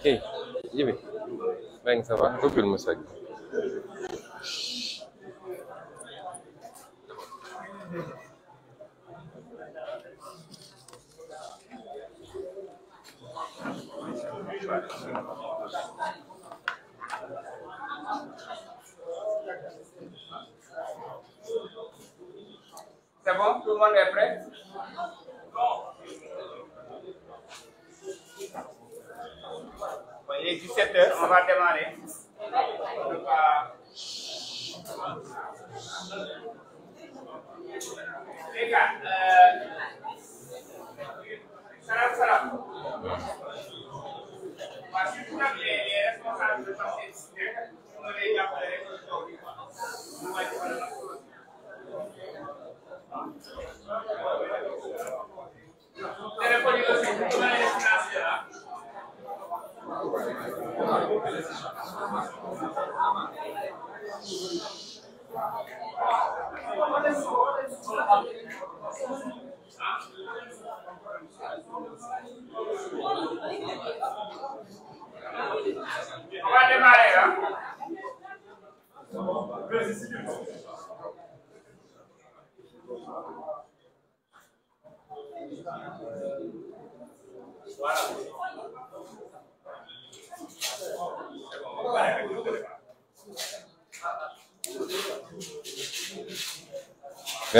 Hey, Jibi. Bang, ça va? Recule ma sac. C'est Il est 17h, on va démarrer. Donc, euh... Les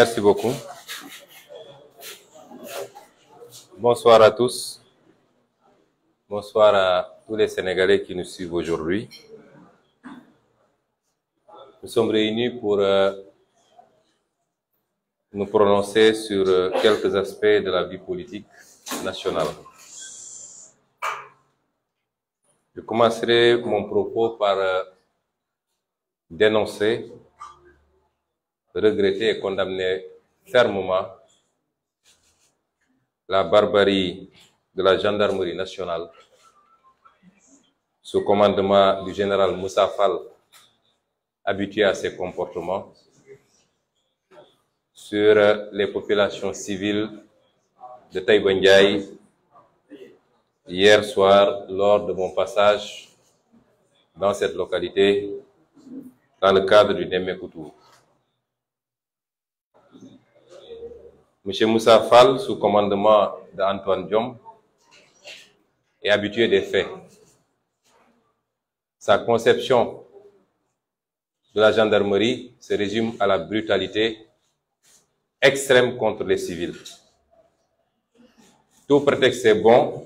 Merci beaucoup. Bonsoir à tous. Bonsoir à tous les Sénégalais qui nous suivent aujourd'hui. Nous sommes réunis pour euh, nous prononcer sur euh, quelques aspects de la vie politique nationale. Je commencerai mon propos par euh, dénoncer regretter et condamner fermement la barbarie de la gendarmerie nationale sous commandement du général Moussa Fall, habitué à ces comportements, sur les populations civiles de Taïbandiaï hier soir lors de mon passage dans cette localité dans le cadre du Demekoutou. Monsieur Moussa Fall, sous commandement d'Antoine Diom, est habitué des faits. Sa conception de la gendarmerie se résume à la brutalité extrême contre les civils. Tout prétexte est bon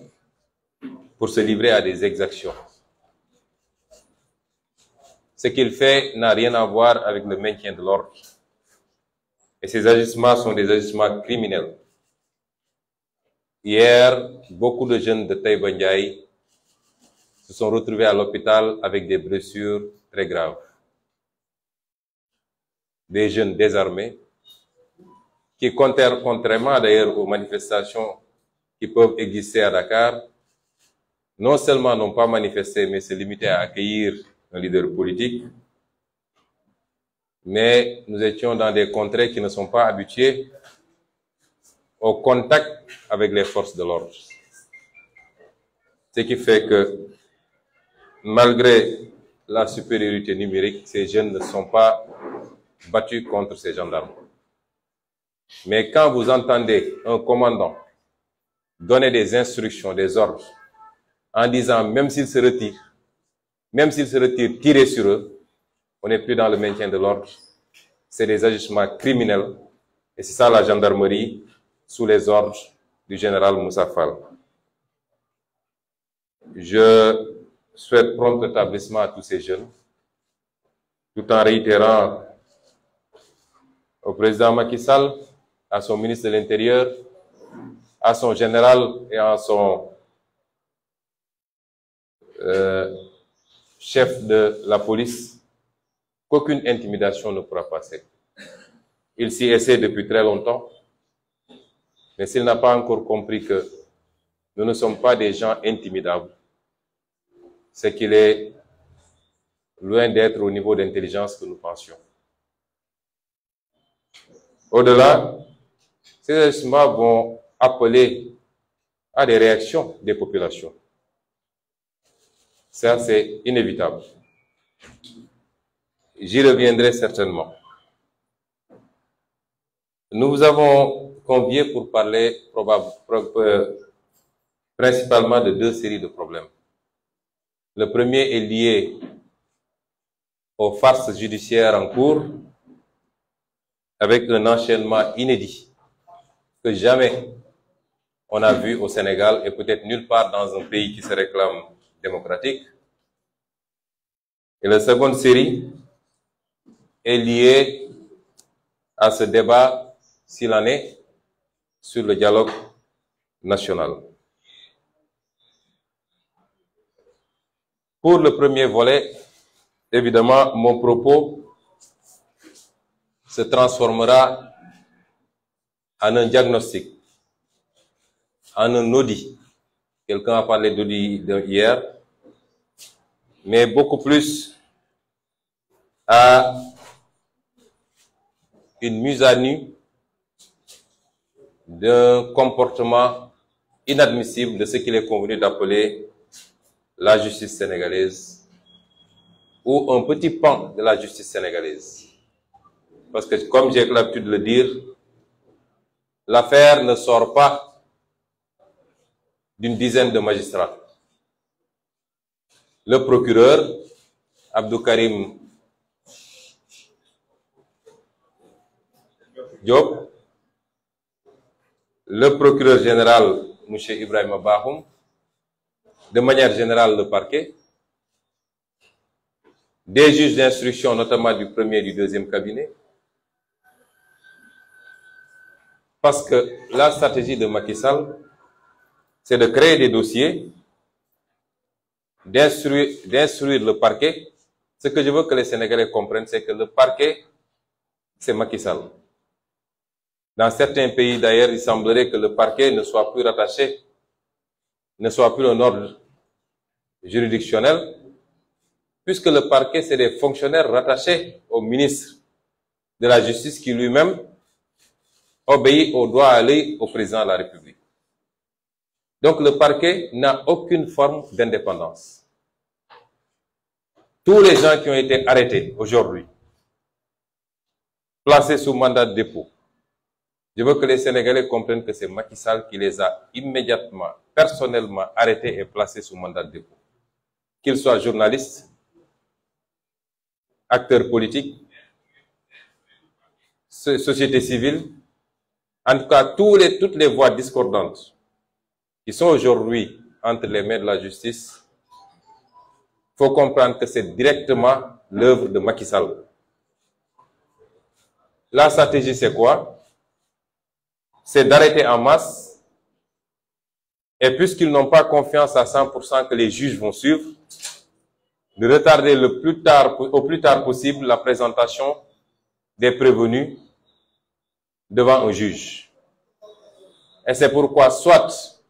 pour se livrer à des exactions. Ce qu'il fait n'a rien à voir avec le maintien de l'ordre Et ces agissements um sont des agissements criminels. Hier, beaucoup de jeunes de Taïba se sont retrouvés à l'hôpital avec des blessures très graves. Des jeunes désarmés qui, contrairement d'ailleurs aux manifestations qui peuvent exister à Dakar, non seulement n'ont pas manifesté, mais se limitaient à accueillir un leader politique, mais nous étions dans des contrées qui ne sont pas habituées au contact avec les forces de l'ordre. Ce qui fait que, malgré la supériorité numérique, ces jeunes ne sont pas battus contre ces gendarmes. Mais quand vous entendez un commandant donner des instructions, des ordres, en disant, même s'ils se retirent, même s'ils se retirent, tirez sur eux, on n'est plus dans le maintien de l'ordre. C'est des agissements criminels. Et c'est la gendarmerie sous les ordres du général Moussa Fall. Je souhaite prompt rétablissement à tous ces jeunes, tout en réitérant au président Macky Sall, à son ministre de l'Intérieur, à son général et à son euh, chef de la police qu'aucune intimidation ne pourra passer. Il s'y essaie depuis très longtemps, mais s'il n'a pas encore compris que nous ne sommes pas des gens intimidables, c'est qu'il est loin d'être au niveau d'intelligence que nous pensions. Au-delà, ces ajustements vont appeler à des réactions des populations. Ça, c'est inévitable. J'y reviendrai certainement. Nous vous avons convié pour parler euh, principalement de deux séries de problèmes. Le premier est lié aux farces judiciaires en cours avec un enchaînement inédit que jamais on a vu au Sénégal et peut-être nulle part dans un pays qui se réclame démocratique. Et la seconde série est liée à ce débat, s'il en sur le dialogue national. Pour le premier volet, évidemment, mon propos se transformera en un diagnostic, en un audit. Quelqu'un a parlé d'audit hier, mais beaucoup plus à une mise à nu d'un comportement inadmissible de ce qu'il est convenu d'appeler la justice sénégalaise ou un petit pan de la justice sénégalaise. Parce que, comme j'ai l'habitude de le dire, l'affaire ne sort pas d'une dizaine de magistrats. Le procureur, Abdou Karim Diop, le procureur général, M. Ibrahim Bahoum, de manière générale le parquet, des juges d'instruction, notamment du premier et du deuxième cabinet, parce que la stratégie de Macky Sall, c'est de créer des dossiers, d'instruire le parquet. Ce que je veux que les Sénégalais comprennent, c'est que le parquet, c'est Macky Dans certains pays, d'ailleurs, il semblerait que le parquet ne soit plus rattaché, ne juridictionnel, puisque le parquet, c'est des fonctionnaires rattachés au ministre de la Justice qui lui-même obéit au doigt à au président de la République. Donc le parquet n'a aucune forme d'indépendance. Tous les gens qui ont été arrêtés aujourd'hui, placés sous mandat de dépôt, Je veux que les Sénégalais comprennent que c'est Macky Sall qui les a immédiatement, personnellement arrêtés et placés sous mandat de dépôt. Qu'ils soient journalistes, acteurs politiques, société civile, en tout cas les, toutes les voix discordantes qui sont aujourd'hui entre les mains de la justice, faut comprendre que c'est directement l'œuvre de Macky Sall. La stratégie, c'est quoi? c'est d'arrêter en masse. Et puisqu'ils n'ont pas confiance à 100% que les juges vont suivre, de retarder le plus tard, au plus tard possible la présentation des prévenus devant un juge. Et c'est pourquoi soit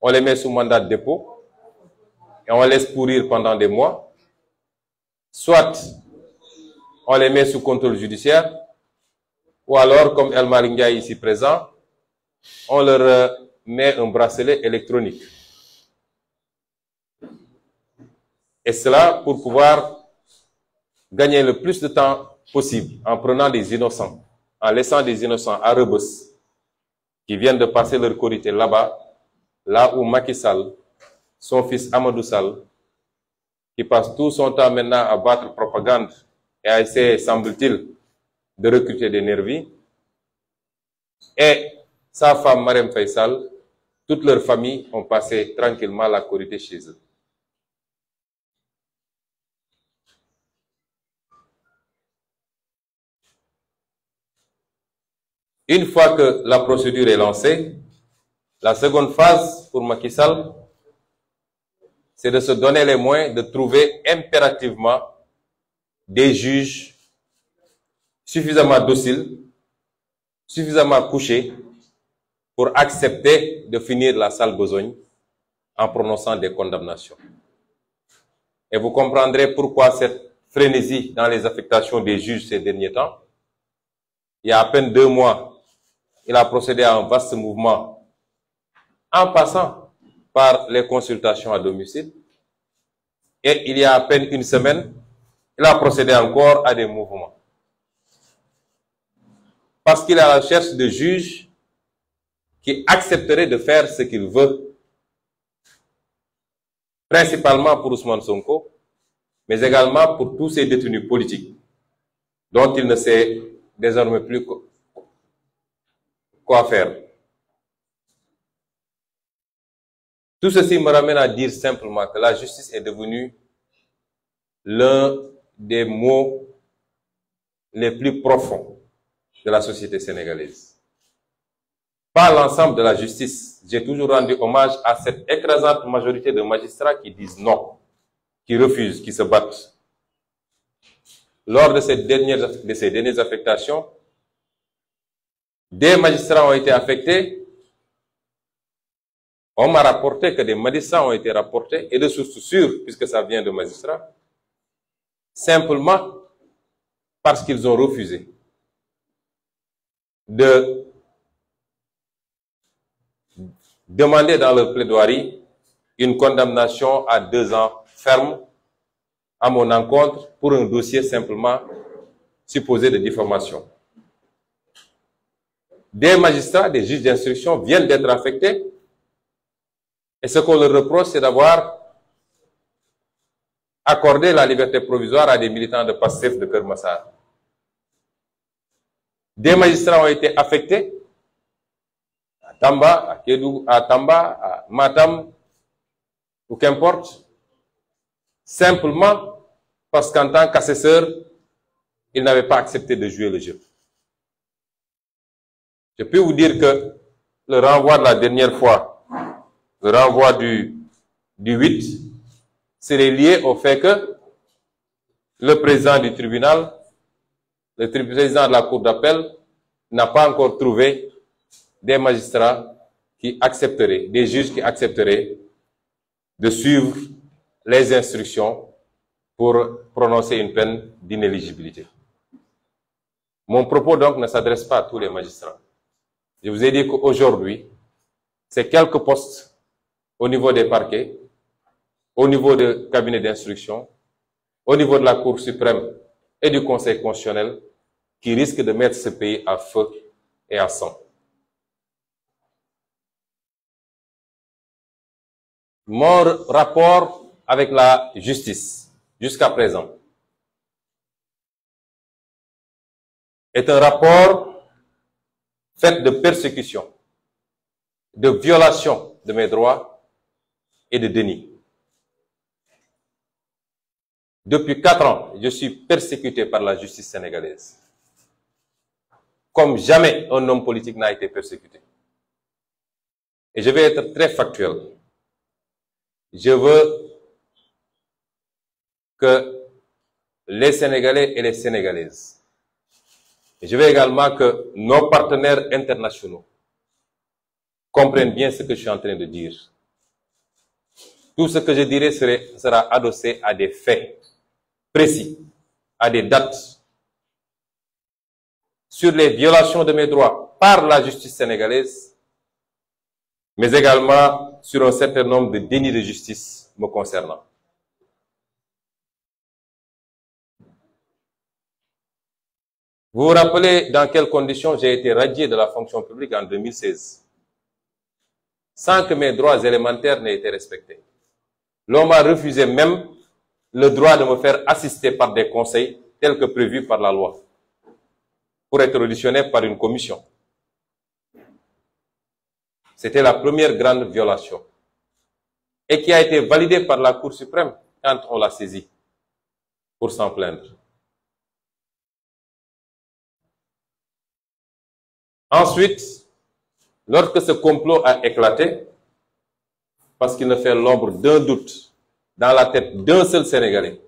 on les met sous mandat de dépôt et on laisse pourrir pendant des mois, soit on les met sous contrôle judiciaire Ou alors, comme El Malik Ndiaye ici présent, on leur euh, met un bracelet électronique. Et cela pour pouvoir gagner le plus de temps possible en prenant des innocents, en laissant des innocents à Rebus, qui viennent de passer leur corité là-bas, là où Macky Sall, son fils Amadou Sall, qui passe tout son temps maintenant à battre propagande et à essayer, semble-t-il, de recruter des nervis et sa femme Marem Faisal, toute leur famille ont passé tranquillement la Korité chez eux. Une fois que la procédure est lancée, la seconde phase pour Macky Sall, c'est de se donner les moyens de trouver impérativement des juges suffisamment docile, suffisamment couché pour accepter de finir la sale besogne en prononçant des condamnations. Et vous comprendrez pourquoi cette frénésie dans les affectations des juges ces derniers temps. Il y a à deux mois, il a procédé à un vaste mouvement en passant par les consultations à domicile. Et il y a à une semaine, il a procédé encore à des mouvements. parce qu'il est à la recherche de juges qui accepteraient de faire ce qu'il veut, principalement pour Ousmane Sonko, mais également pour tous ces détenus politiques dont il ne sait désormais plus quoi faire. Tout ceci me ramène à dire simplement que la justice est devenue l'un des mots les plus profonds de la société sénégalaise. Pas l'ensemble de la justice. J'ai toujours rendu hommage à cette écrasante majorité de magistrats qui disent non, qui refusent, qui se battent. Lors de ces dernières, de ces dernières affectations, des magistrats ont été affectés. On m'a rapporté que des magistrats ont été rapportés, et de sources sûres, puisque ça vient de magistrats, simplement parce qu'ils ont refusé de demander dans leur plaidoirie une condamnation à deux ans ferme à mon encontre pour un dossier simplement supposé de diffamation. Des magistrats, des juges d'instruction viennent d'être affectés et ce qu'on leur reproche, c'est d'avoir accordé la liberté provisoire à des militants de PASTEF de Kermassar. Des magistrats ont été affectés à Tamba, à Kédou, à Tamba, à Matam, ou qu'importe, simplement parce qu'en tant qu'assesseur, ils n'avaient pas accepté de jouer le jeu. Je peux vous dire que le renvoi de la dernière fois, le renvoi du, serait lié au fait que le président du tribunal le président de la Cour d'appel n'a pas encore trouvé des magistrats qui accepteraient, des juges qui accepteraient de suivre les instructions pour prononcer une peine d'inéligibilité. Mon propos donc ne s'adresse pas à tous les magistrats. Je vous ai dit qu'aujourd'hui, ces quelques postes au niveau des parquets, au niveau des cabinets d'instruction, au niveau de la Cour suprême et du Conseil constitutionnel qui risque de mettre ce pays à feu et à sang. Mon rapport avec la justice jusqu'à présent est un rapport fait de persécution, de violation de mes droits et de déni. Depuis quatre ans, je suis persécuté par la justice sénégalaise. comme jamais un homme politique n'a été persécuté. Et je vais être très factuel. Je veux que les Sénégalais et les Sénégalaises, et je veux également que nos partenaires internationaux comprennent bien ce que je suis en train de dire. Tout ce que je dirai sera adossé à des faits précis, à des dates sur les violations de mes droits par la justice sénégalaise, mais également sur un certain nombre de dénis de justice me concernant. Vous vous rappelez dans quelles conditions j'ai été radié de la fonction publique en 2016, sans que mes droits élémentaires n'aient été respectés. L'on m'a refusé même le droit de me faire assister par des conseils tels que prévus par la loi. pour être auditionné par une commission. C'était la première grande violation et qui a été validée par la Cour suprême quand on l'a saisie pour s'en plaindre. Ensuite, lorsque ce complot a éclaté, parce qu'il ne fait l'ombre d'un doute dans la tête d'un seul Sénégalais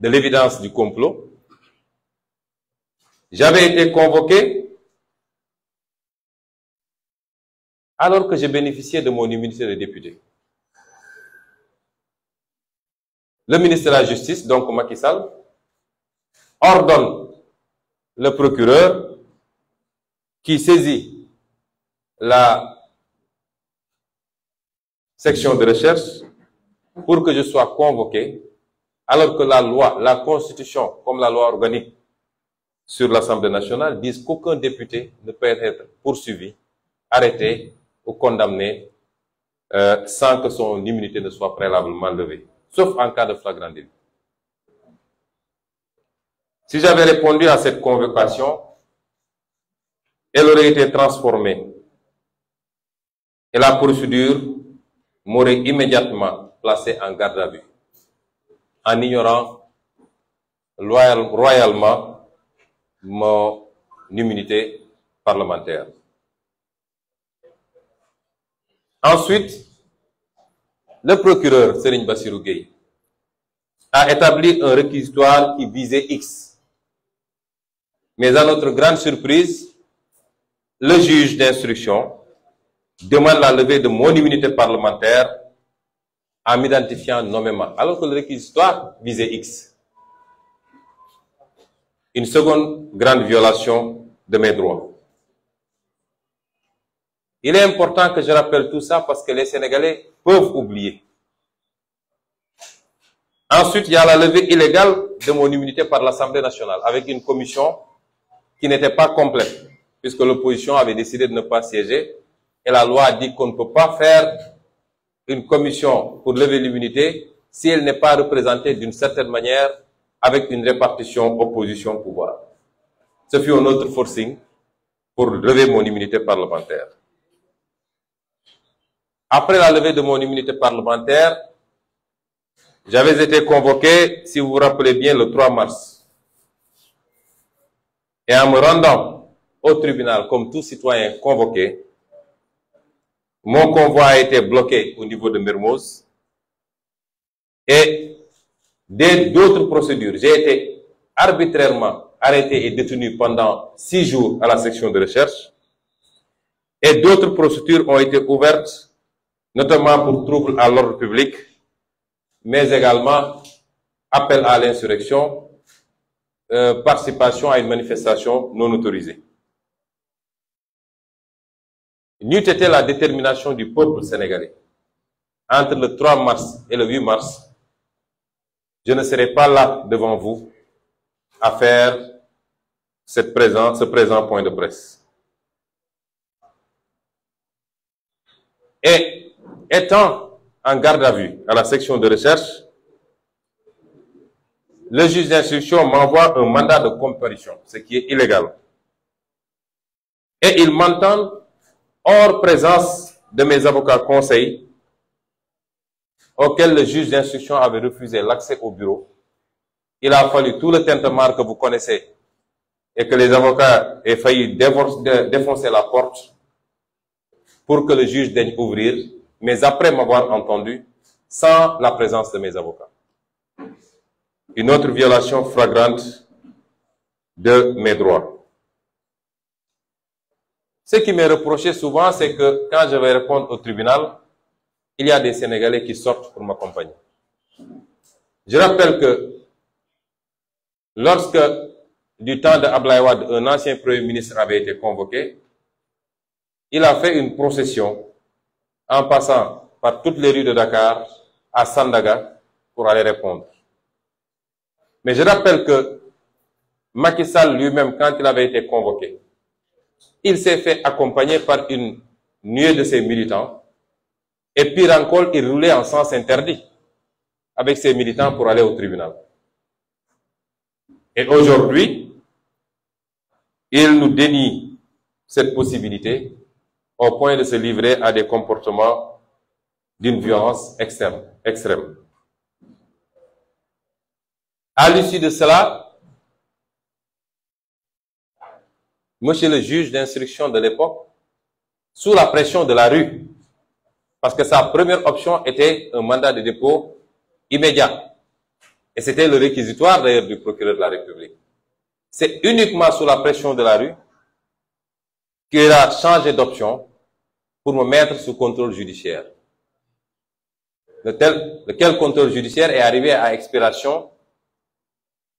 de l'évidence du complot, J'avais été convoqué alors que je bénéficiais de mon immunité de député. Le ministre de la Justice, donc Macky Sall, ordonne le procureur qui saisit la section de recherche pour que je sois convoqué alors que la la constitution, comme la loi organique, sur l'Assemblée nationale disent qu'aucun député ne peut être poursuivi, arrêté ou condamné euh, sans que son immunité ne soit préalablement levée, sauf en cas de flagrant Si j'avais répondu à cette convocation, elle aurait été transformée et la procédure m'aurait immédiatement placé en garde en ignorant royalement mon immunité parlementaire. Ensuite, le procureur Serigne Bassirou Gueye a établi un réquisitoire qui visait X. Mais à notre grande surprise, le juge d'instruction demande la levée de mon immunité parlementaire en m'identifiant nommément, alors que le réquisitoire visait X. une seconde grande violation de mes droits. Il est important que je rappelle tout ça parce que les Sénégalais peuvent oublier. Ensuite, il y a la levée illégale de mon immunité par l'Assemblée nationale avec une commission qui n'était pas complète puisque l'opposition avait décidé de ne pas siéger et la loi a dit qu'on ne peut pas faire une commission pour lever l'immunité si elle n'est pas représentée d'une certaine manière avec une répartition opposition-pouvoir. Ce fut un autre forcing pour lever mon immunité parlementaire. Après la levée de mon immunité parlementaire, j'avais été convoqué, si vous vous rappelez bien, le mars. Et en me rendant au tribunal comme tout citoyen convoqué, mon convoi a été bloqué au niveau de Mermoz d'autres procédures. J'ai été arbitrairement arrêté et détenu pendant six jours à la section de recherche. Et d'autres procédures ont été ouvertes, notamment pour troubles à l'ordre public, mais également appel à l'insurrection, euh, participation à une manifestation non autorisée. N'eût été la détermination du peuple sénégalais entre le mars et le 8 mars je ne serai pas là devant vous à faire ce présent point de presse. Et étant en garde à vue à la section de recherche, le juge d'instruction m'envoie un mandat de comparution, ce qui est illégal. Et il m'entend hors présence de mes avocats conseils auquel le juge d'instruction avait refusé l'accès au bureau, il a fallu tout le tintamarre que vous connaissez et que les avocats aient failli défoncer la porte pour que le juge daigne ouvrir, mais après m'avoir entendu, sans la présence de mes avocats. Une autre violation flagrante de mes droits. Ce qui m'est reproché souvent, c'est que quand je vais répondre au tribunal, il y a des Sénégalais qui sortent pour m'accompagner. Je rappelle que lorsque, du temps de Ablaïwad, un ancien Premier ministre avait été convoqué, il a fait une procession en passant par toutes les rues de Dakar à Sandaga pour aller répondre. Mais je rappelle que Macky lui-même, quand il avait été convoqué, il s'est fait accompagner par une nuée de ses militants Et pire encore, il roulait en sens interdit avec ses militants pour aller au tribunal. Et aujourd'hui, il nous dénie cette possibilité au point de se livrer à des comportements d'une violence extrême. extrême. À l'issue de cela, monsieur le juge d'instruction de l'époque, sous la pression de la rue, parce que sa première option était un mandat de dépôt immédiat. Et c'était le réquisitoire d'ailleurs du procureur de la République. C'est uniquement sous la pression de la rue qu'il a changé d'option pour me mettre sous contrôle judiciaire. Lequel, lequel contrôle judiciaire est arrivé à expiration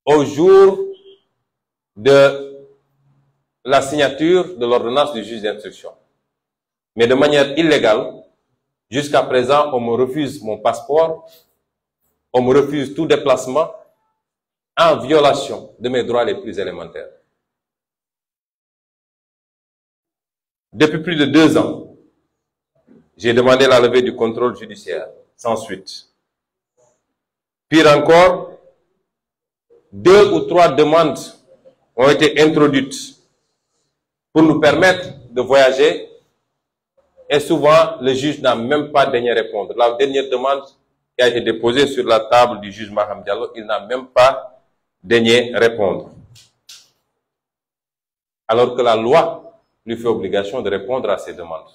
au jour de la signature de l'ordonnance du juge d'instruction. Mais de manière illégale, Jusqu'à présent, on me refuse mon passeport, on me refuse tout déplacement en violation de mes droits les plus élémentaires. Depuis plus de deux ans, j'ai demandé la levée du contrôle judiciaire, sans suite. Pire encore, deux ou trois demandes ont été introduites pour nous permettre de voyager Et souvent, le juge n'a même pas daigné répondre. La dernière demande qui a été déposée sur la table du juge Maham Diallo, il n'a même pas daigné répondre. Alors que la loi lui fait obligation de répondre à ces demandes.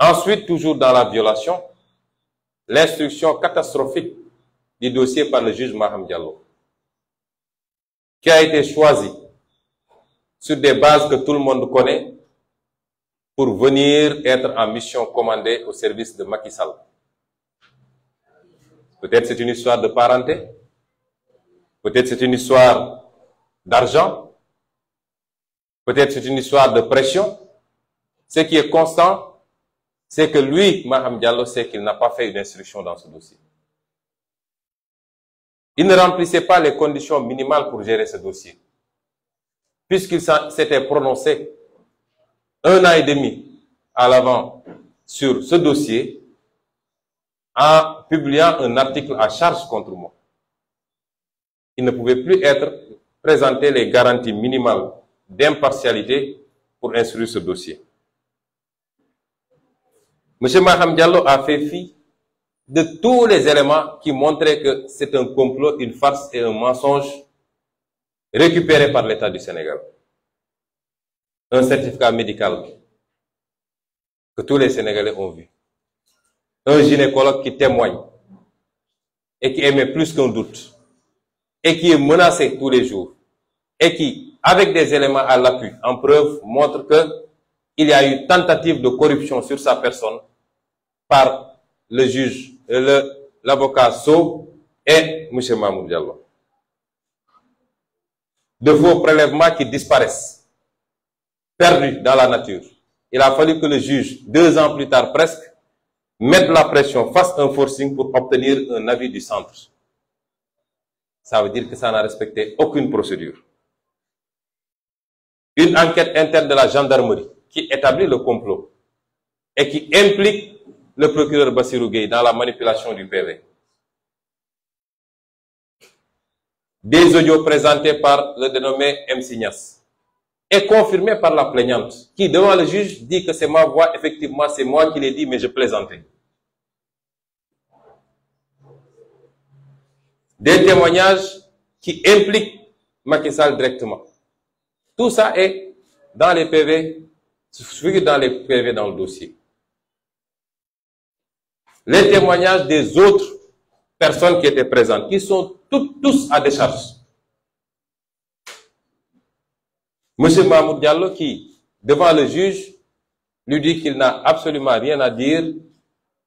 Ensuite, toujours dans la violation, l'instruction catastrophique du dossier par le juge Maham Diallo. qui a été choisi sur des bases que tout le monde connaît pour venir être en mission commandée au service de Macky Sall. Peut-être c'est une histoire de parenté, peut-être c'est une histoire d'argent, peut-être c'est une histoire de pression. Ce qui est constant, c'est que lui, Maham Diallo, sait qu'il n'a pas fait une instruction dans ce dossier. Il ne remplissait pas les conditions minimales pour gérer ce dossier, puisqu'il s'était prononcé un an et demi à l'avant sur ce dossier en publiant un article à charge contre moi. Il ne pouvait plus être présenté les garanties minimales d'impartialité pour instruire ce dossier. M. Maham Diallo a fait fi de tous les éléments qui montraient que c'est un complot, une farce et un mensonge récupéré par l'État du Sénégal. Un certificat médical que tous les Sénégalais ont vu. Un gynécologue qui témoigne et qui émet plus qu'un doute et qui est menacé tous les jours et qui, avec des éléments à l'appui, en preuve, montre que il y a eu tentative de corruption sur sa personne par le juge l'avocat Sow et M. Mamour Diallo. De vos prélèvements qui disparaissent, perdus dans la nature. Il a fallu que le juge, deux ans plus tard presque, mette la pression, fasse un forcing pour obtenir un avis du centre. Ça veut dire que ça n'a respecté aucune procédure. Une enquête interne de la gendarmerie qui établit le complot et qui implique le procureur Bassirou Gueye dans la manipulation du PV. Des audios présentés par le dénommé M. Signas et confirmés par la plaignante qui, devant le juge, dit que c'est ma voix, effectivement, c'est moi qui l'ai dit, mais je plaisantais. Des témoignages qui impliquent Macky directement. Tout ça est dans les PV, figure PV dans le dossier. les témoignages des autres personnes qui étaient présentes, qui sont toutes, tous à décharge. Monsieur Mahmoud Diallo, qui, devant le juge, lui dit qu'il n'a absolument rien à dire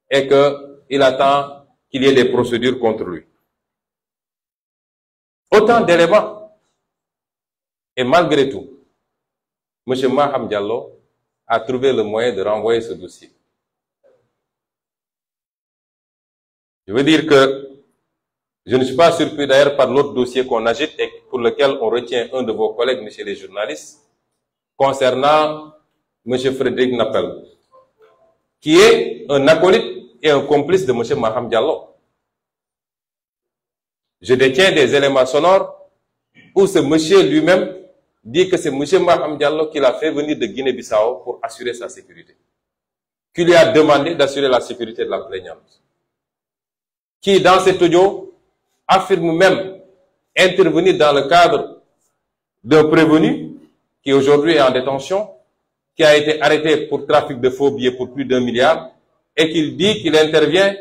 et qu'il attend qu'il y ait des procédures contre lui. Autant d'éléments. Et malgré tout, M. Maham a trouvé le moyen de renvoyer ce dossier. Je veux dire que je ne suis pas surpris d'ailleurs par l'autre dossier qu'on agite pour lequel on retient un de vos collègues, monsieur les journalistes, concernant monsieur Frédéric Nappel, qui est un acolyte et un complice de monsieur Maham Diallo. Je détiens des éléments sonores où ce monsieur lui-même dit que c'est monsieur Maham Diallo qui l'a fait venir de Guinée-Bissau pour assurer sa sécurité, qui lui a demandé d'assurer la sécurité de la plaignante. qui, dans cet audio, affirme même intervenir dans le cadre d'un prévenu qui aujourd'hui est en détention, qui a été arrêté pour trafic de faux billets pour plus d'un milliard, et qu'il dit qu'il intervient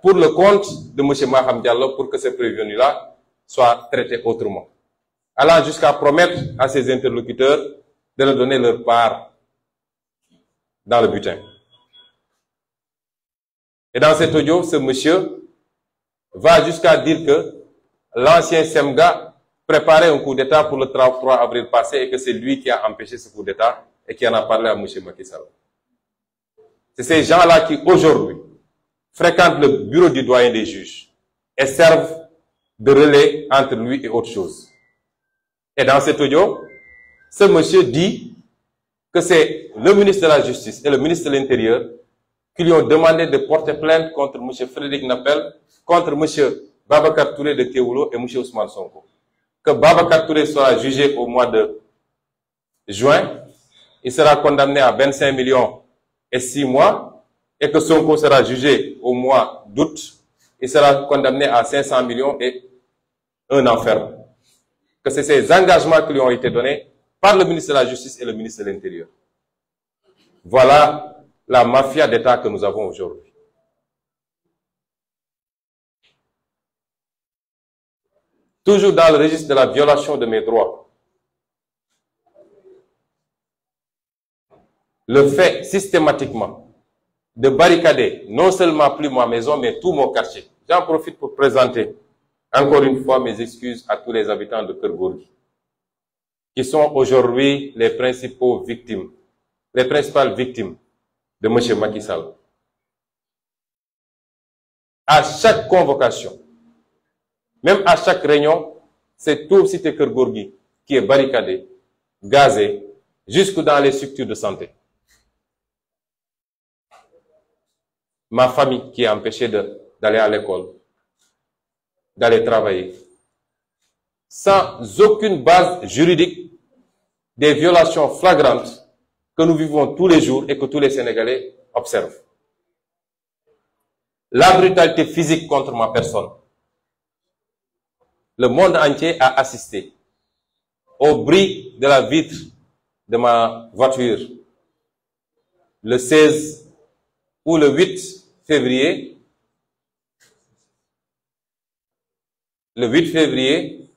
pour le compte de monsieur Maham Diallo pour que ce prévenu-là soit traité autrement. Allant jusqu'à promettre à ses interlocuteurs de leur donner leur part dans le butin. Et dans cet audio, ce monsieur va jusqu'à dire que l'ancien SEMGA préparait un coup d'État pour le 33 avril passé et que c'est lui qui a empêché ce coup d'État et qui en a parlé à M. Macky C'est ces gens-là qui, aujourd'hui, fréquentent le bureau du doyen des juges et servent de relais entre lui et autre chose. Et dans cet audio, ce monsieur dit que c'est le ministre de la Justice et le ministre de l'Intérieur qui lui ont demandé de porter plainte contre M. Frédéric Napel, contre M. Babacar Touré de Théoulo et M. Ousmane Sonko. Que Babacar Touré sera jugé au mois de juin, il sera condamné à 25 millions et 6 mois, et au mois d'août, il sera condamné à 500 millions et un Que c'est ces engagements qui lui ont été la Justice et le ministre de la mafia d'État que nous avons aujourd'hui. Toujours dans le registre de la violation de mes droits, le fait systématiquement de barricader non seulement plus ma maison, mais tout mon quartier. J'en profite pour présenter encore une fois mes excuses à tous les habitants de Kergourgi, qui sont aujourd'hui les principales victimes de M. Macky Sall. À chaque convocation, même à chaque réunion, c'est tout cité Kergourgi qui est barricadé, gazé, jusque dans les structures de santé. Ma famille qui est empêchée d'aller à l'école, d'aller travailler, sans aucune base juridique, des violations flagrantes que nous vivons tous les jours et que tous les Sénégalais observent. La brutalité physique contre ma personne. Le monde entier a assisté au bris de la vitre de ma voiture le 16 ou le 8 février. Le 8 février,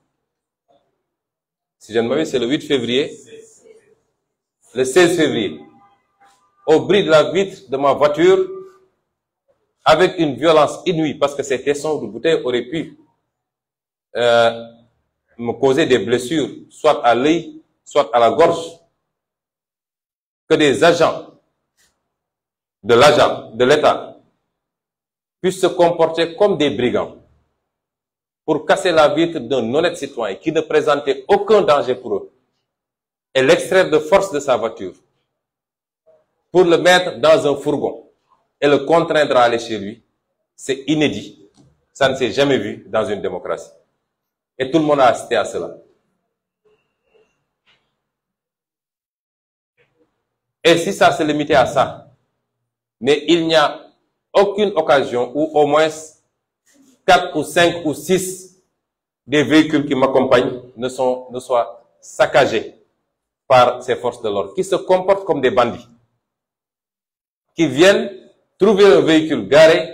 si je ne c'est le 8 février le 16 février, au bris la vitre de ma voiture, avec une violence inouïe, parce que ces tessons de bouteille auraient pu euh, me causer des blessures, soit à l'œil, soit à la gorge, que des agents de l'agent, de l'État, puissent se comporter comme des brigands pour casser la vitre d'un honnête citoyen qui ne présentait aucun danger pour eux. et l'extraire de force de sa voiture pour le mettre dans un fourgon et le contraindre à aller chez lui, c'est inédit. Ça ne s'est jamais vu dans une démocratie. Et tout le monde a assisté à cela. Et si ça se limitait à ça, mais il n'y a aucune occasion où au moins quatre ou cinq ou six des véhicules qui m'accompagnent ne sont, ne soient saccagés par ces forces de l'ordre, qui se comportent comme des bandits, qui viennent trouver un véhicule garé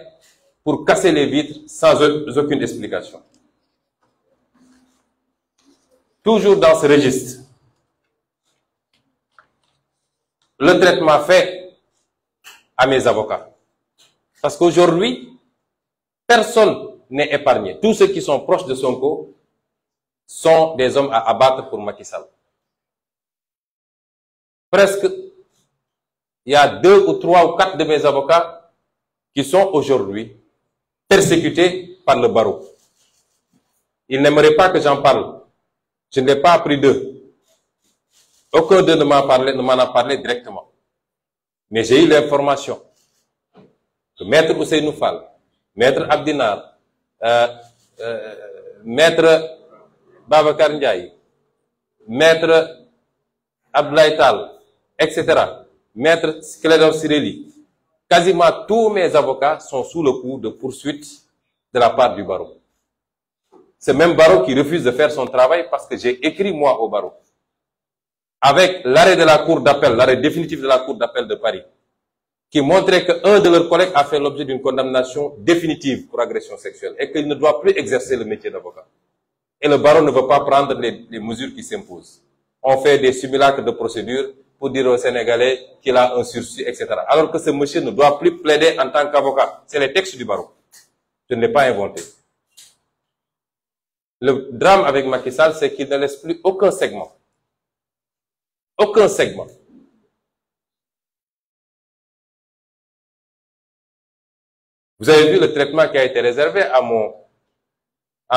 pour casser les vitres sans aucune explication. Toujours dans ce registre, le traitement fait à mes avocats. Parce qu'aujourd'hui, personne n'est épargné. Tous ceux qui sont proches de Sonko sont des hommes à abattre pour Macky Sall. presque, il y a deux ou trois ou quatre de mes avocats qui sont aujourd'hui persécutés par le barreau. Ils n'aimeraient pas que j'en parle. Je n'ai pas appris d'eux. Aucun d'eux ne m'en a, a parlé directement. Mais j'ai eu l'information que Maître Ousseinou Fall, Maître Abdinar, euh, euh, Maître Babacar Ndiaye, Maître Ablaïtal, etc. Maître Clédor Cirelli, quasiment tous mes avocats sont sous le coup de poursuites de la part du barreau. Ce même barreau qui refuse de faire son travail parce que j'ai écrit moi au barreau. Avec l'arrêt de la cour d'appel, l'arrêt définitif de la cour d'appel de Paris, qui montrait qu'un de leurs collègues a fait l'objet d'une condamnation définitive pour agression sexuelle et qu'il ne doit plus exercer le métier d'avocat. Et le barreau ne veut pas pour dire aux Sénégalais qu'il a un sursis, etc. Alors que ce monsieur ne doit plus plaider en tant qu'avocat. C'est les textes du barreau. Je ne l'ai pas inventé. Le drame avec Macky c'est qu'il ne laisse plus aucun segment. Vous avez vu le traitement qui a été réservé à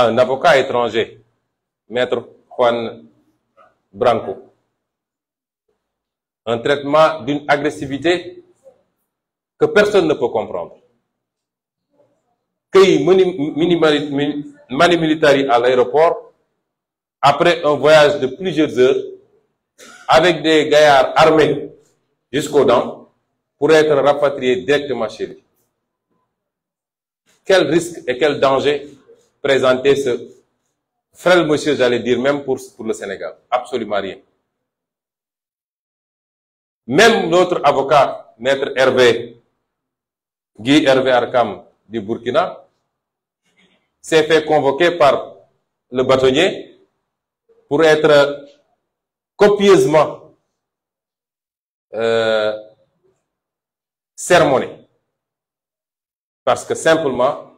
un avocat étranger, Maître Juan Branco. un traitement d'une agressivité que personne ne peut comprendre cueilli mini mani militari à l'aéroport après un voyage de plusieurs heures avec des gaillards armés jusqu'aux dents pour être rapatrié directement chez lui. Quel risque et quel danger présentait ce frêle monsieur, j'allais dire, même pour, pour le Sénégal? Absolument rien. Même notre avocat, maître Hervé, Guy Hervé Arkam du Burkina, s'est fait convoquer par le bâtonnier pour être euh, copieusement euh, sermonné. Parce que simplement,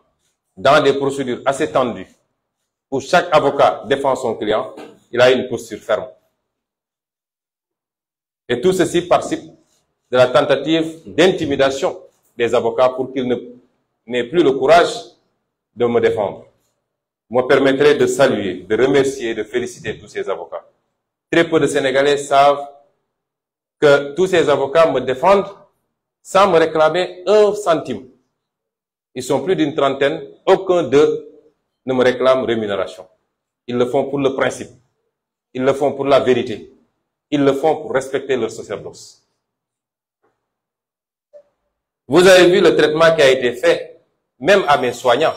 dans des procédures assez tendues, où chaque avocat défend son client, il a une posture ferme. Et tout ceci participe de la tentative d'intimidation des avocats pour qu'ils n'aient plus le courage de me défendre. Me permettrait de saluer, de remercier, de féliciter tous ces avocats. Très peu de Sénégalais savent que tous ces avocats me défendent sans me réclamer un centime. Ils sont plus d'une trentaine, aucun d'eux ne me réclame rémunération. Ils le font pour le principe. Ils le font pour la vérité. Ils le font pour respecter leur sacerdoce. Vous avez vu le traitement qui a été fait, même à mes soignants.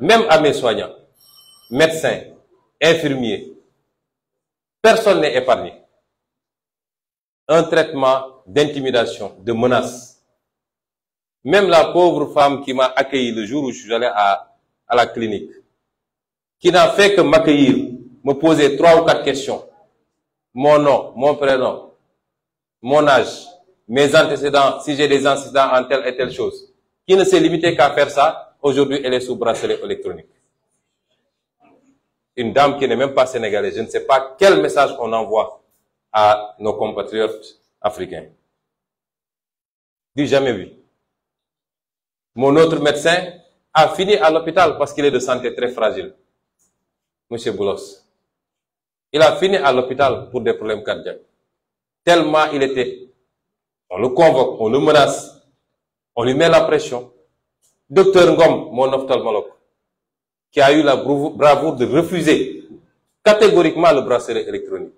Même à mes soignants, médecins, infirmiers, personne n'est épargné. Un traitement d'intimidation, de menace. Même la pauvre femme qui m'a accueilli le jour où je suis allé à la clinique, qui n'a fait que m'accueillir, me poser trois ou quatre questions. Mon nom, mon prénom, mon âge, mes antécédents, si j'ai des antécédents en telle et telle chose. Qui ne s'est limité qu'à faire ça, aujourd'hui, elle est sous bracelet électronique. Une dame qui n'est même pas sénégalaise. Je ne sais pas quel message on envoie à nos compatriotes africains. Du jamais vu. Mon autre médecin a fini à l'hôpital parce qu'il est de santé très fragile. Monsieur Boulos. Il a fini à l'hôpital pour des problèmes cardiaques. Tellement il était. On le convoque, on le menace, on lui met la pression. Docteur Ngom, mon ophtalmologue, qui a eu la bravoure de refuser catégoriquement le bracelet électronique.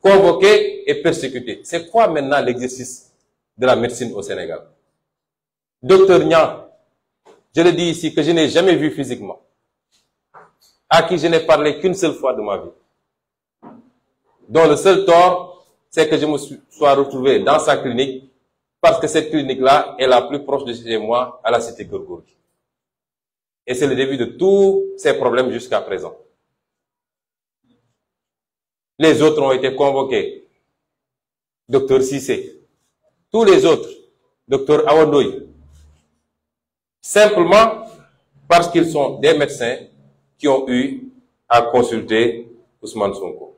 Convoqué et persécuté. C'est quoi maintenant l'exercice de la médecine au Sénégal Docteur Nian, je le dis ici, que je n'ai jamais vu physiquement, à qui je n'ai parlé qu'une seule fois de ma vie. dont le seul tort, c'est que je me sois retrouvé dans sa clinique parce que cette clinique-là est la plus proche de chez moi à la cité Gourgourgi. Et c'est le début de tous ces problèmes jusqu'à présent. Les autres ont été convoqués. Docteur Sissé, tous les autres, docteur Awandoy, simplement parce qu'ils sont des médecins qui ont eu à consulter Ousmane Sonko.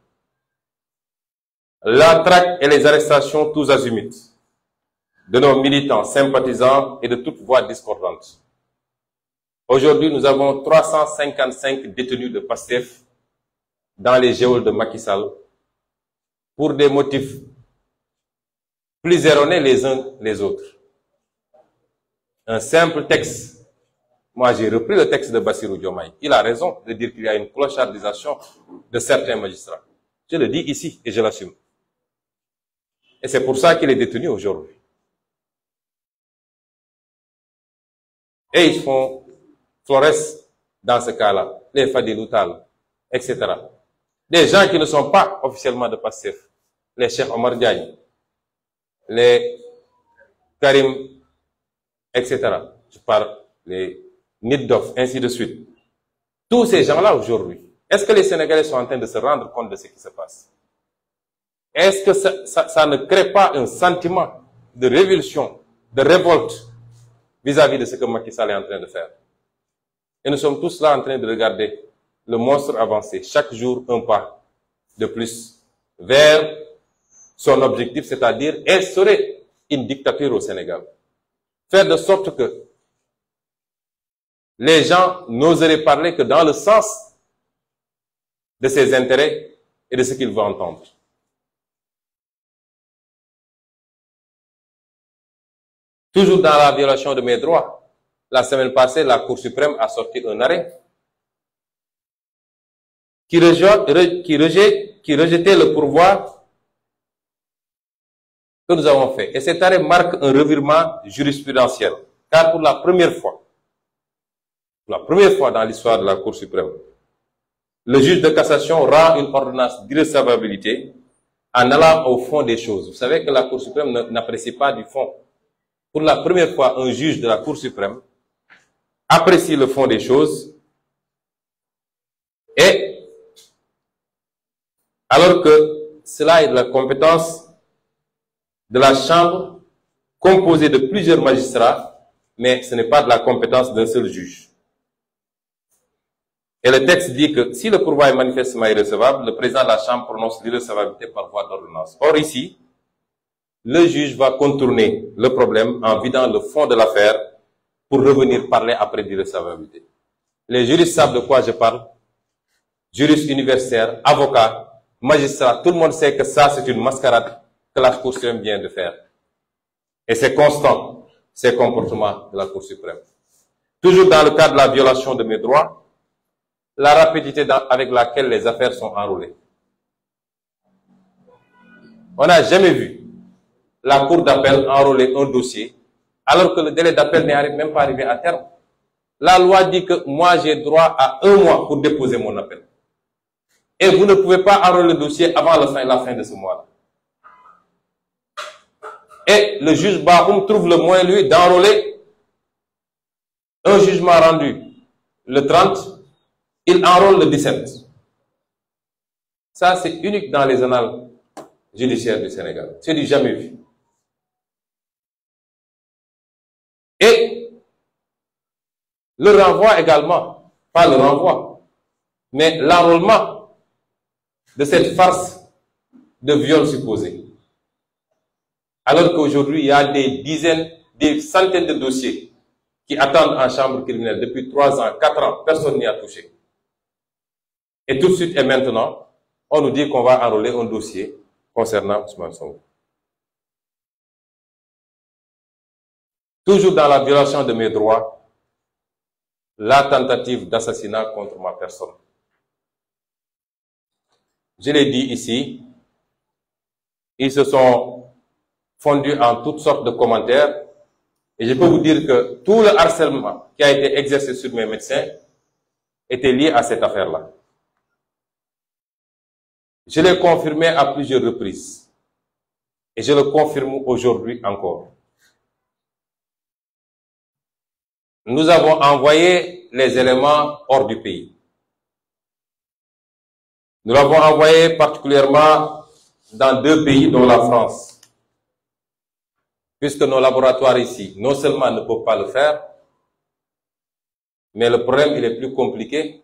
la traque et les arrestations tous azimuts de nos militants, sympathisants et de toute voix discordante. Aujourd'hui, nous avons 355 détenus de PASTEF dans les geôles de Macky Sall pour des motifs plus erronés les uns les autres. Un simple texte. Moi, j'ai repris le texte de Bassirou Diomaye. Il a raison de dire qu'il y a une Et c'est pour ça qu'il est détenu aujourd'hui. Et ils font Flores dans ce cas-là, les Fadiloutal, etc. Des gens qui ne sont pas officiellement de PASSEF, les Cheikh Omar Diagne, les Karim, etc. Je parle les Niddof, ainsi de suite. Tous ces gens-là aujourd'hui, est-ce que les Sénégalais sont en train de se rendre compte de ce qui se passe Est-ce que ça, ça, ça, ne crée pas un sentiment de révulsion, de révolte vis-à-vis -vis de ce que Macky est en train de faire Et nous sommes tous là en train de regarder le monstre avancer, chaque jour un pas de plus vers son objectif, c'est-à-dire instaurer une dictature au Sénégal. Faire de sorte que les gens n'oseraient parler que dans le sens de ses intérêts et de ce qu'ils veulent entendre. Toujours dans la violation de mes droits, la semaine passée, la Cour suprême a sorti un arrêt qui, rejette, qui, rejette, qui rejetait le pourvoir que nous avons fait. Et cet arrêt marque un revirement jurisprudentiel. Car pour la première fois, pour la première fois dans l'histoire de la Cour suprême, le juge de cassation rend une ordonnance d'irrecevabilité en allant au fond des choses. Vous savez que la Cour suprême n'apprécie pas du fond. pour la première fois, un juge de la Cour suprême apprécie le fond des choses et alors que cela est de la compétence de la Chambre composée de plusieurs magistrats, mais ce n'est pas de la compétence d'un seul juge. Et le texte dit que si le pourvoi est manifestement irrecevable, le président de la Chambre prononce l'irrecevabilité par voie d'ordonnance. Or ici, le juge va contourner le problème en vidant le fond de l'affaire pour revenir parler après d'irrecevabilité. Les juristes savent de quoi je parle. Juristes universitaires, avocats, magistrats, tout le monde sait que ça, c'est une mascarade que la Cour suprême vient de faire. Et c'est constant, ces comportements de la Cour suprême. Toujours dans le cadre de la violation de mes droits, la rapidité dans, avec laquelle les affaires sont enroulées. On n'a jamais vu la cour d'appel enrôler un dossier alors que le délai d'appel n'est arrivé à terme. La loi dit que j'ai droit à un mois pour déposer mon appel. Et vous ne pouvez pas enrôler le dossier avant la fin, de ce mois Et le juge Bahoum trouve le moyen, lui, d'enrôler un jugement rendu le 30, il enrôle le 17. Ça, c'est unique dans les annales judiciaires du Sénégal. C'est du jamais vu. Le renvoi également, pas le renvoi, mais l'enrôlement de cette farce de viol supposé. Alors qu'aujourd'hui, il y a des dizaines, des centaines de dossiers qui attendent en chambre criminelle depuis 3 ans, 4 ans, personne n'y a touché. Et tout de suite et maintenant, on nous dit qu'on va enrôler un dossier concernant Ousmane Sonko. Toujours dans la violation de mes droits, la tentative d'assassinat contre ma personne. Je l'ai dit ici, ils se sont fondus en toute sortes de commentaires et je peux vous dire que tout le harcèlement qui a été exercé sur mes médecins était lié à cette affaire-là. Je l'ai confirmé à plusieurs reprises et je le confirme aujourd'hui encore. nous avons envoyé les éléments hors du pays. Nous l'avons envoyé particulièrement dans deux pays, dont la France, puisque nos laboratoires ici, non seulement ne peuvent pas le faire, mais le problème, il est plus compliqué,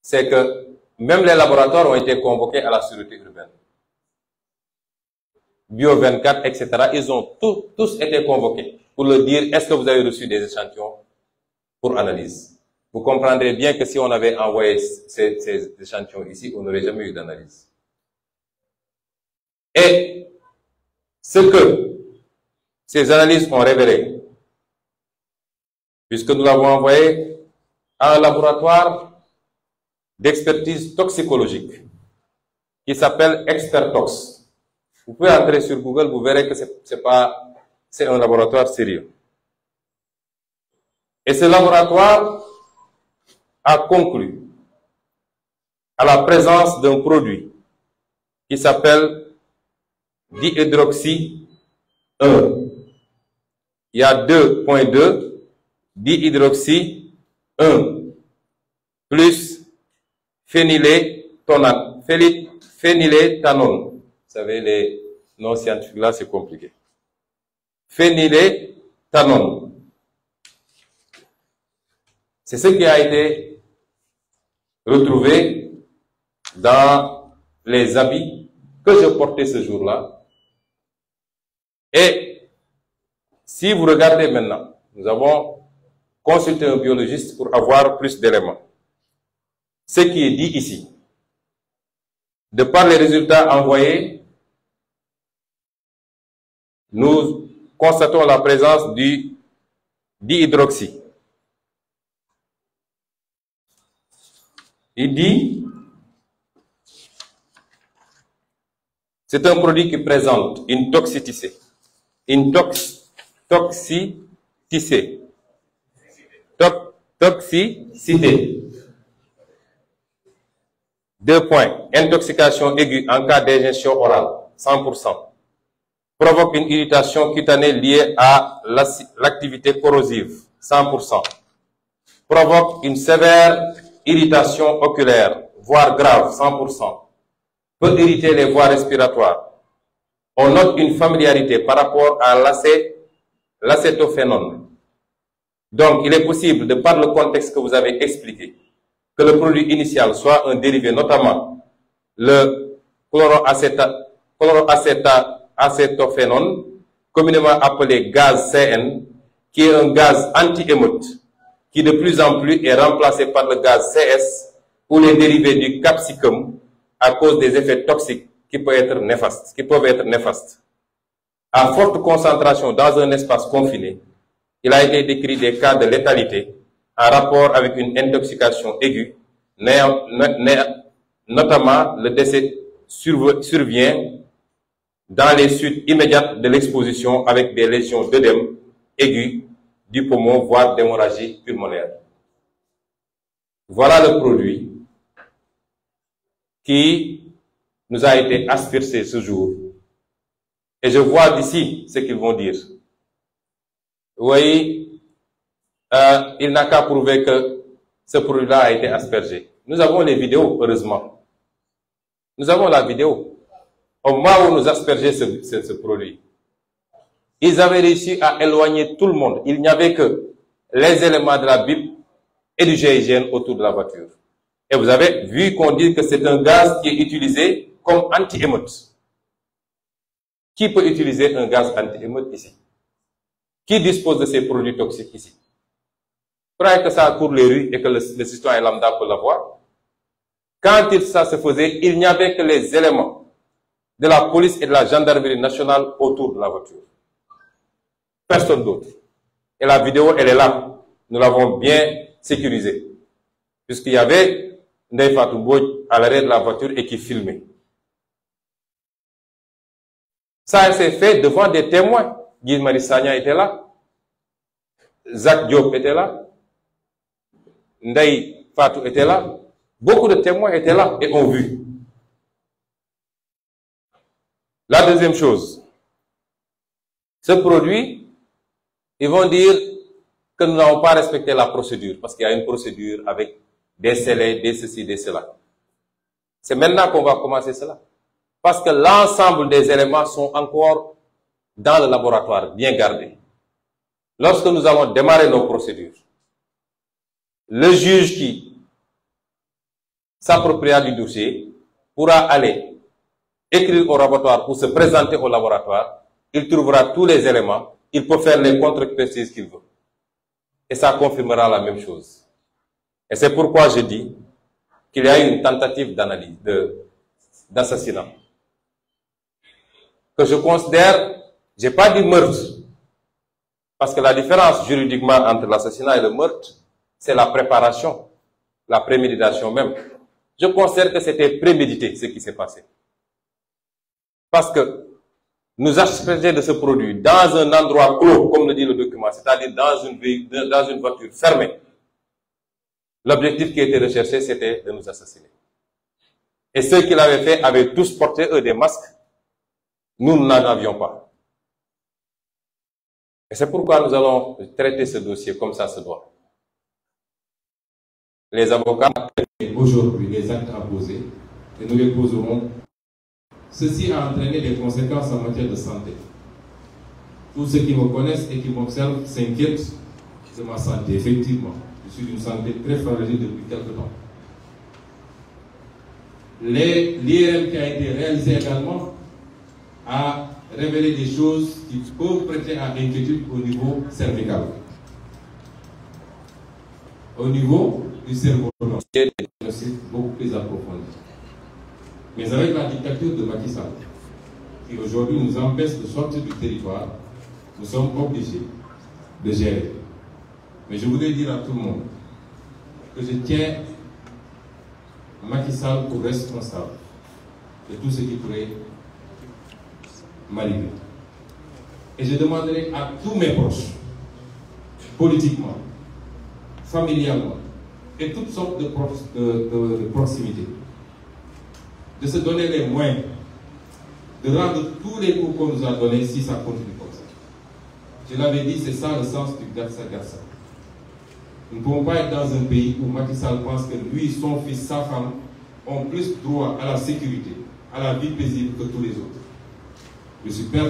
c'est que même les laboratoires ont été convoqués à la sécurité urbaine. Bio 24, etc. Ils ont tout, tous été convoqués pour leur dire est-ce que vous avez reçu des échantillons pour analyse. Vous comprendrez bien que si on avait envoyé ces, ces échantillons ici, on n'aurait jamais eu d'analyse. Et ce que ces analyses ont révélé, puisque nous l'avons envoyé à un laboratoire d'expertise toxicologique qui s'appelle Expertox. Vous pouvez entrer sur Google, vous verrez que c'est un laboratoire sérieux. Et ce laboratoire a conclu à la présence d'un produit qui s'appelle dihydroxy 1. Il y a 2.2 dihydroxy plus phényléthanone, savez, les non scientifiques là, c'est compliqué. Phényléthanol. C'est ce qui a été retrouvé dans les habits que je portais ce jour-là. Et si vous regardez maintenant, nous avons consulté un biologiste pour avoir plus d'éléments. Ce qui est dit ici, de par les résultats envoyés nous constatons la présence du dihydroxy. Il dit, c'est un produit qui présente une toxicité, une tox, toxicité, to, toxicité. Deux points, intoxication aiguë en cas d'ingestion orale, provoque une irritation cutanée liée à l'activité corrosive, 100%. Provoque une sévère irritation oculaire, voire grave, 100%. Peut irriter les voies respiratoires. On note une familiarité par rapport à l'acétophénone. Donc, il est possible, de par le contexte que vous avez expliqué, que le produit initial soit un dérivé, notamment le chloroacétate, acétophénone, communément appelé gaz CN, qui est un gaz anti qui de plus en plus est remplacé par le gaz CS ou les dérivés du capsicum à cause des effets toxiques qui peuvent être néfastes. Qui peuvent être néfastes. À forte concentration dans un espace confiné, il a été décrit des cas de létalité en rapport avec une intoxication aiguë, notamment le décès survient dans les suites immédiates de l'exposition avec des lésions d'œdème aiguë du poumon, voire d'hémorragie pulmonaire. Voilà le produit qui nous a été aspiré ce jour. Et je vois d'ici ce qu'ils vont dire. Vous euh, il n'a qu'à prouver que ce produit-là a été aspergé. Nous avons les vidéos, heureusement. Nous avons la vidéo. au moment où nous aspergeait ce, produit. Ils avaient réussi à éloigner tout le monde. Il n'y avait que les éléments de la Bible et du GIGN autour de la voiture. Et vous avez vu qu'on dit que c'est un gaz qui est utilisé comme anti Qui peut utiliser un gaz anti Qui dispose de ces produits toxiques ici Vous que ça court les rues et que le, le citoyen lambda peut l'avoir Quand il, se faisait, il n'y avait que les éléments de la police et de la gendarmerie nationale autour de la voiture. Personne d'autre. Et la vidéo, elle est là. Nous l'avons bien sécurisée. Puisqu'il y avait Ndeye Fatou à l'arrêt de la voiture et qui filmait. Ça s'est fait devant des témoins. Guy Marissagna était là. Zach Diop était là. Ndeye Fatou était là. Beaucoup de témoins étaient là et ont vu. La deuxième chose, ce produit, ils vont dire que nous n'avons pas respecté la procédure parce qu'il y a une procédure avec des scellés, des ceci, des cela. C'est maintenant qu'on va commencer cela. Parce que l'ensemble des éléments sont encore dans le laboratoire, bien gardés. Lorsque nous avons démarré nos procédures, le juge qui s'appropria du dossier pourra aller écrire au laboratoire ou se présenter au laboratoire, il trouvera tous les éléments, il peut faire les contre qu'il veut. Et ça confirmera la même chose. Et c'est pourquoi je dis qu'il y a une tentative d'analyse, d'assassinat. Que je considère, j'ai pas dit meurtre, parce que la différence juridiquement entre l'assassinat et le meurtre, c'est la préparation, la préméditation même. Je considère que c'était prémédité ce qui s'est passé. parce que nous asperger de ce produit dans un endroit clos, comme le dit le document, c'est-à-dire dans une, véhicule, fermée, l'objectif qui était recherché, c'était de nous assassiner. Et ceux qui l'avaient fait avaient tous porté, eux, des masques. Nous n'en avions pas. Et c'est pourquoi nous allons traiter ce dossier comme ça se doit. Les avocats... Aujourd'hui, les actes à poser, et nous les poserons Ceci a entraîné des conséquences en matière de santé. Tous ceux qui me connaissent et qui m'observent s'inquiètent de ma santé, effectivement. Je suis d'une santé très fragile depuis quelque temps. L'IRM qui a été réalisé également a révélé des choses qui peuvent prêter à inquiétude au niveau cervical. Au niveau du cerveau, c'est beaucoup plus approfondi. Mais avec la dictature de Macky Sall, qui aujourd'hui nous empêche de sortir du territoire, nous sommes obligés de gérer. Mais je voudrais dire à tout le monde que je tiens Macky Sall responsable de tout ce qui pourrait m'arriver. Et je demanderai à tous mes proches, politiquement, familialement, et toutes sortes de, de, de se donner les moyens de rendre tous les cours qu'on nous a si ça continue comme ça. Je l'avais dit, c'est ça sens du Gatsa-Gatsa. Nous ne pouvons dans un pays où Macky Sall pense lui, son fils, sa femme ont plus droit à la sécurité, à la vie paisible que tous les autres. Je suis père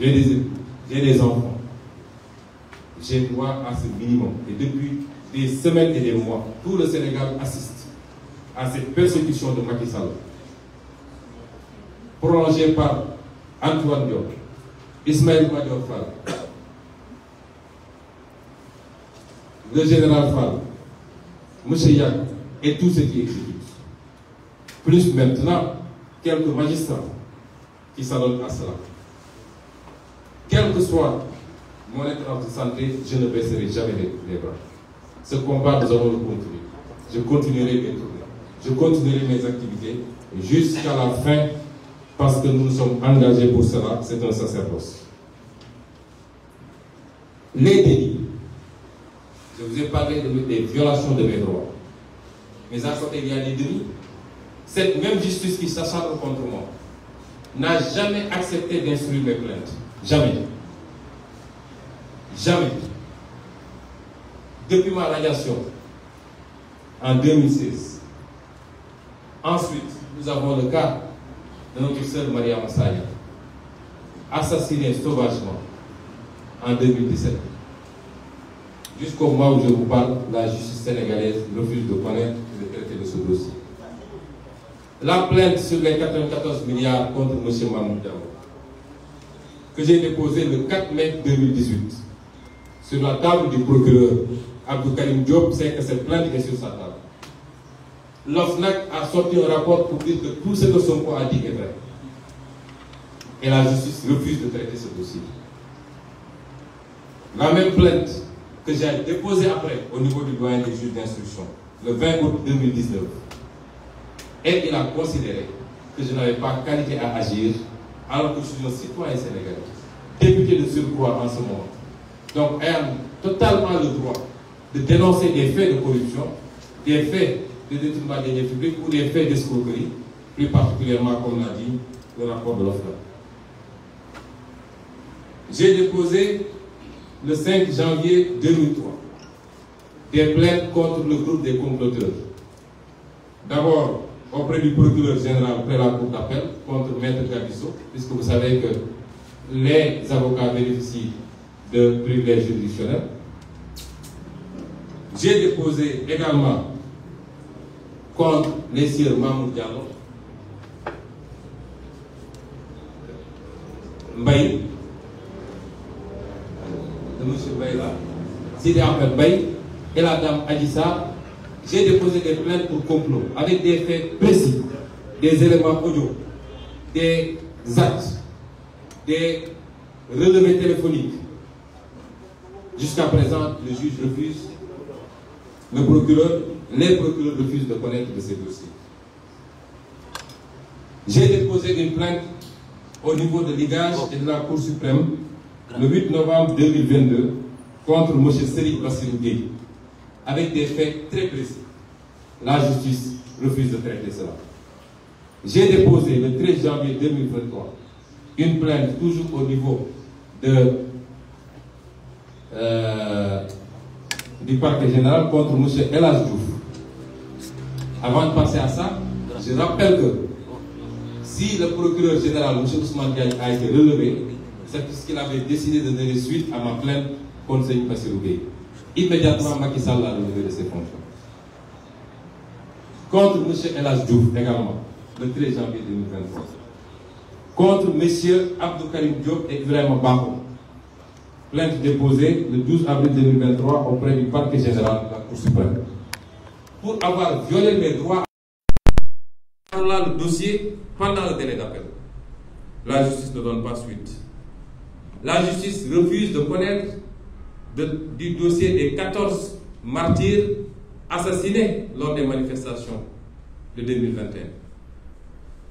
J'ai des, enfants. J'ai droit à ce minimum. Et depuis des semaines et des mois, tout le Sénégal assiste à cette persécution de Macky Sall, prolongée par Antoine Diop, Ismaël Madior Fall, le général Fall, M. Yak et tous ceux qui exécutent. Plus maintenant, quelques magistrats qui s'adonnent à cela. Quel que soit mon état je ne baisserai jamais les bras. Ce combat, nous le continuer. Je continuerai bientôt. je continuerai mes activités jusqu'à la fin parce que nous nous sommes engagés cela, c'est un sacerdoce. Les délits. Je vous ai parlé de, des de mes droits. Mais à côté, il y Cette même justice qui s'acharne contre moi n'a jamais accepté d'instruire mes plaintes. Jamais. Jamais. ma radiation, en Ensuite, nous avons le cas de notre sœur Maria Massaya, assassinée sauvagement en 2017. Jusqu'au mois je vous la justice sénégalaise refuse de connaître le traité de ce dossier. La plainte sur les 94 milliards contre M. Mahmoud que j'ai déposée le mai sur la table du procureur Abdou Karim Diop, c'est que plainte est sur sa table. l'OFNAC a sorti un rapport pour dire que tout ce que Sonko a dit est Et la justice refuse de traiter ce dossier. La même plainte que j'ai déposée après au niveau du doyen des juges d'instruction, le 20 août 2019, et il a considéré que je n'avais pas qualité à agir alors que je suis un citoyen sénégalais, député de surcroît en ce moment. Donc, ayant totalement le droit de dénoncer des faits de corruption, des faits de détournement des deniers publics ou les faits d'escroquerie, plus particulièrement, comme l'a dit le rapport de l'OFNA. J'ai déposé le 5 janvier 2003 des plaintes contre le groupe des comploteurs. D'abord, auprès du procureur général près la cour d'appel contre Maître Gabisso, puisque vous savez que les avocats bénéficient de privilèges juridictionnels. J'ai déposé également contre les sieurs Mamour Diallo Mbaye de monsieur Mbaye là Sidi Ahmed Mbaye et la dame Adissa j'ai déposé des plaintes pour complot avec des faits précis des éléments audio des actes des relevés téléphoniques jusqu'à présent le juge refuse le procureur les procureurs refusent de connaître de ces dossiers. J'ai déposé une plainte au niveau de l'IGAGE et de la Cour suprême le 8 novembre 2022 contre M. Seri Bassirou avec des faits très La justice refuse de traiter cela. J'ai déposé le janvier 2023 toujours au niveau de, euh, du parquet général Elas Diouf Avant de passer à ça, je rappelle que si le procureur général, M. Ousmane a été relevé, c'est parce qu'il avait décidé de donner suite à ma plainte contre Seigne Bassiroubé. Immédiatement, Macky l'a relevé de ses fonctions. Contre M. Elas Diouf également, le 13 janvier 2023. Contre M. Abdou Karim Diop et Ibrahim Bako. Plainte déposée le 12 avril auprès du parquet général de la Cour pour avoir le dossier pendant le délai La justice ne donne pas suite. La justice refuse de connaître du dossier des 14 martyrs assassinés lors des manifestations de 2021.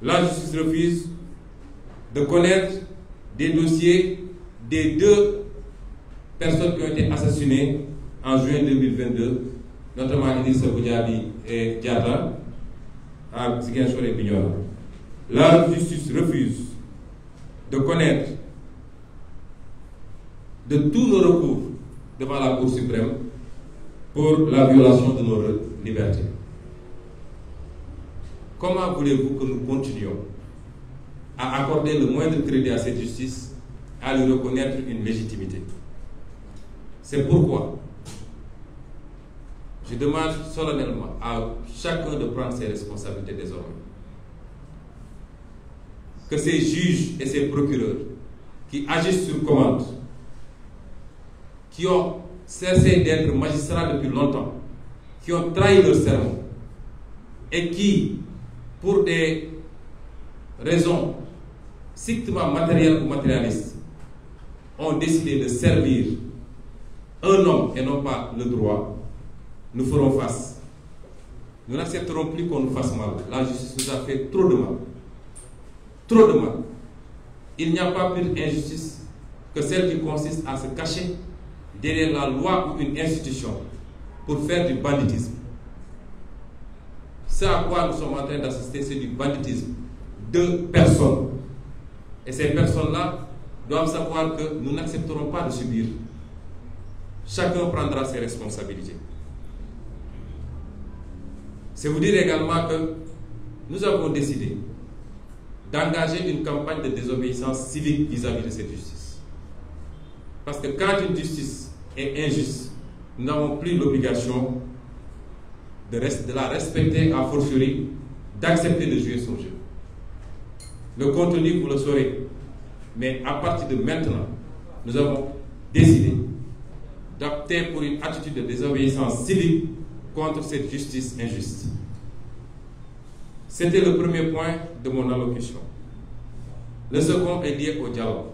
La justice refuse de connaître des dossiers des deux personnes qui ont été assassinées en juin notamment Idrissa Goudiaby et Diatta à Ziguinchor et Bignona. La justice refuse de connaître de tous nos recours devant la Cour suprême pour la violation de nos libertés. Comment voulez-vous que nous continuions à accorder le moindre crédit à justice, à lui reconnaître une légitimité? C'est pourquoi je demande solennellement à chacun de prendre ses responsabilités désormais. Que ces juges et ces procureurs qui agissent sur commande, qui ont cessé d'être magistrats depuis longtemps, qui ont trahi leur serment et qui, pour des raisons strictement matérielles ou matérialistes, ont décidé de servir un homme et non pas le droit nous ferons face. Nous n'accepterons plus qu'on nous fasse mal. La justice nous a fait trop de mal. Trop de mal. Il n'y a plus d'injustice que celle qui consiste à se cacher derrière la loi ou une institution pour faire du banditisme. Ce à quoi nous sommes en d'assister, c'est du banditisme de personnes. Et ces personnes-là doivent savoir que nous n'accepterons pas de subir. Chacun prendra ses responsabilités. C'est vous dire également que nous avons décidé d'engager une campagne de désobéissance civique vis-à-vis -vis de cette justice. Parce que quand une justice est injuste, nous n'avons plus l'obligation de, de, la respecter à fortiori, d'accepter de jouer son jeu. Le contenu, vous le saurez. Mais à partir de maintenant, nous avons décidé d'opter pour une attitude de désobéissance civique contre cette justice injuste. C'était le premier point de mon allocution. Le second est lié au dialogue.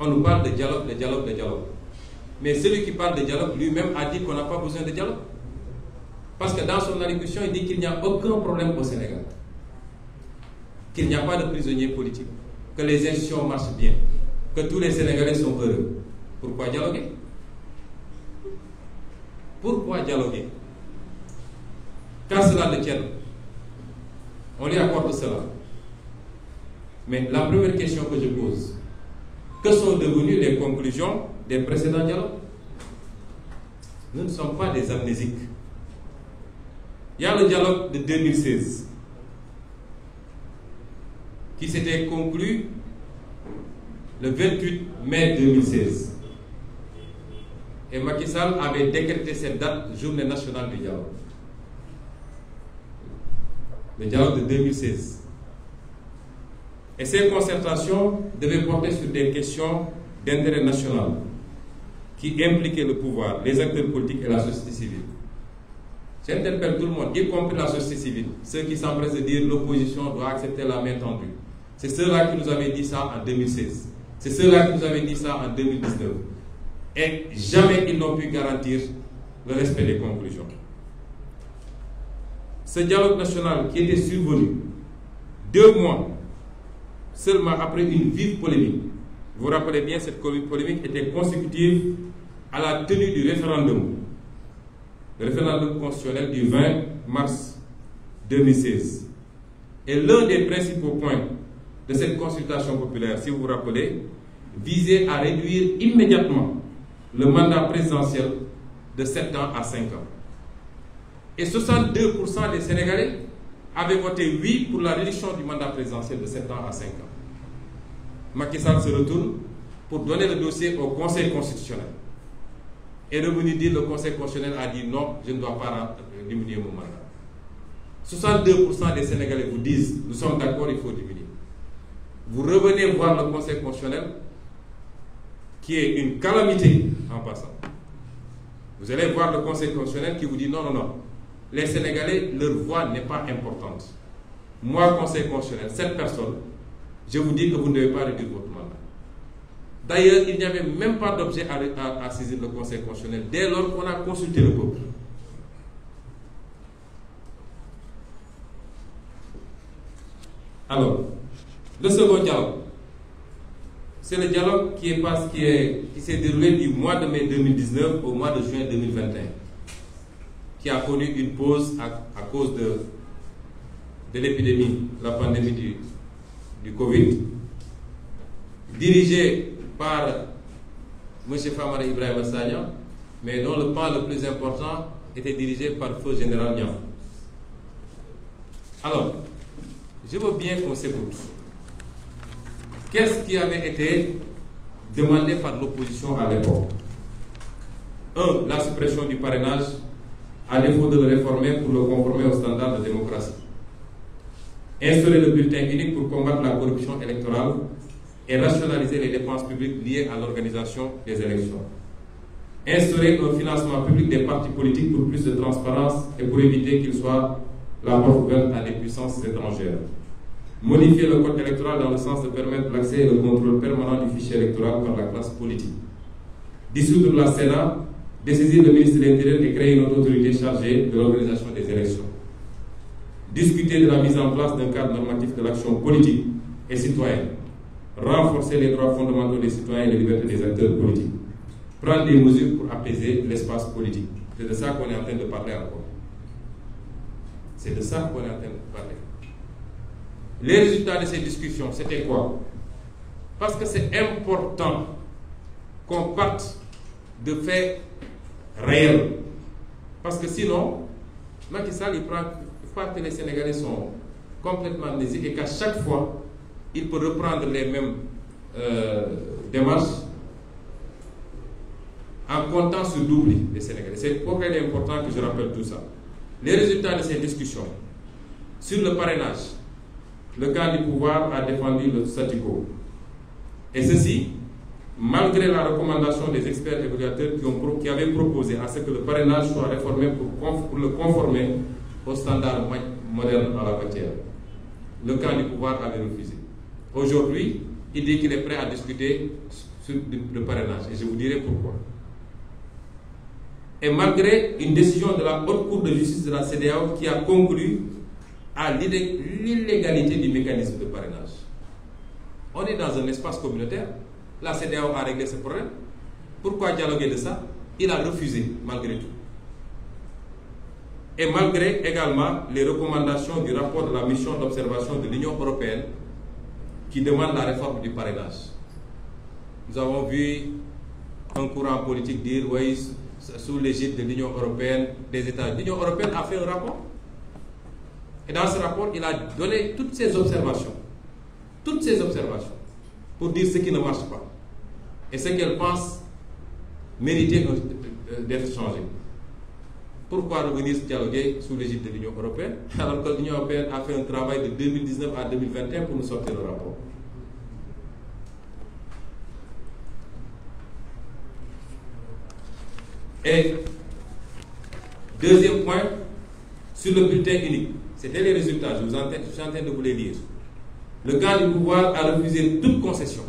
On nous parle de dialogue, de dialogue, de dialogue. Mais celui qui parle de dialogue lui-même a dit qu'on n'a pas besoin de dialogue. Parce que dans son allocution, il dit qu'il n'y a aucun problème au Sénégal. Qu'il n'y a pas de prisonniers politiques. Que les institutions marchent bien. Que tous les Sénégalais sont heureux. Pourquoi dialoguer Pourquoi dialoguer Car le tienne, on lui accorde cela. Mais la première question que je pose, que sont devenues les conclusions des précédents dialogues Nous ne sommes pas des amnésiques. Il y de 2016 qui s'était conclu le 28 mai Et Macky Sall avait décrété cette date, journée nationale du dialogue. Le dialogue de 2016. Et ces concertations devaient porter sur des questions d'intérêt national qui impliquaient le pouvoir, les acteurs politiques et la société civile. J'interpelle tout le monde, y compris la société civile, ceux qui s'empressent de dire l'opposition doit accepter la main tendue. C'est ceux-là qui nous avaient dit ça en 2016. C'est ceux-là nous avaient dit ça en 2019. et jamais ils n'ont pu garantir le respect des conclusions. Ce dialogue national qui était survenu deux mois seulement après une vive polémique, vous vous rappelez bien, cette polémique était consécutive à la tenue du référendum, le référendum constitutionnel du mars Et l'un des principaux points de cette consultation populaire, si vous vous rappelez, visait à réduire immédiatement le mandat présidentiel de sept ans à cinq ans et 62 pour cent des Sénégalais avaient voté oui pour la réduction du mandat présidentiel de sept ans à cinq ans Macky Sall se retourne pour donner le dossier au Conseil constitutionnel et revenu dire le Conseil constitutionnel a dit non je ne dois pas euh, diminuer mon mandat des Sénégalais vous disent nous sommes d'accord il faut diminuer vous revenez voir le Conseil constitutionnel qui est une calamité en passant. Vous allez voir le Conseil constitutionnel qui vous dit non, non, non. Les Sénégalais, leur voix n'est pas importante. Moi, Conseil constitutionnel, cette personne, je vous dis que vous ne devez pas réduire votre mandat. D'ailleurs, il n'y avait même pas d'objet à, à, à, saisir le Conseil constitutionnel dès lors qu'on a consulté le peuple. Alors, le second dialogue, C'est le dialogue qui est passé, qui est, déroulé du mois de mai 2019 au mois de juin 2021, qui a connu une pause à, à cause de, de l'épidémie, la pandémie du, Covid, dirigé par M. Famara Ibrahim Sagna, mais dont le pan le plus important était dirigé par feu général Niang. Alors, je veux bien qu'on s'écoute. Qu'est-ce qui avait été demandé par l'opposition à l'époque? Un, la suppression du parrainage, à défaut de le réformer pour le conformer aux standards de démocratie. Instaurer le bulletin unique pour combattre la corruption électorale et rationaliser les dépenses publiques liées à l'organisation des élections. Instaurer un financement public des partis politiques pour plus de transparence et pour éviter qu'il soit la porte ouverte à des puissances modifier le code électoral dans le sens de permettre l'accès et le contrôle permanent du fichier électoral par la classe politique. Dissoudre la Sénat, désaisir le ministre de créer une autorité chargée de l'organisation des élections. Discuter de la mise en place d'un cadre normatif de l'action politique et citoyenne. Renforcer les droits fondamentaux des citoyens et les libertés des acteurs politiques. Prendre des mesures pour apaiser est en les résultats de ces discussions, c'était quoi Parce que c'est important qu'on parte de faits réels. Parce que sinon, Macky Sall, il croit que les Sénégalais sont complètement amnésiques et qu'à chaque fois, il peut reprendre les mêmes euh, démarches en comptant sur l'oubli des Sénégalais. C'est pourquoi il est important que je rappelle tout ça. Les résultats de ces discussions sur le parrainage, le camp du pouvoir a défendu le statu quo. Et ceci, malgré la recommandation des experts évaluateurs qui, ont, qui avaient proposé à ce que le parrainage soit réformé pour, conformer aux standards modernes en la matière. Le camp du pouvoir avait refusé. Aujourd'hui, il dit qu'il est prêt à discuter sur le parrainage. Et je vous dirai pourquoi. Et malgré une décision de la Haute Cour de justice de la CDAO qui a conclu à l'illégalité du mécanisme de parrainage. On est dans un espace communautaire. La CDAO a réglé ce problème. Pourquoi dialoguer de ça Il a refusé, malgré tout. Et malgré également les recommandations du rapport de la mission d'observation de l'Union européenne qui demande la réforme du parrainage. Nous avons vu un courant politique dire, oui, sous l'égide de l'Union européenne, des États. L'Union européenne a fait un rapport Et dans ce rapport, il a donné toutes ses observations. Toutes ses observations. Pour dire ce qui ne marche pas. Et ce qu'elle pense mériter euh, d'être changé. Pourquoi revenir dialoguer sous l'égide de l'Union européenne alors que l'Union européenne a fait un travail de à 2021 pour nous sortir le rapport Et deuxième point, sur le bulletin unique. C'est les résultats, je, vous entends, vous les lire. Le camp du pouvoir a refusé toute concession.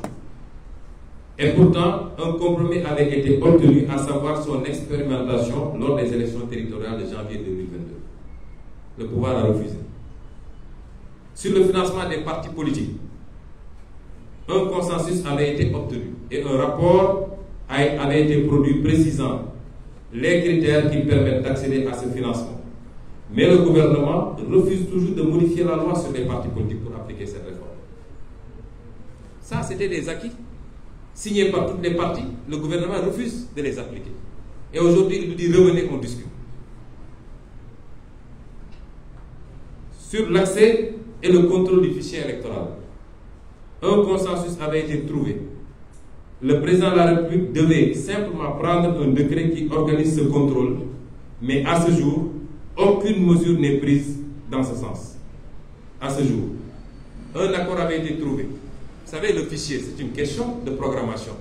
Et pourtant, un compromis avait été obtenu, à savoir son expérimentation lors des élections territoriales de janvier Le pouvoir a refusé. Sur le financement des partis politiques, un consensus avait été obtenu et un rapport avait été produit précisant les critères qui permettent d'accéder à ce financement Mais le gouvernement refuse toujours de modifier la loi sur les partis politiques pour appliquer cette réforme. Ça, c'était des acquis signés par toutes les parties. Le gouvernement refuse de les appliquer. Et aujourd'hui, il nous dit revenez qu'on discute. Sur l'accès et le contrôle du fichier électoral, un consensus avait été trouvé. Le président de la République devait simplement prendre un décret qui organise ce contrôle, mais à ce jour, Aucune mesure n'est prise dans ce sens. À ce jour, un accord avait été trouvé. Vous savez, le fichier, c'est une question de programmation.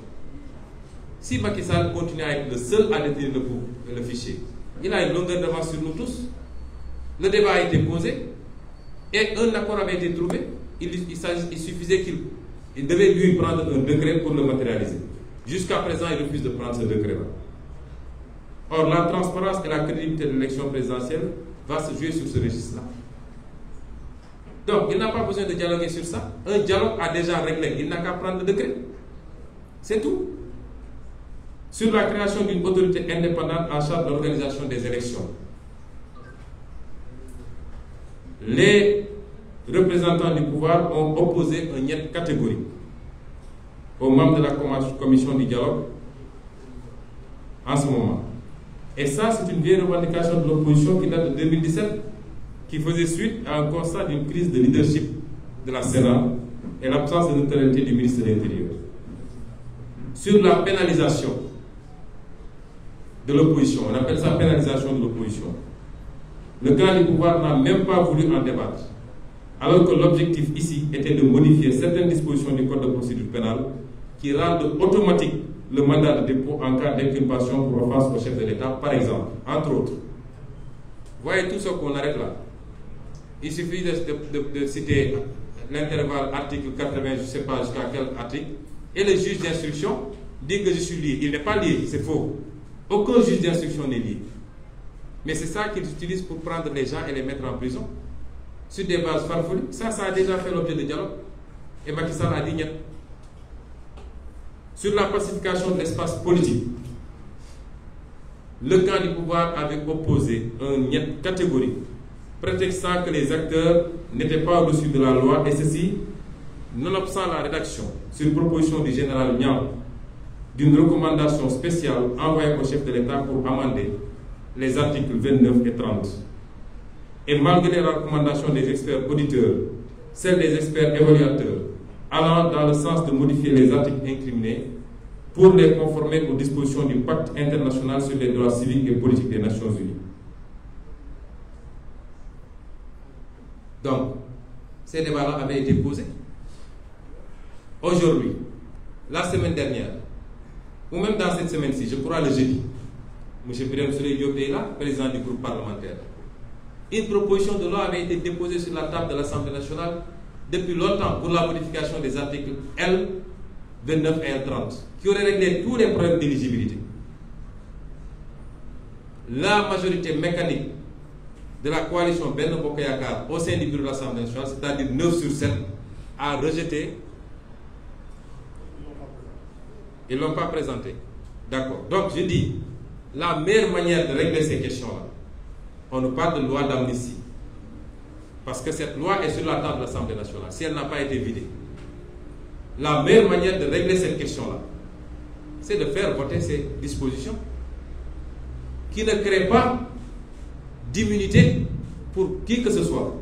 Si Macky Sall continue à être le seul à détenir le, le fichier, il a une longueur sur nous tous. Le débat a été posé et un accord avait été trouvé. Il, il, il suffisait qu'il devait lui prendre un décret pour le matérialiser. Jusqu'à présent, il refuse de prendre ce décret-là. Or, la transparence et la crédibilité de l'élection présidentielle va se jouer sur ce registre-là. Donc, il n'a pas besoin de dialoguer sur ça. Un dialogue a déjà réglé. Il n'a qu'à prendre le décret. C'est tout. Sur la création d'une autorité indépendante en charge de l'organisation des élections. Les représentants du pouvoir ont opposé une catégorie aux de la commission du dialogue en ce moment. Et ça, c'est une vieille revendication de l'opposition qui date de qui faisait suite à un constat d'une crise de leadership de la Sénat et l'absence de neutralité du ministre de l'Intérieur. Sur la pénalisation de l'opposition, on appelle ça pénalisation de l'opposition. Le camp du pouvoir n'a même pas voulu en débattre, alors que l'objectif ici était de modifier certaines dispositions du Code de procédure pénale qui rendent automatique le mandat de dépôt en cas d'inculpation pour offense au chef de l'État, par exemple, entre autres. Voyez tout ce qu'on arrête là. Il suffit de, de, de citer l'intervalle article 80, pas jusqu'à quel article, et le juge d'instruction dit que je suis lié. Il n'est pas lié, c'est faux. Aucun juge d'instruction n'est lié. Mais c'est ça qu'ils utilisent pour prendre les gens et les mettre en prison. Sur des bases farfelues, ça, ça a déjà fait l'objet de dialogue. Et sur la pacification de l'espace politique le camp du pouvoir avait opposé un niet catégorique prétextant que les acteurs n'étaient pas au-dessus de la loi et ceci nonobstant la rédaction sur proposition du général Niang d'une recommandation spéciale envoyée au chef de l'État pour amender les articles 29 et 30 et malgré les recommandations des experts auditeurs celles des experts évaluateurs allant dans le sens de modifier les articles incriminés pour les conformer aux dispositions du pacte international sur les droits civiques et politiques des Nations Unies. Donc, ces débats-là avaient été posés. Aujourd'hui, la semaine dernière, ou même dans cette semaine-ci, je crois le jeudi, M. Birem Souley Diop est là, président du groupe parlementaire. Une proposition de loi avait été déposée sur la table de l'Assemblée nationale depuis longtemps pour la modification des articles L29 L30, qui auraient réglé tous les problèmes d'éligibilité. La majorité mécanique de la coalition Ben Bokoyakar au sein du bureau de l'Assemblée nationale, c'est-à-dire 9 sur 7, a rejeté. Ils ne l'ont pas présenté. D'accord. Donc je dis, la meilleure manière de régler ces questions-là, on nous parle de loi d'amnistie. Parce que cette loi est sur la table de l'Assemblée nationale, si elle n'a pas été vidée. La meilleure manière de régler cette question-là, c'est de faire voter ces dispositions qui ne créent pas d'immunité pour qui que ce soit.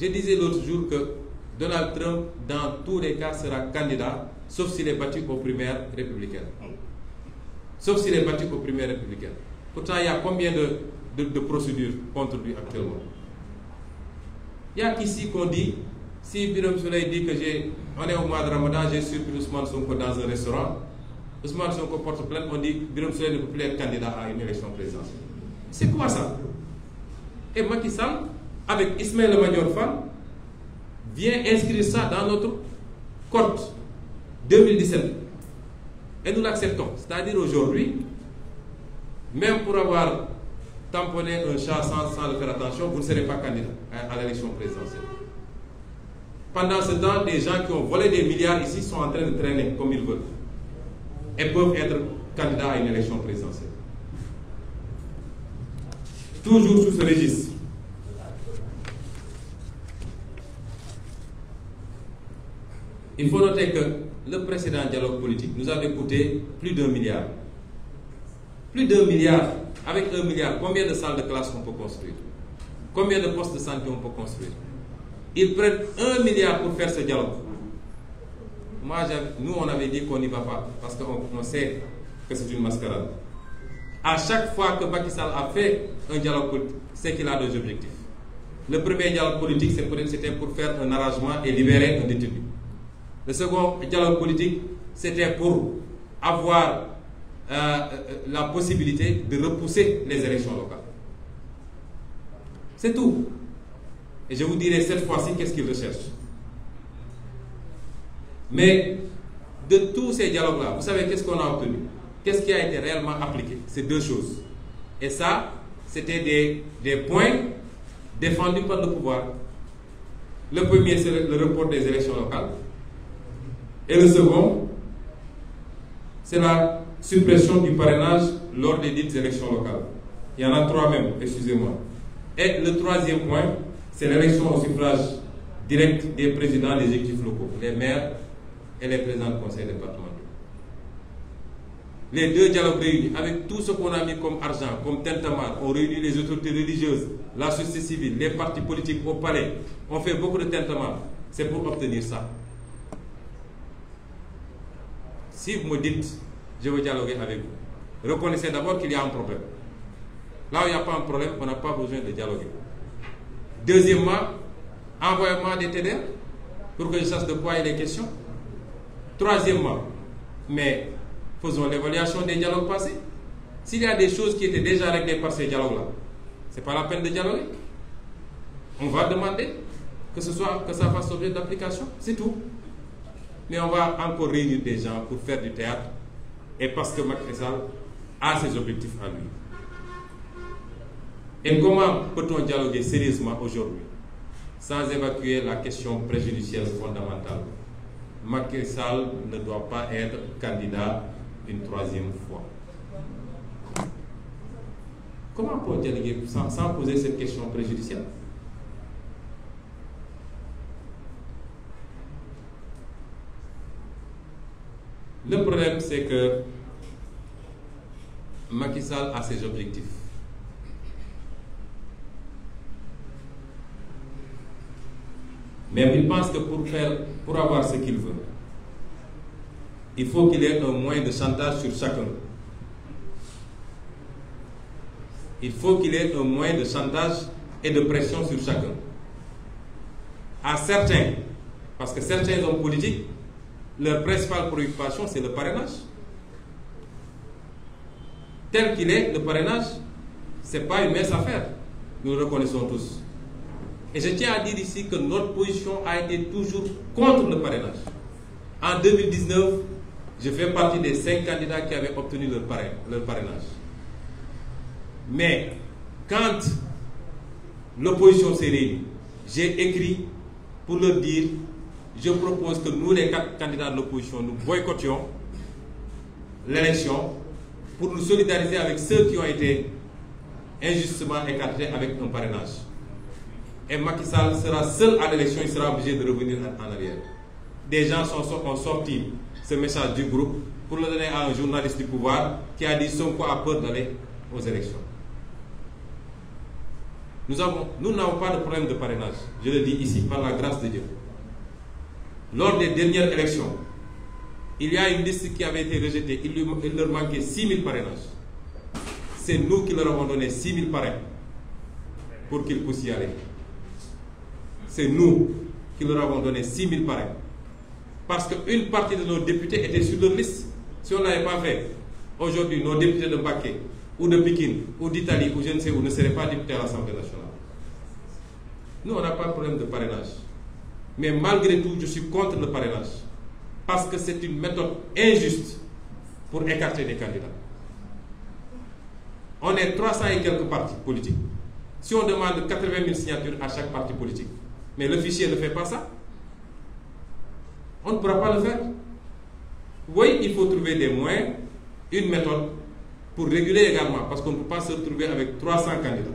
Je disais l'autre jour que Donald Trump, dans tous les cas, sera candidat, sauf s'il est battu aux primaires républicaines. Ah sauf s'il est battu aux primaires républicaines. Pourtant, il a combien de de, de procédure contre lui actuellement. Il y a qu'ici qu'on dit, si Biram Soleil dit que j'ai, on est au mois de Ramadan, j'ai surpris dans un restaurant, Ousmane Sonko porte plainte, on dit Biram Soleil ne peut plus être candidat à une élection présidentielle. C'est quoi ça Et Macky Sall, avec Ismaël Magnor Fan, vient inscrire ça dans notre code 2017. Et nous l'acceptons. C'est-à-dire aujourd'hui, même pour avoir tamponner un champ sans, sans le faire attention, vous ne serez pas candidat à, à l'élection présidentielle. Pendant ce temps, des gens qui ont volé des milliards ici sont en train de traîner comme ils veulent et peuvent être candidats à une élection présidentielle. Toujours sous ce registre. Il faut noter que le précédent dialogue politique nous avait coûté plus d'un milliard. Plus d'un milliard Avec un milliard, combien de salles de classe on peut construire Combien de postes de santé on peut construire Ils prennent un milliard pour faire ce dialogue. Moi, nous, on avait dit qu'on n'y va pas sait que c'est une mascarade. À chaque fois que Macky Sall a fait un dialogue politique, c'est qu'il a deux objectifs. Le premier dialogue politique, c'était pour faire un arrangement et libérer un détenu. Le second dialogue politique, c'était pour Euh, la possibilité de repousser les élections locales. C'est tout. Et je vous dirai cette fois-ci qu'est-ce qu'ils recherchent. Mais de tous ces dialogues-là, vous savez qu'est-ce qu'on a obtenu Qu'est-ce qui a été réellement appliqué C'est deux choses. Et ça, c'était des, des points défendus par le pouvoir. Le premier, c'est le report des élections locales. Et le second, c'est la suppression du parrainage lors des dites élections locales. Il y en a trois même, excusez-moi. Et le troisième point, c'est l'élection au suffrage direct des présidents des équipes locaux, les maires et les présidents du conseil départemental. Les deux dialogues réunis, avec tout ce qu'on a mis comme argent, comme tentamar, on réunit les autorités religieuses, la société civile, les partis politiques au palais, on fait beaucoup de tentamar. C'est pour obtenir ça. Si je veux dialoguer avec vous reconnaissez d'abord qu'il y a un problème là où il n'y a pas un problème on n'a pas besoin de dialoguer deuxièmement envoyez-moi des pour que je sache de quoi il est question troisièmement mais faisons l'évaluation des dialogues passés s'il y a des choses qui étaient déjà réglées par ces dialogues-là c'est pas la peine de dialoguer on va demander que ce soit que ça fasse l'objet d'application c'est tout mais on des gens pour faire du et parce que Macky Sall a ses objectifs à lui. Et comment peut-on dialoguer sérieusement aujourd'hui la question préjudicielle fondamentale Macky ne doit pas être candidat une troisième fois. Comment peut-on dialoguer sans, sans poser cette question préjudicielle le problème c'est que Macky Sall a ses objectifs mais il pense que pour faire pour avoir ce qu'il veut il faut qu'il ait un moyen de chantage sur chacun il faut qu'il ait un moyen de chantage et de pression sur chacun à certains parce que certains hommes politiques leur principale préoccupation, c'est le parrainage. Tel qu'il est, le parrainage, ce n'est pas une mince affaire. Nous le reconnaissons tous. Et je tiens à dire ici que notre position a été toujours contre le parrainage. En 2019, je fais partie des cinq candidats qui avaient obtenu leur, parrain, leur parrainage. Mais quand l'opposition s'est réunie, j'ai écrit pour leur dire je propose que nous les quatre candidats de l'opposition nous boycottions l'élection pour nous solidariser avec ceux qui ont été injustement écartés avec un parrainage. Et Macky sera seul à l'élection, il sera obligé de revenir en arrière. Des gens sont, ont sorti message du groupe pour le donner à un journaliste du pouvoir qui a dit Sonko a peur d'aller aux élections. Nous n'avons nous pas de problème de parrainage, je le dis ici par la grâce de Dieu. lors des dernières élections il y a une liste qui avait été rejetée il lui il leur manquait 6000 parrainages c'est nous qui leur avons donné 6000 parrains pour qu'ils puissent y aller c'est nous qui leur avons donné 6000 parrains parce que une partie de nos députés était sur leur liste si on n'avait pas fait aujourd'hui nos députés de Mbacké ou de Pikine ou d'Italie ou je ne sais où ne seraient pas députés à l'Assemblée nationale nous on n'a pas de problème mais malgré tout je suis contre le parrainage parce que c'est une méthode injuste pour écarter des candidats on est 300 et quelques partis politiques si on demande 80 000 signatures à chaque parti politique mais le fichier ne fait pas ça on ne pourra pas le faire oui il faut trouver des moyens une méthode pour réguler également parce qu'on ne peut pas se retrouver avec 300 candidats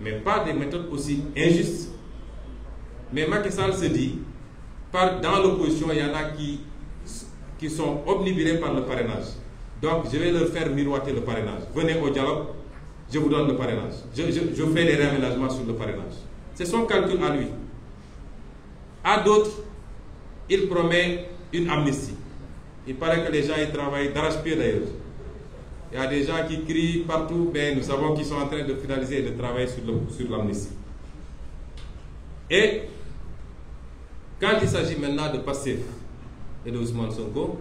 mais pas des méthodes aussi injustes Mais Macky Sall se dit, par, dans l'opposition, il y en a qui, sont obnubilés par le parrainage. Donc, je vais leur faire miroiter le parrainage. Venez au dialogue, je vous donne le parrainage. Je, je, fais des réaménagements sur le parrainage. C'est son calcul à lui. À d'autres, il promet une amnistie. Il paraît que les gens y travaillent d'arrache-pied d'ailleurs. y a des gens qui crient partout, mais nous savons qu'ils sont en train de finaliser et de travailler sur l'amnistie. Sur et Quand il s'agit maintenant de Pastef et de Ousmane Sonko,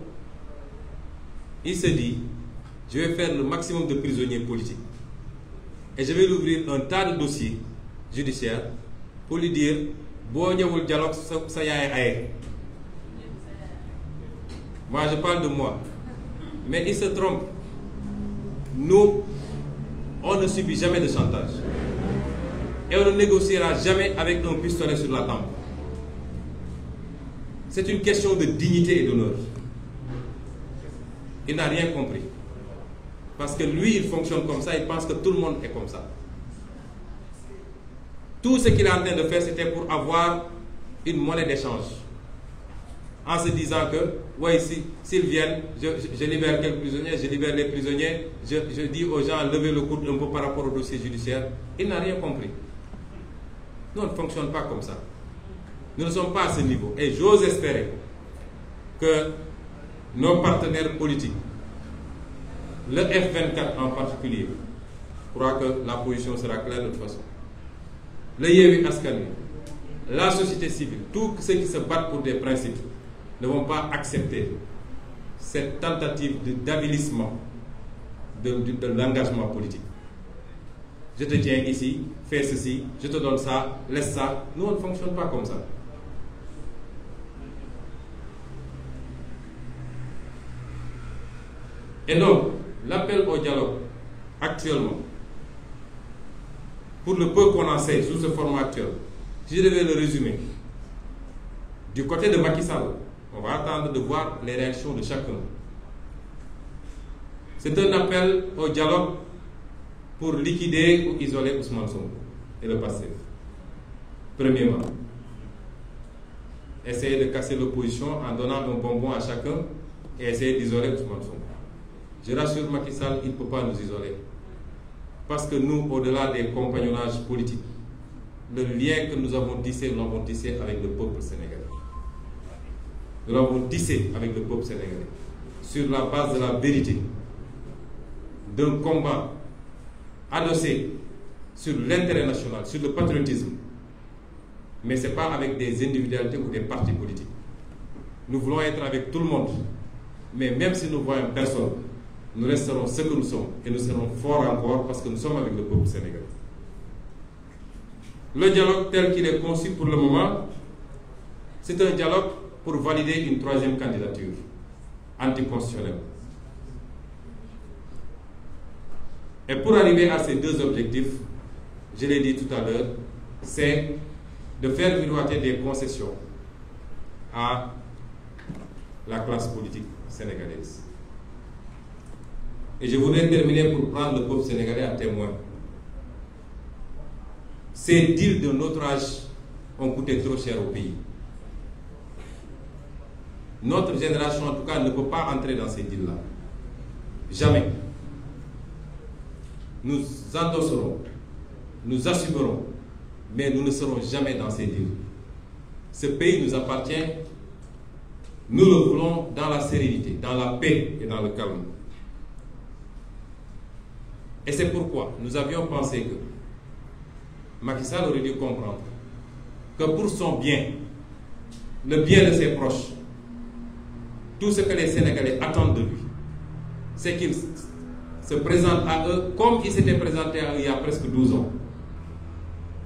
il se dit, je vais faire le maximum de prisonniers politiques. Et je vais lui ouvrir tas de dossiers judiciaires pour lui dire, boo ñëwul dialogue sa sa yaay aye. Moi, je parle de moi. Mais il se trompe. Nous, on ne subit jamais de chantage. Et on ne négociera jamais avec un pistolet sur la tempe. c'est une question de dignité et d'honneur il n'a rien compris parce que lui il fonctionne comme ça il pense que tout le monde est comme ça tout ce qu'il est en train de faire c'était pour avoir une monnaie d'échange en se disant que ouais si s'ils viennent je, je, je libère quelques prisonniers je libère les prisonniers je, je dis aux gens levez le coude un peu par rapport au dossier judiciaire il n'a rien compris nous ne fonctionne pas comme ça nous ne sommes pas à ce niveau et j'ose espérer que nos partenaires politiques le F24 en particulier je crois que la position sera claire de toute façon le Yewwi Askan Wi la société civile tous ceux qui se battent pour des principes ne vont pas accepter cette tentative de d'avilissement de, de, de l'engagement politique je te tiens ici fais ceci je te donne ça laisse ça ne fonctionne pas comme ça e non l'appel au dialogue actuellement, pour le peu qu'on en sait sous ce format actuel, je devais le résumer. Du côté de Macky Sall, on va attendre de voir les réactions de chacun. C'est un appel au dialogue pour liquider ou isoler Ousmane Sonko et le passé. Premièrement, essayer de casser l'opposition en donnant un bonbon à chacun et essayer d'isoler Ousmane Sonko. Je rassure Macky Sall, il ne peut pas nous isoler. Parce que nous, au-delà des compagnonnages politiques, le lien que nous avons tissé, nous l'avons tissé avec le peuple sénégalais. Nous l'avons tissé avec le peuple sénégalais. Sur la base de la vérité, d'un combat annoncé sur l'intérêt national, sur le patriotisme. Mais ce n'est pas avec des individualités ou des partis politiques. Nous voulons être avec tout le monde. Mais même si nous voyons personne, nous resterons ce que nous sommes et nous serons forts encore parce que nous sommes avec le peuple sénégalais. Le dialogue tel qu'il est conçu pour le moment, c'est un dialogue pour valider une troisième candidature anticonstitutionnelle. Et pour arriver à ces deux objectifs, je l'ai dit tout à l'heure, c'est de faire miroiter des concessions à la classe politique sénégalaise. Et je voudrais terminer pour prendre le peuple sénégalais à témoin. Ces deals de notre âge ont coûté trop cher au pays. Notre génération, en tout cas, ne peut pas entrer dans ces deals-là. Jamais. Nous endosserons, nous assumerons, mais nous ne serons jamais dans ces deals. Ce pays nous appartient, nous le voulons dans la sérénité, dans la paix et dans le calme. Et c'est pourquoi nous avions pensé que Macky aurait dû comprendre que pour son bien, le bien de ses proches, tout ce que les Sénégalais attendent de lui, c'est qu'il se présente à eux comme il s'était présenté à eux il y a presque 12 ans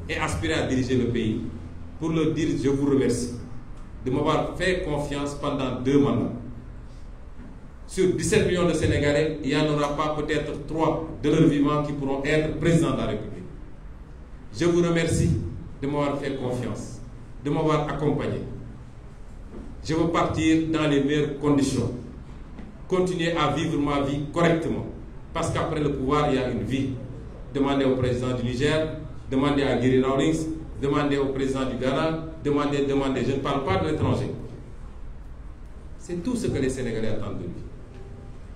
et aspirer à diriger le pays. Pour le dire, je vous remercie de m'avoir fait confiance pendant deux mandats. sur 17 millions de Sénégalais, ya n'y en aura pas peut-être 3 de leur vivant qui pourront être président de la République. Je vous remercie de m'avoir fait confiance, de m'avoir accompagné. Je veux partir dans les meilleures conditions, continuer à vivre ma vie correctement, parce qu'après le pouvoir, il y a une vie. Demandez au président du Niger, demandez à Gary Rawlings, demandez au président du Ghana, demandez, demandez. Je ne parle pas de l'étranger. C'est tout ce que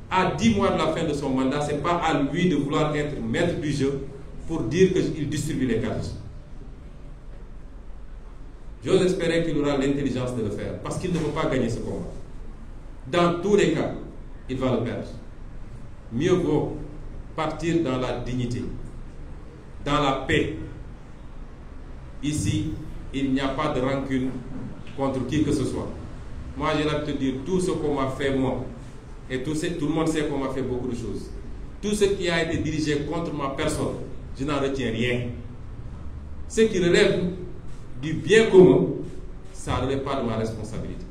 à di mois de la fin de son mandat, ce pas à lui de vouloir être maître du jeu pour dire qu'il distribue les cartes. J'ose espérer qu'il aura l'intelligence de le faire, parce qu'il ne peut pas gagner ce combat. Dans tous les cas, il va la perdre. Mieux vaut partir dans la dignité, dans la paix. Ici, il n'y a pas de rancune contre qui que ce soit. Moi, j'ai l'habitude de dire, tout ce qu'on m'a fait, moi, Et tout, ce, tout le monde sait qu'on m'a fait beaucoup de choses. Tout ce qui a été dirigé contre ma personne, je n'en retiens rien. Ce qui relève du bien commun, ça ne relève pas de ma responsabilité.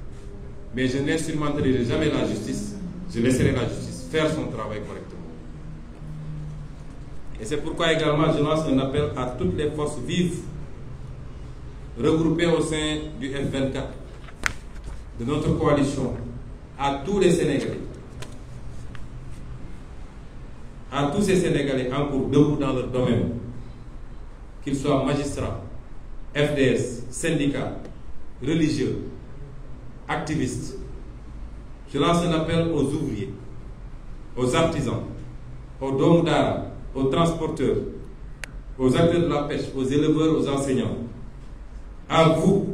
Mais je n'instrumenterai jamais la justice, je laisserai la justice faire son travail correctement. Et c'est pourquoi également je lance un appel à toutes les forces vives regroupées au sein du F24, de notre coalition, à tous les Sénégalais, à tous ces en encore debout dans leur domaine, qu'ils soient magistrats, FDS, syndicats, religieux, activistes. Je lance un appel aux ouvriers, aux artisans, aux doomu aux transporteurs, aux acteurs de la pêche, aux éleveurs, aux enseignants. À vous,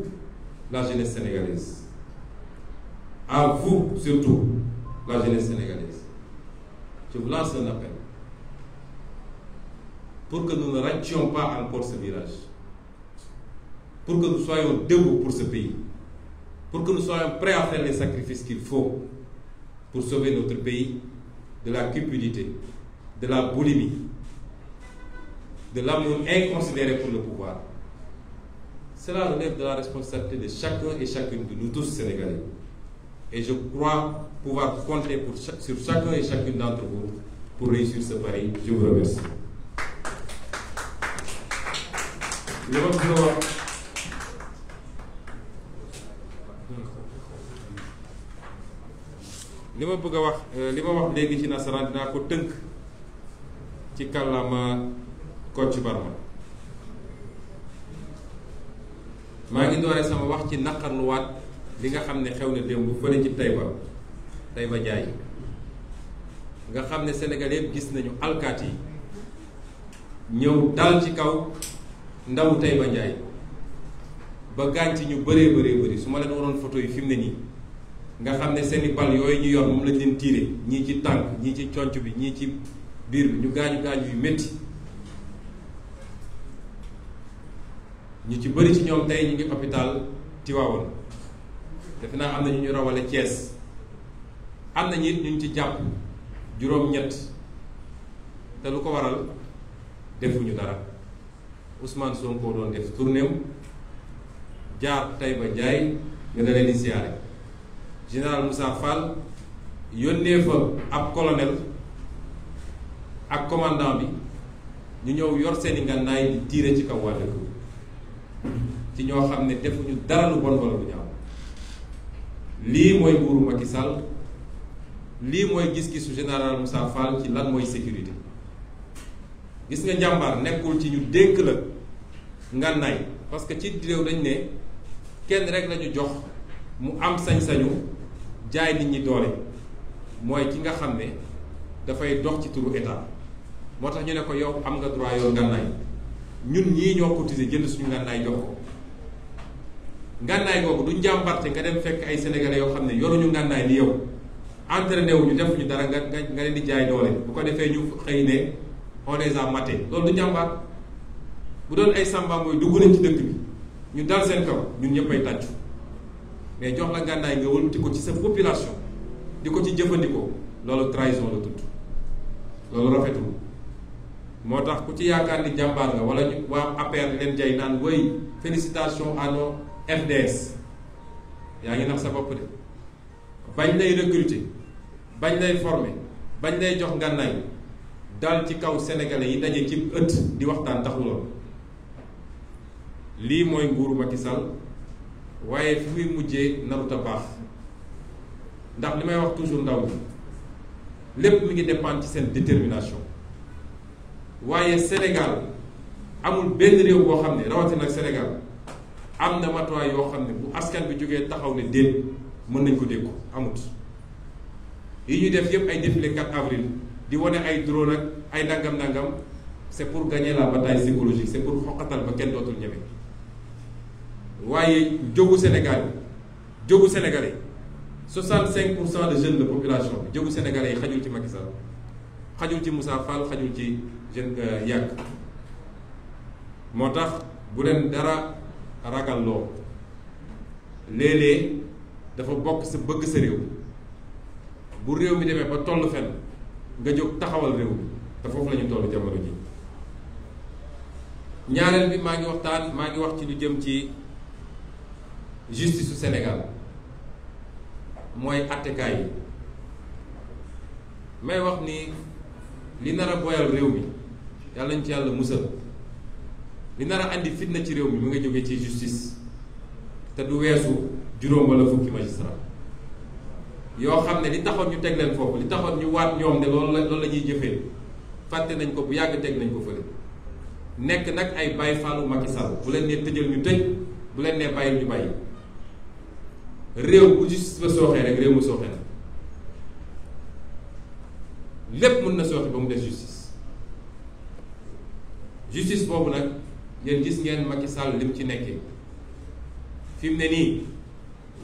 la jeunesse sénégalaise. À vous, surtout, la jeunesse sénégalaise. Je vous lance un appel. pour que nous ne rations pas encore ce virage, pour que nous soyons debout pour ce pays, pour que nous soyons prêts à faire les sacrifices qu'il faut pour sauver notre pays de la cupidité, de la boulimie, de l'amour inconsidéré pour le pouvoir. Cela relève de la responsabilité de chacun et chacune de nous tous Sénégalais. Et je crois pouvoir compter sur chacun et chacune d'entre vous pour réussir ce pari. Je vous remercie. Левандова. li ma bëgg a wax eh, li ma wax léegi ci nasaraan dinaa ko tënk ci kàllaama Kocc Barma maa ngi dooree sama wax ci naqarluwaat li nga xam ne xew na démb fële ci Taïba Taïba Ndiaye nga xam ne Sénégal yëpp gis nañu alkaati yi ñëw dal ci kaw ndaw Taïba Ndiaye ba gaañ ci ñu bëree bëree bëri su ma leen waroon photo yi ne nii nga xam ne seen bal yooyu ñu yor moom lañ leen tiire ñii ci tànk ñii ci conc bi ñii ci biir bi ñu gaañu gaañ yu métti ñu ci bari ci ñoom tey ñu ngi hôpital Tivaouane defe naa am na ñu ñu rawale Thiès am na ñit ñu ci jàpp juróom-ñett te lu ko waral defuñu dara. Ousmane Sonko doon def tournée am jaar Taïba Ndiaye ñu da leen di siyaare général Moussa Fall yónnee fa ab colonel ak commandant bi ñu ñëw yor seeni ngànnaay di tiire ci kaw waa dëkk ci ñoo xam ne defuñu dara lu bon ñaaw lii mooy nguuru ci Sall lii mooy gis-gisu général Moussa Fall ci lan mooy sécurité gis nga njàmbaar nekkul ci ñu dénk la ngànnaay parce que ci réew dañ ne kenn rek lañu jox mu am sañ-sañu jaay nit ñi doole mooy ki nga xam ne dafay dox ci turu état moo tax ñu ne ko yow am nga droit yow ngànnaay ñun ñii ñoo cotiser jënd suñu ngànnaay jox ko ngànnaay googu du njàmbarte nga dem fekk ay sénégalais yoo xam ne yoruñu ngànnaay ni yow entraîné wu ñu defuñu dara nga nga leen di jaay doole bu ko defee ñu xëy ne on les a maté loolu du jàmbaar bu doon ay samba mooy dugg nañ ci dëkk bi ñu dal seen kaw ñun ñëpp ay tàccu mais jox la gànnaay nga wëlbati ko ci sa population di ko ci jëfandikoo loolu trahison la tudd loolu rafetul moo tax ku ci yaakaar ni jàmbaar nga wala ñu waa APR leen jay naan woy félicitation à nos FDS yaa ngi nag sa bopp de bañ lay recruter bañ lay forme bañ lay jox ngànnaay dal ci kaw sénégalais yi daje ci ëtt di waxtaan taxuloon lii mooy nguuru Macky Sall waaye fi muy mujjee narut a baax ndax li may wax toujours ndaw lépp mi ngi dépendre ci seen détermination waaye Sénégal amul benn réew boo xam ne rawatina ak Sénégal am na matuwaay yoo xam ne bu askan bi jógee taxaw ne déet mën nañ ko dégg amut yi ñu def yépp ay défilé 4 avril di wane ay drone ak ay nangam-nangam c' pour gagner la bataille psychologique c' est pour xoqatal ba kenn dootul ñeme waaye jógu Sénégal jógu sénégalais 65 pour cent de jeunes de population bi jógu sénégalais yi xajul ci Macky Sall xajul ci Moussa Fall xajul ci jeune euh, yàgg moo tax bu leen dara ragal loo léeg-léeg dafa bokk sa bëgg sa réew bu réew mi demee ba toll fenn. nga jóg taxawal réew mi te foofu la ñu toll jamono ji ñaareel bi maa ngi waxtaan maa ngi wax ci lu jëm ci justice senegal Sénégal mooy attekaay yi may wax ni li nara a réew mi yàlla ñu ci yàlla musal li nara indi andi fitna ci réew mi mu nga jógee ci justice te du weesu juróom wala fukki magistrat yoo xam ne li taxoon ñu teg leen foofu li taxoon ñu waat ñoom ne loolu la loolu la ñuy jëfee fàtte nañ ko bu yàgg teg nañ ko fële nekk nag ay Baye Fallou Macky Sall bu leen nee tëjal ñu tëj bu leen nee bàyyil ñu bàyyi réew bu justice ba sooxee rek réew mu sooxee na lépp mën na sooxe ba mu des justice justice boobu nag yéen gis ngeen Macky Sall lim ci nekkee fi ne nii.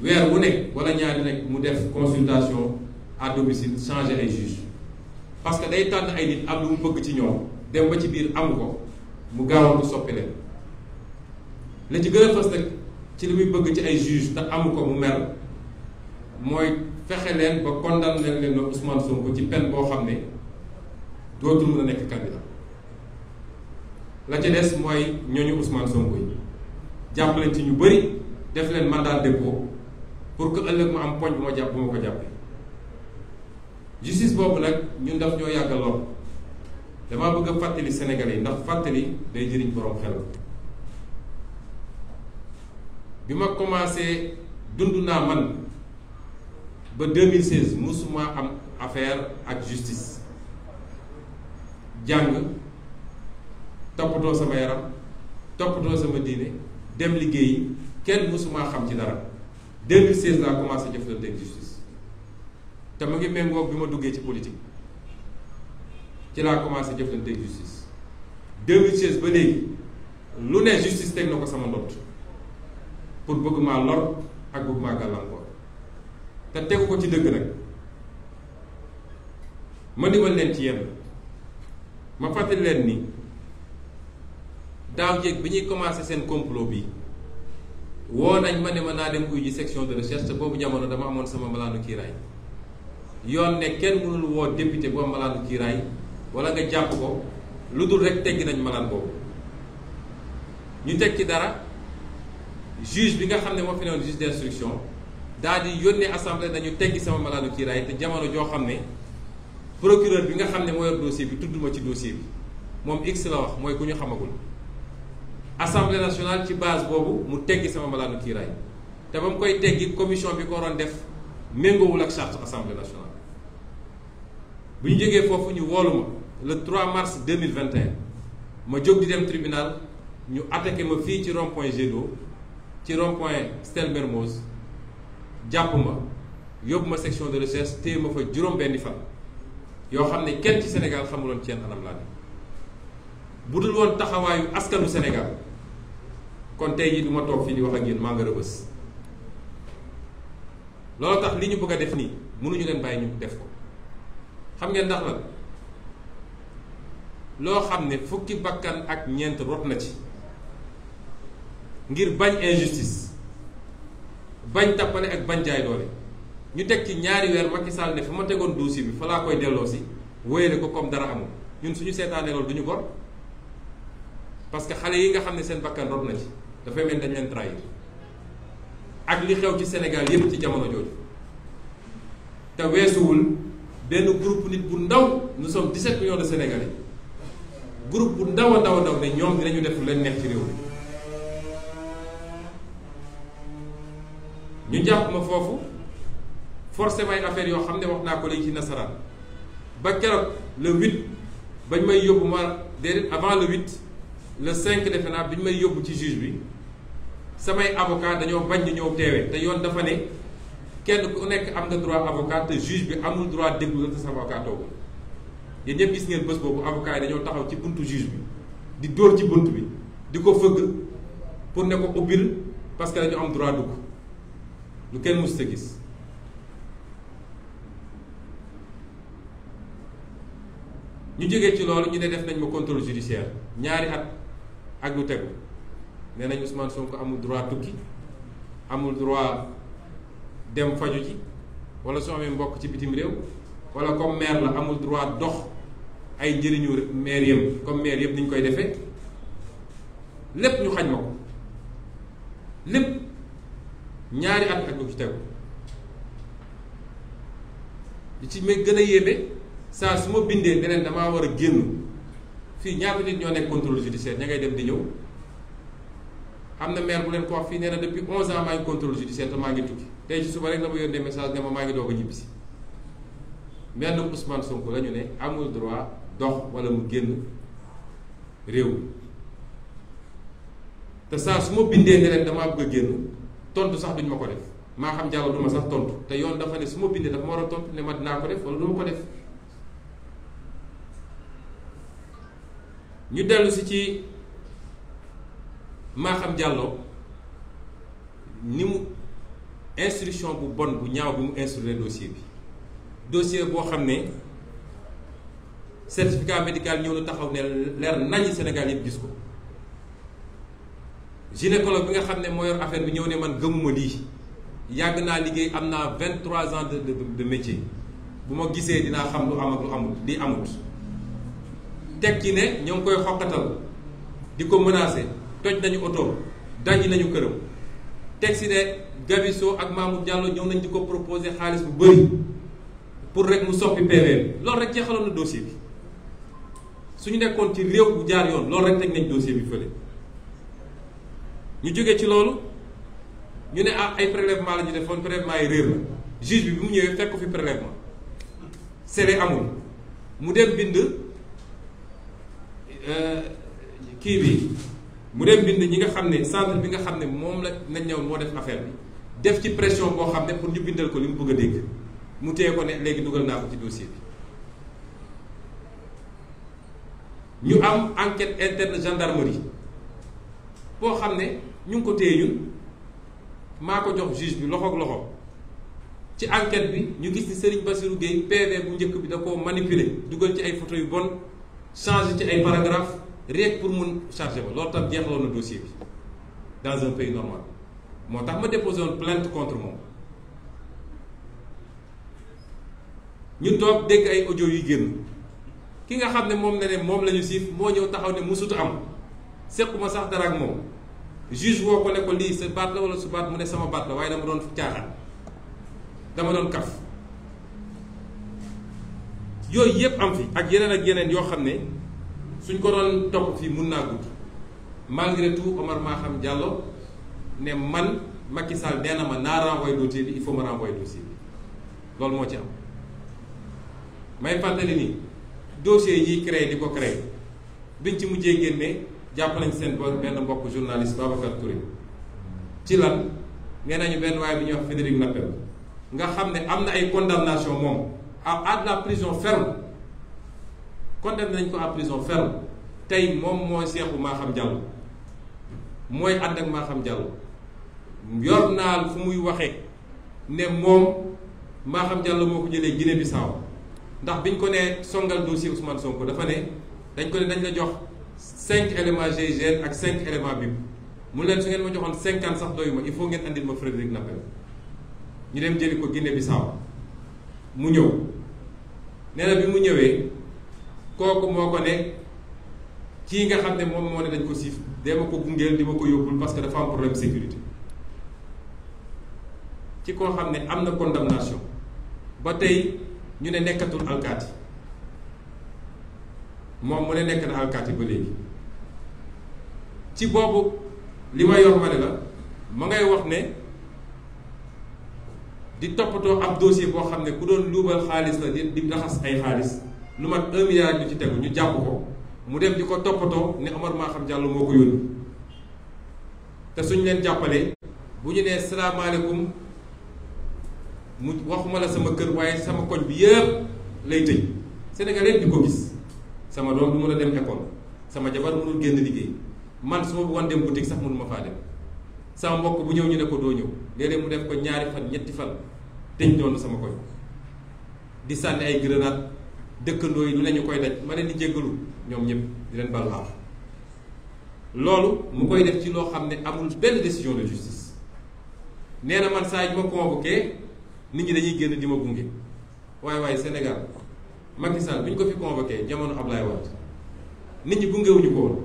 weer wu nekk wala ñaari nekk mu def consultation à domicile changer ay juge parce que day tànn ay nit am lu mu bëgg ci ñoom dem ba ci biir amu ko mu gaaw a soppi leen la ci gën a fës nag ci li muy bëgg ci ay juge te amu ko mu mer mooy fexe leen ba condamné leen na Ousmane Sonko ci peine boo xam ne dootul mën a nekk candidat la ci des mooy ñooñu Ousmane Sonko yi jàpp leen ci ñu bëri def leen mandat dépôt pour que ëllëg ma am poñ bu ma jàpp bu ma ko jàppee justice boobu nag ñun daf ñoo yàgg lool damaa bëgg a fàttali Sénégalais yi ndax fàttali day jëriñ boroom xel bi ma commencé dund naa man ba 2016 musuma am affaire ak justice jàng toppatoo sama yaram toppatoo sama diine dem liggéeyi kenn maa xam ci dara. 2016 laa commencé jëflante ak justice te mu ngi méngoo bi ma duggee ci politique ci laa commencé jëflante ak justice 2016 ba léegi lu ne justice teg na ko sama ndott pour bëgg maa lor ak bëgg maa gàllankoor te tegu ko ci dëgg nag ma di ma leen ci yenn ma fàttali leen ni daaw jéeg bi ñuy commencé seen complot bi woo nañ ma ne ma naa dem uy ji section de recherche boobu jamono dama amoon sama malaanu kiiraay yoon ne kenn mënul woo député bu am malaanu kiiraay wala nga jàpp ko lu dul rek teggi nañ malaan boobu ñu teg ci dara juge bi nga xam ne moo fi newoon d'instruction daal di yónnee assemblée dañu teggi sama malaanu kiiraay te jamono joo xam ne procureur bi nga xam ne mooy yor dossier bi tudd ma ci dossier bi moom x la wax mooy ku ñu xamagul assemblée nationale ci base boobu mu teggi sama mbalaanu kiiraay te ba mu koy teggi commission bi ko waroon def méngoowul ak charte assemblée nationale bu ñu jógee foofu ñu woolu ma le trois mars 2021 ma jóg di dem tribunal ñu attaqué ma fii ci rond point Jet ci rond point Stel jàpp ma yóbbu ma section de recherche téye ma fa juróom-benni fan yoo xam ne kenn ci Sénégal xamuloon ci yenn anam laa bu dul woon taxawaayu askanu Sénégal kon tey jii ma toog fii di wax ak yéen maa nga rëbës loolu tax li ñu bëgg a def nii mënuñu leen bàyyi ñu def ko xam ngeen ndax lan loo xam ne fukki bakkan ak ñeent rot na ci ngir bañ injustice bañ tappale ak bañ jaay doole ñu teg ci ñaari weer Macky Sall ne fu ma tegoon dossier bi fa laa koy delloo si wéyale ko comme dara amul ñun suñu seetaanee loolu duñu ñu gor parce que xale yi nga xam ne seen bakkan rot na ci dafay mel dañ leen trahir ak li xew ci senegal yépp ci jamono jooju te weesuwul benn groupe nit bu ndaw nous sommes 17 millions de Sénégalais groupe bu ndaw a ndaw a ndaw ne ñoom dinañu def lu leen neex ci réew mi ñu jàpp ma foofu forcé may affaire yoo xam ne wax naa ko léegi ci nasaraan ba keroog le 8 bañ may yóbbu ma déedéet avant le 8 le 5 defe naa biñ may yóbbu ci juge bi samay avocat dañoo bañ ñu ñëw teewee te yoon dafa ne kenn ku nekk am nga droit avocat te juge bi amul droit déglu la te sa avocat toogul yéen ñëpp gis ngeen bés boobu avocat yi dañoo taxaw ci buntu juge bi di dóor ci bunt bi di ko fëgg pour ne ko ubbil parce que dañu am droit dugg lu kenn mës a gis ñu jógee ci loolu ñu ne def nañ ma contrôle judiciaire ñaari at ak lu tegu nee nañ Ousmane Sonko amul droit tukki amul droit dem faju ji wala su amee mbokk ci bitim réew wala comme maire la amul droit dox ay njëriñu maire yëpp comme maire yëpp ni ñu koy defee lépp ñu xañ ma ko lépp ñaari at ak lu ci tegu li ci may gën a yéeme saa su ma bindee ne leen damaa war a génn fii ñaata nit ñoo nekk contrôle judiciaire ña ngay dem di ñëw. am na maire bu leen ko wax fii nee na depuis 11 ans maa ngi contrôle judiciaire te maa ngi tukki tey ci suba rek la ma yónnee message ne ma maa ngi doog a ñibbisi maire nag Ousmane Sonko la ñu ne amul droit dox wala mu génn réew mi te saa su ma bindee ne leen damaa bëgg a génn tontu sax duñ ma ko def maa xam jàll du sax tontu te yoon dafa ne su ma bindee dafa ma war a tontu ne ma dinaa ko def wala du ko def ñu dellu ci. Maham jàlloo ni mu instruction bu bon bu ñaaw bi mu instruire dossier bi dossier boo xam ne certificat médical ñoo na taxaw ne leer nañu Sénégal yëpp gis ko gynécologue bi nga xam ne moo yor affaire bi ñëw ne man gëmuma lii yàgg naa liggéey am naa vingt trois ans de de métier bu ma gisee dinaa xam lu am lu amul di amut teg ci ne ñoo ngi koy xoqatal di ko menacer toj nañu otoom daj nañu këram teg si ne Gabiso ak Mamour Diallo ñëw nañ di ko proposer xaalis bu bëri pour rek mu soppi PV loolu rek jeexaloon na dossier bi su ñu nekkoon ci réew bu jaar yoon loolu rek teg nañ dossier bi fële ñu jógee ci loolu ñu ne ah ay prélèvement la ñu defoon prélèvement yi réer la juge bi bi mu ñëwee fekk ko fi prélèvement serré amul mu dem bind euh, kii bi mu dem bind ñi nga xam ne centre bi nga xam ne moom la nañ ñëw moo def affaire bi def ci pression boo xam ne pour ñu bindal ko li mu bëgg a dégg mu téye ko ne léegi dugal naa ko ci dossier bi ñu am enquête interne gendarmerie boo xam ne ñu ngi ko téye ñun maa ko jox juge bi loxoog loxo ci enquête bi ñu gis ni Serigne Bassirou Gueye PV bu njëkk bi da ko manipuler dugal ci ay photo yu bon changer ci ay paragraphe rien pour mun charger ba loolu tam jeexaloon na dossier bi dans un pays normal moo tax ma déposé woon plainte contre moom ñu toog dégg ay ojo yu génn ki nga xam ne moom ne ne moom lañu ñu siif moo ñëw taxaw ne musut am sequma sax dara ak moom juge woo ko ne ko lii sa baat la wala su baat mu ne sama baat la waaye dama doon caaxaan dama doon kaf yooyu yëpp am fi ak yeneen ak yeneen yoo xam ne suñ ko doon topp fii mun naa gudd malgré tout Omar Maham Diallo ne man Macky Sall nee na ma naa renvoyer dossier bi il faut ma renvoyer dossier bi loolu moo ci am may fàttali ni dossier yi créé di ko créé biñ ci mujjee génne jàpp nañ seen benn mbokk journaliste Babacar Touré ci lan nee nañu benn waaye bi ñuy wax Frédéric Napel nga xam ne am na ay condamnation moom à à la prison ferme condamné nañ ko à prison ferme tey moom mooy seexu Maham Diallo mooy ànd ak Maham Diallo yor naa fu muy waxee ne moom Maham Diallo moo ko jëlee Guinée Bissau ndax biñ ko nee songal dossier Ousmane Sonko dafa ne dañ ko ne dañ la jox cinq éléments GIGN ak cinq éléments BIP mu leen su ngeen ma joxoon cinquante sax doyuma il faut ngeen andil ma Frédéric Nappel ñu dem jëli ko Guinée Bissau mu ñëw nee bi mu ñëwee. kooku moo ko ne kii nga xam ne moom moo ne dañ ko siif dee ko gungeel li ma ko yóbbul parce que dafa am problème sécurité ci koo xam ne am na condamnation ba tey ñu ne nekkatul alkaati moom mu ne nekk na alkaati ba léegi ci boobu li ma yor ma ne la ma ngay wax ne di toppatoo am dossier boo xam ne ku doon luubal xaalis la di di raxas ay xaalis lu mat un milliard ñu ci tegu ñu jàpp ko mu dem di ko toppatoo ne Omar maa xam Diallo moo ko yónni te suñ leen jàppalee bu ñu nee salaamaaleykum mu waxuma la sama kër waaye sama koñ bi yëpp lay tëj Sénégalais di ko gis sama doom du mën a dem école sama jabar mënul génn liggéey man su ma dem boutique sax mënuma faa dem sama mbokk bu ñëw ñu ne ko doo ñëw léeg mu def ko ñaari fan ñetti fan tëj noonu sama koñ di sànni ay grenade dëkkandoo yi lu ne ñu koy daj ma leen di jéggalu ñoom ñëpp di leen baal loolu mu koy def ci loo xam ne amul benn décision de justice nee na man saa yi ma convoqué nit ñi dañuy génn di ma gunge waaye waaye Sénégal Macky Sall bi ñu ko fi convoqué jamono Ablaye Wade nit ñi gungewuñu ko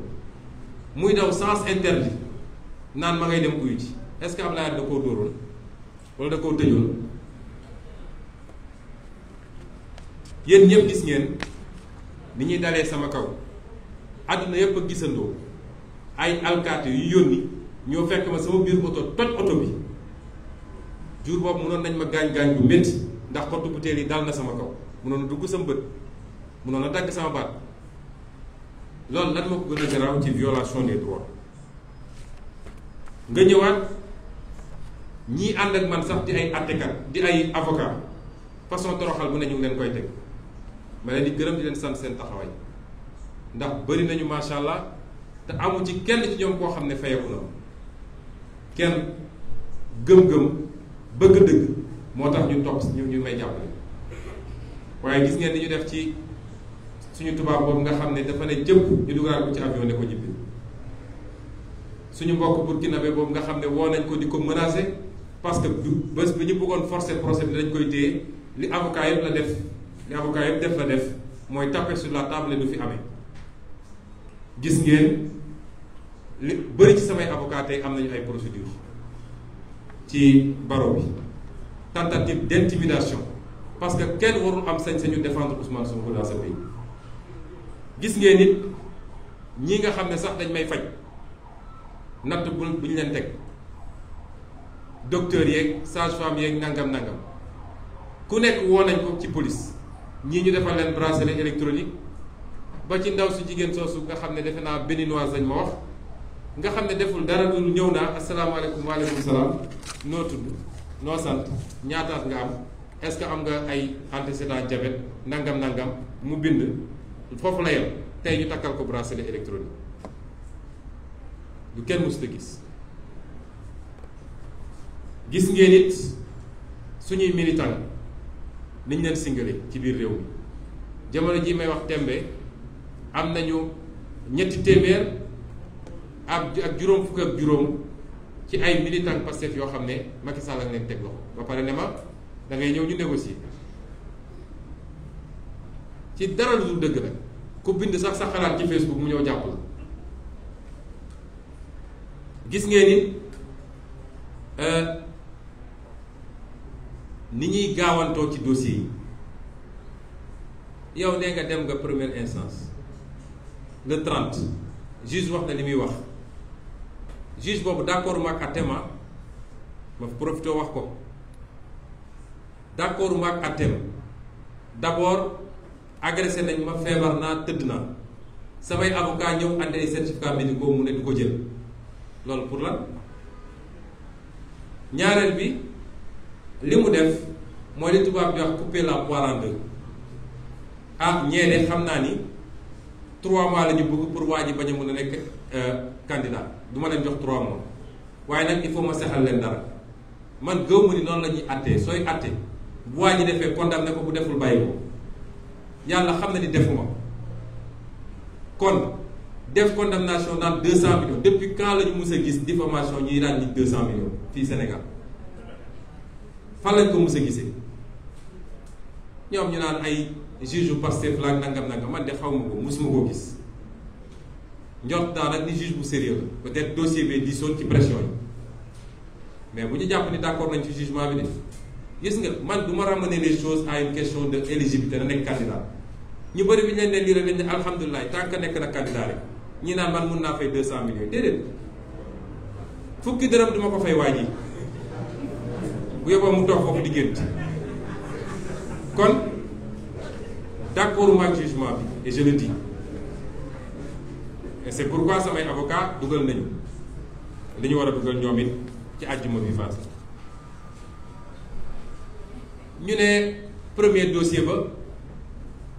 muy daw sens interdit naan ma ngay dem uyu ci est-ce que Ablaye Wade da koo dóoroon wala da koo tëjoon. yéen ñëpp gis ngeen ni ñuy dalee sama kaw àdduna yëpp a gisandoo ay alkaati yu yónni ñoo fekk ma sama biir oto toj oto bi jur boobu mënoon nañ ma gaañ-gaañ bu métti ndax xottu butéel yi dal na sama kaw mënoon a dugg sama bët mënoon a dagg sama baat loolu lan moo ko gën a garaaw ci violation des droits nga ñëwaat ñii ànd ak man sax di ay àttekat di ay avocat façon toroxal bu ne ñu ngi leen koy teg ma leen di gërëm leen sant seen taxawaay ndax bari nañu macha allah te amu ci kenn ci ñoom koo xam ne fayeku na kenn gëm-gëm bëgg dëgg moo tax ñu topp ñu ñu may jàppale waaye gis ngeen ni ñu def ci suñu tubaab boobu nga xam ne dafa ne jëpp ñu dugalaat ko ci avion ne ko jibbi suñu mbokk burkinabé boobu nga xam ne woo nañ ko di ko menacer parce que bés bi ñu bëggoon forcer procès bi dañ koy téye li avocat yëpp la def li avocat yëpp def la def mooy taper sur la table du fi amee gis ngeen li bëri ci samay avocaté am nañu ay procédure ci baro bi tentative d'intimidation parce que kenn warul am sañ-sañu défendre Ousmane Sonko dans ce pays gis ngeen nit ñi nga xam ne sax dañ may faj natt bu bu ñu leen teg docteur yeeg sage-femme yeeg nangam nangam ku nekk woo nañ ko ci police ñii ñu defal leen bracelet électronique ba ci ndaw su jigéen soosu nga xam ne defe naa béninoise lañ ma wax nga xam ne deful dara lu ñëw naa asalaamaaleykum waaleykum salaam noo tudd noo sant ñaataat nga am est-ce que am nga ay antécédent diabète nangam nangam mu bind foofu la yem tey ñu takkal ko bracelet électronique lu kenn mësut a gis gis ngeen it suñuy militant niñ leen singale ci biir réew mi jamono ji may wax tembe am nañu ñetti téeméer ak ak juróom fukk ak juróom ci ay militant Pastef yoo xam ne Macky Sall ak leen teg loxo ba pare ne ma da ñëw ñu négocier ci dara lu dul dëgg nag ku bind sax sa xalaat ci Facebook mu ñëw jàpp la gis ngeen ni euh, ni ñuy gaawantoo ci dossier yi yow nee nga dem nga première instance le trent juge wax na li muy wax juge boobu d'accord ma ak àtteem ah. ma profité wax ko d'accord ma ak àtteem d'abord agressé nañ ma feebar naa tëdd naa samay avocat ñëw ànd ay certificat médicaux mu ne du ko jël loolu pour lan ñaareel bi. li mu def mooy li tubaab bi wax couper la poire deux ah ñee xam naa ni trois mois lañu bëgg pour waa ji bañ a mën a nekk euh, candidat du ma leen jox trois mois waaye nag il faut ma sexal leen dara man gëw ma ni noonu la ñuy àttee sooy àttee waa ji defee condamné ko bu deful bàyyi ko yàlla xam na ni defuma kon def condamnation naan deux cent millions depuis quand la ñu mus a gis diffamation ñuy daan ni deux cent millions fii Sénégal fan lañ ko mës a gisee ñoom ñu naan ay juge bu Pastef la nangam nangam man de xaw ma ko musuma koo gis njort naa nag ni juge bu sérieux peut-être dossier bi diisoon ci pression yi mais bu ñu jàpp ni d'accord nañ ci jugement bi de gis nga man du ma ne les choses à une question de éligibilité na nekk candidat ñu bëri bi ñu leen leen lii rek dañ alhamdulilah tant nekk na candidat rek ñi naan man mun naa fay deux cent millions déedéet fukki dërëm duma ko fay waaj bu yóbboo mu toog foofu diggante kon d'accord ma jugement bi et je le dis et c'est samay avocat dugal nañu li ñu war a dugal ñoomin ci àjjuma bi faas ñu ne première dossier ba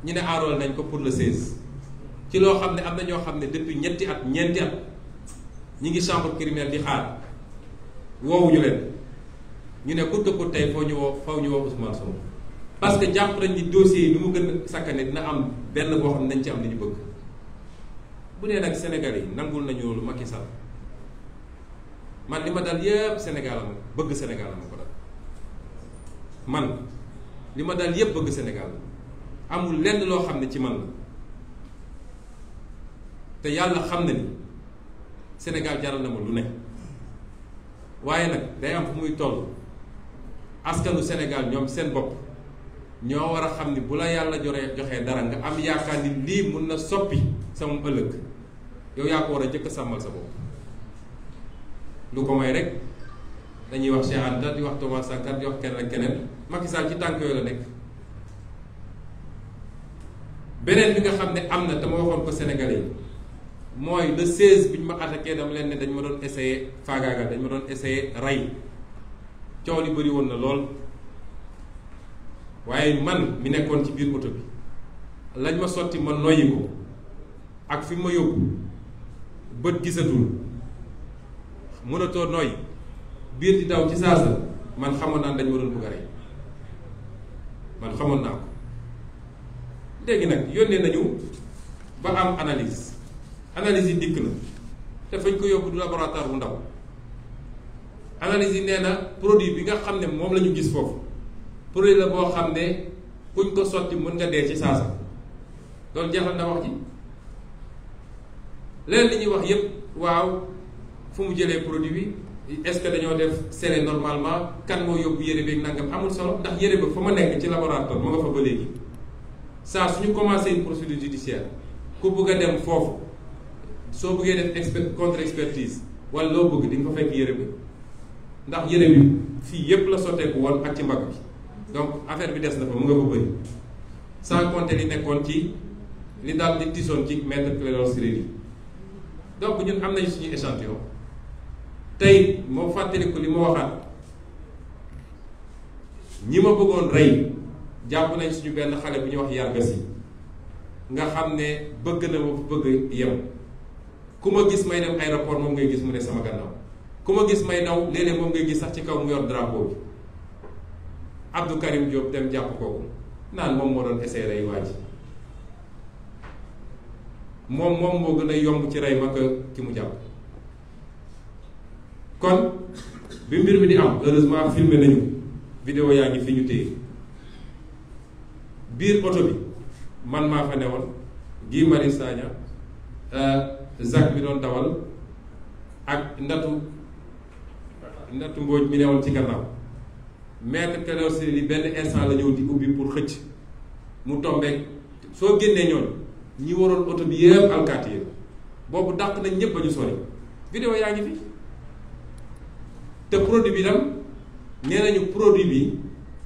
ñu ne aarool nañ ko pour le 16 ci loo xam ne am na ñoo xam ne depuis ñetti at ñeenti at ñi ngi chambre criminelle di xaar wowuñu leen ñu ne coûte que coûte tey faw ñu woo faw ñu woo Ousmane Sonko parce que jàpp nañ ni dossiers yi nu mu gën a sakkane dina am benn boo nañ ci am lu ñu bëgg bu dee nag Sénégal yi nangul nañu loolu Macky Sall man li ma dal yépp Sénégal bëgg Sénégal ma dal man li ma dal yépp bëgg Sénégal amul lenn loo xam ne ci man la te yàlla xam na ni Sénégal jaral na ma lu ne waaye nag day am fu muy toll askanu senegal ñoom seen bopp ñoo war a xam ni bu la yàlla joree joxee dara nga am yaakaar ni lii mun na soppi sama ëllëg yow yaa ko war a jëkk sàmmal sa bopp lu ko may rek dañuy wax Cheikh Anta di wax Thomas Sankara di wax keneen keneen Macky Sall ci tànk yooyu la nekk beneen bi nga xam ne am na dama waxoon ko Sénégalais mooy le 16 bi ñu ma attaqué dama leen ne dañ ma doon essayé faagaagal dañ ma doon essayé rey coow li bëri woon na lool waaye man mi nekkoon ci biir oto bi lañ ma sotti ma noyyi ko ak fi ma yóbbu bët gisatul mënatoo noyyi biir di daw ci saasa man xamoon naa dañ ma doon bëgg a man xamoon naa ko léegi nag yónnee nañu ba am analyse analyse yi dikk na te fañ ko yóbbu du laboratoire bu ndaw analyse yi nee na produit bi nga xam ne moom la ñu gis foofu produit la boo xam ne kuñ ko sotti mën nga dee ci saasa loolu jeexal na wax ji leneen li ñuy wax yépp waaw fu mu jëlee produit bi est-ce que dañoo def serré normalement kan moo yóbbu yére beeg nangam amul solo ndax yére ba fa ma nekk ci laboratoire ma nga fa ba léegi saa suñu commencé une procédure judiciaire ku bëgg a dem foofu soo bëggee def expert contre expertise wala loo bëgg di nga fa fekk yére ndax yére bi fii yépp la sotteeku woon ak ci mbagg bi donc affaire bi des na fa mu nga ko bëri sans compter li nekkoon ci li daal di tisoon ci maître Clédor Ciré yi donc ñun am nañu suñu échantillon tey moo fàttaliku li ma waxaat ñi ma bëggoon rey jàpp nañ suñu benn xale bu ñuy wax yargas yi nga xam ne bëgg na ma bëgg yem ku ma gis may dem aéroport moom ngay gis mu ne sama gannaaw ku ma gis may daw léeg-léeg moom ngay gis sax ci kaw mu yor drapeau bi Abdou Karim Diop dem jàpp ko naan moom moo doon essayé rey waa moom moom moo gën a yomb ci rey ma que ki mu jàpp kon bi mbir mi di am heureusement filmé nañu vidéo yaa ngi fi ñu téye biir oto bi man maa fa newoon Guy Marius Sagna Zak euh, bi doon dawal ak ndatu nattu mbooj mi newoon ci gannaaw maître Clédor li benn instant la ñëw di ubbi pour xëcc mu tombeek soo génnee ñooñu ñi waroon oto bi yëpp alkaati yi boobu dàq nañ ñëpp a ñu sori vidéo yaa ngi fi te produit bi tam nee nañu produit bi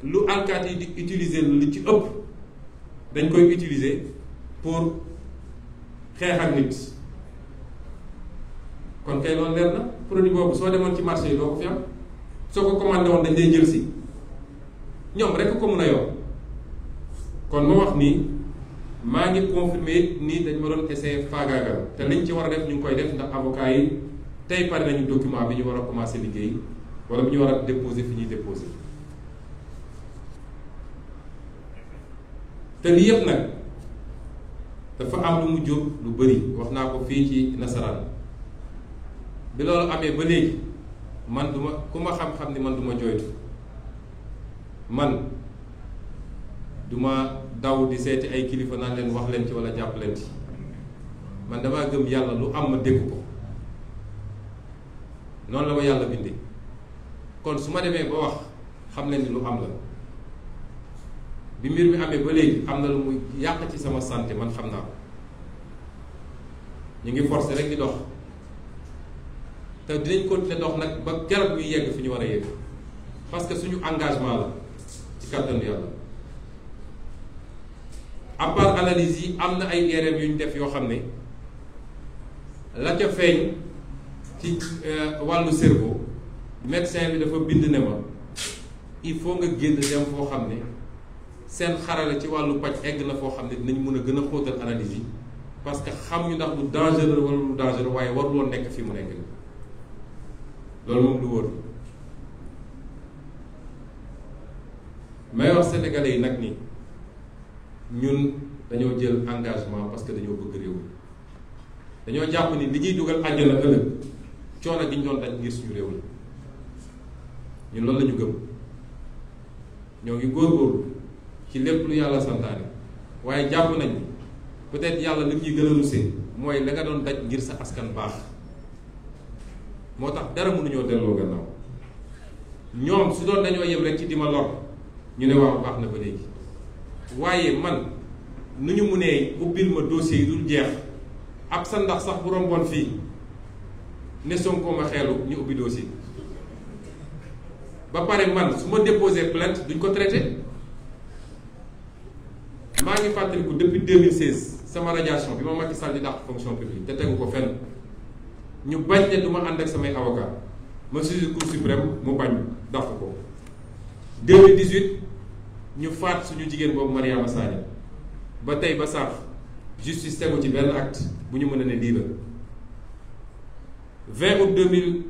lu alkaati yi di utiliser lu ci ëpp dañ koy utiliser pour xeex ak nit kon kay loolu leer na produit boobu soo demoon ci marché yi doo ko fi am soo ko commandé woon dañ lay jël si ñoom rek ko mun a yor kon ma wax ni maa ngi confirmé nii dañ ma doon essayer faagaagal te liñ ci war a def ñu ngi koy def ndax avocat yi tey pare nañu document bi ñu war a commencé liggéey walla bi ñu war a déposer fi ñuy déposer te lii yëpp nag dafa am lu mu jur lu bari wax naa ko fii ci nasaraan. bi loolu amee ba léegi man du ma ku ma xam-xam ni man du ma jooytu man du ma daw di seeti ay kilifa naan leen wax leen ci wala jàpp leen ci man dama gëm yàlla lu am ma dégg ko noonu la ma yàlla bindee kon su ma demee ba wax xam leen ni lu am la bi mbir mi amee ba léegi am na lu mu yàq ci sama santé man xam naa ko ñu ngi forcé rek di dox. te dinañ continuer dox nag ba garab gi yegg fi ñu war a yegg parce que suñu engagement la ci kàttanu yàlla à analyse yi am na ay erreur yu ñu def yoo xam ne la ca feeñ ci euh, wàllu cerveau médecin bi dafa bind ne ma il faut nga génn dem foo xam ne seen xarale ci wàllu paj egg na foo xam ne dinañ mën a gën a xóotal analyse yi parce que xam ñu ndax lu dangereux wala lu dangereux waaye waruloon nekk fi mu nekk nii loolu moom lu wóor may wax sénégalais yi nag ni ñun dañoo jël engagement parce que dañoo bëgg réew mi dañoo jàpp ni li ñuy dugal àjjana ëllëg coono gi ñu doon daj ngir suñu réew la ñun loolu la ñu gëm ñoo ngi góorgóorlu ci lépp lu yàlla santaane waaye jàpp nañ peut-être yàlla li ñuy gën a rusé mooy la nga doon daj ngir sa askan baax moo tax dara mënuñoo delloo gannaaw ñoom su doon dañoo yem rek ci di ma lor ñu ne waaw baax na ba léegi waaye man nu ñu munee ubbil ma dossier yi dul jeex ab sa ndax sax bu romboon fii ne Sonko ma xeelu ñu ubbi dossier ba pare man su ma déposé plainte duñ ko traité maa ngi fàttaliku depuis 2016 sama radiation bi ma Macky Sall di dàq fonction publique te tegu ko fenn ñu bañ ne du ma ànd ak samay avocat ma saisir cour suprême mu bañ dàq ko 2018 ñu faat suñu jigéen boobu Mariama Sané ba tey ba saaf justice tegu ci benn acte bu ñu mën a ne lii la 20 août 2000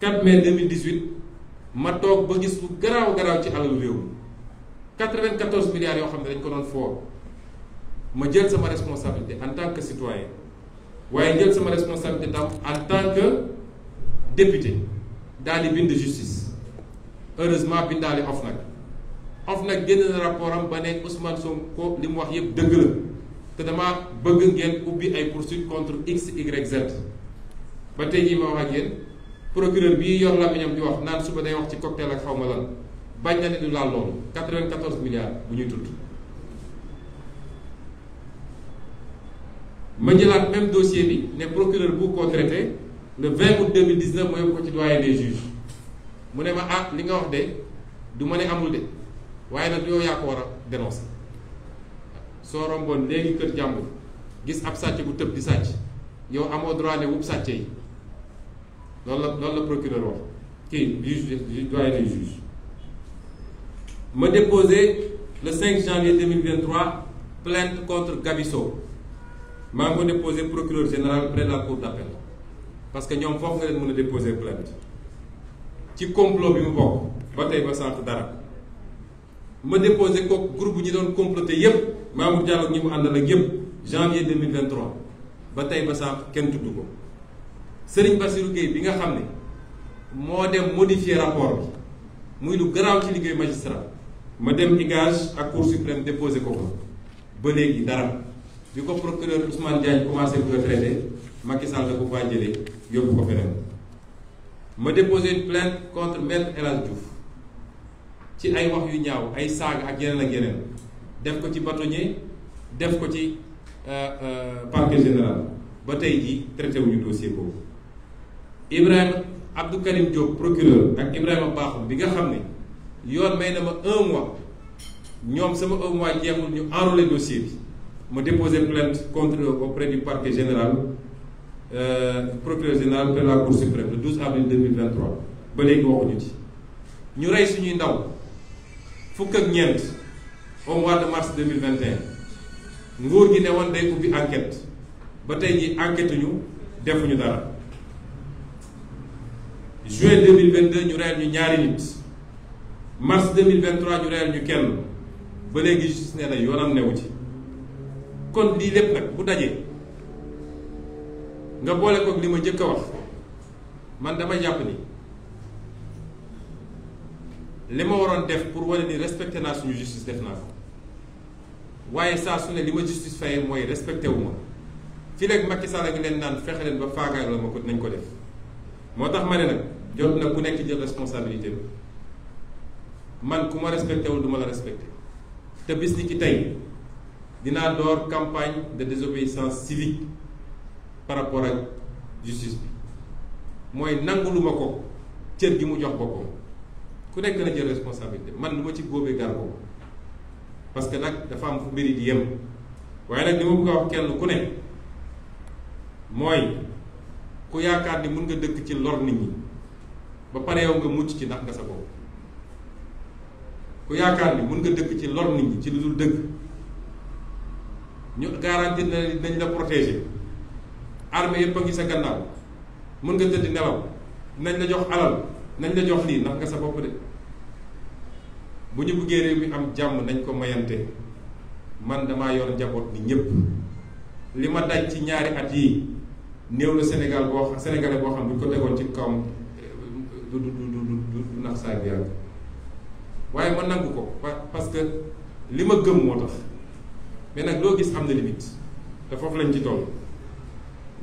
4 mai 2018 ma toog ba gis lu garaaw garaaw ci alalu réew mi 94 milliards yoo xam ne dañ ko doon foo ma jël sama responsabilité en tant que citoyen waaye njël sama responsabilité tam en tant que député daal di bind justice heureusement bindaale OFNAC OFNAC génn na rapport am ba ne Ousmane Sonko li mu wax yëpp dëgg la te dama bëgg ngeen ubbi ay poursuite contre x y z ba tey jii ma wax ak yéen procureur bii yor làmmiñam di wax naan suba day wax ci cocktail ak xaw ma lan bañ na ne du laal loolu 94 milliards bu ñuy tudd. ma jëlaat même dossier bi ne procureur bu ko traité le 20 août 2019 ma yóbbu ko ci doyen des mu ne ma ah li nga wax de du ma ne amul de waaye nag yow yaa ko war a dénoncé soo romboon léegi kër jàmbur gis ab sàcc bu tëb di sàcc yow amoo droit ne wub sàcce yi loolu la loolu la procureur wax kii juge doyen des juges ma déposé le 5 janvier 2023 plainte contre Gabisso maa ngi ko déposé procureur général près la cour d'appel parce que ñoom foofu nga leen mën a déposé plainte ci complot bi mu bokk ba tey ba sant dara ma déposé ko groupe ñi doon comploté yépp Mamour Diallo ñi mu àndal ak yépp janvier 2023 ba tey ba sant kenn tudd ko Serigne Bassirou Gueye bi nga xam ne moo dem modifier rapport bi muy lu garaaw ci liggéey magistrat ma dem IGAJ ak cour suprême déposé ko ko ba léegi dara bi ko procureur Ousmane Diagne commencé bu ko traité la ko faa jëlee yóbbu ko feneen ma déposé une plainte contre maître El Hadj ci ay wax yu ñaaw ay saaga ak yeneen ak yeneen def ko ci bâtonnier def ko ci euh, euh, parquet général ba tey jii traité wuñu dossier boobu Ibrahima Abdou Karim procureur ak Ibrahima Bakhoum bi nga xam ni yoon may na ma un mois ñoom sama un mois jeexul ñu enrôlé dossier bi ma déposé plainte contre auprès du parquet général euh, procureur général de la cour suprême le 12 avril ba léegi waxuñu ci ñu rey suñuy ndaw fukk ak ñeent au mois de mars 2021 nguur gi ne woon day ubbi enquête ba tey ji enquête ñu defuñu dara juin 2022 ñu reyal ñu ñaari nit mars 2023 ñu reyal ñu kenn ba léegi gis ne na yoonam newu ci kon lii lépp nag bu dajee nga boole koog li ma njëkk a wax man dama jàpp ni li ma waroon def pour wane ni respecté naa suñu justice def naa ko waaye saa su ne li ma justice fayee mooy respecté wu ma fii léegi Macky Sall ak leen naan fexe leen ba faagaay la ma ko nañ ko def moo tax ma ne nag jot na ku nekk jël responsabilité man ku ma respecté wul du ma la respecté te bis ni ci tey. dinaa door campagne de désobéissance civique par rapport ak justice bi mooy nanguluma ko cër gi mu jox boppam ku nekk na jël responsabilité man lu ma ci góobee gar ko parce que nag dafa am fu mbiri di yem waaye nag li ma bëgg a kenn ku ne mooy ku yaakaar ni mun nga dëkk ci lor nit ñi ba pare yow nga mucc ci ndax nga sa bopp ku yaakaar ni mun nga dëkk ci lor nit ñi ci lu dul dëgg ñu garanti na nañ la protéger armée yëpp a ngi sa gannaaw mën nga tëdd nelaw nañ la jox alal nañ la jox lii ndax nga sa bopp de bu ñu bëggee réew mi am jàmm nañ ko mayante man damaa yor jaboot ni ñépp li ma daj ci ñaari at yi néew na Sénégal boo xam sénégalais boo xam bu ñu ko tegoon ci kawam du du du du du nax saa yàlla waaye ma nangu ko parce que li ma gëm moo tax. mais nag loo gis am na limite te foofu lañ ci toll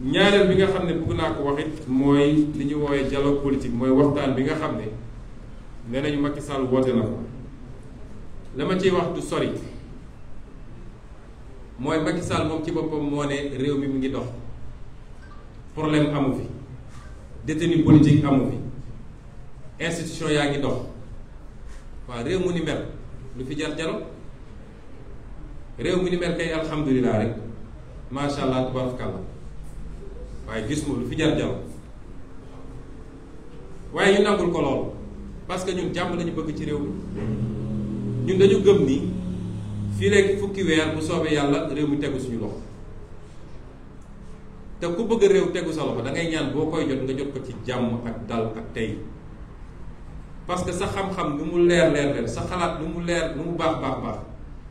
ñaareel bi nga xam ne bëgg naa ko wax mooy li ñu woowee dialogue politique mooy waxtaan bi nga xam ne nee nañu Macky Sall woote na ko la ma wax du sori mooy Macky Sall moom ci boppam moo ne réew mi mu ngi dox problème amu fi détenu politique amu fi institution yaa ngi dox waaw réew mu ni mel lu fi jar dialogue réew mi ni mel kay alhamdulilah rek macha allah tabarakallah waaye gis ma lu fi jar jar waaye ñu nangul ko lool parce que ñun jàmm lañu bëgg ci réew mi ñun dañu gëm ni fii léegi fukki weer mu soobee yàlla réew mi tegu suñu loxo te ku bëgg réew tegu sa loxo da ngay ñaan boo koy jot nga jot ko ci jàmm ak dal ak tey parce que sa xam-xam lu mu leer leer leer sa xalaat lu mu leer lu mu baax baax baax.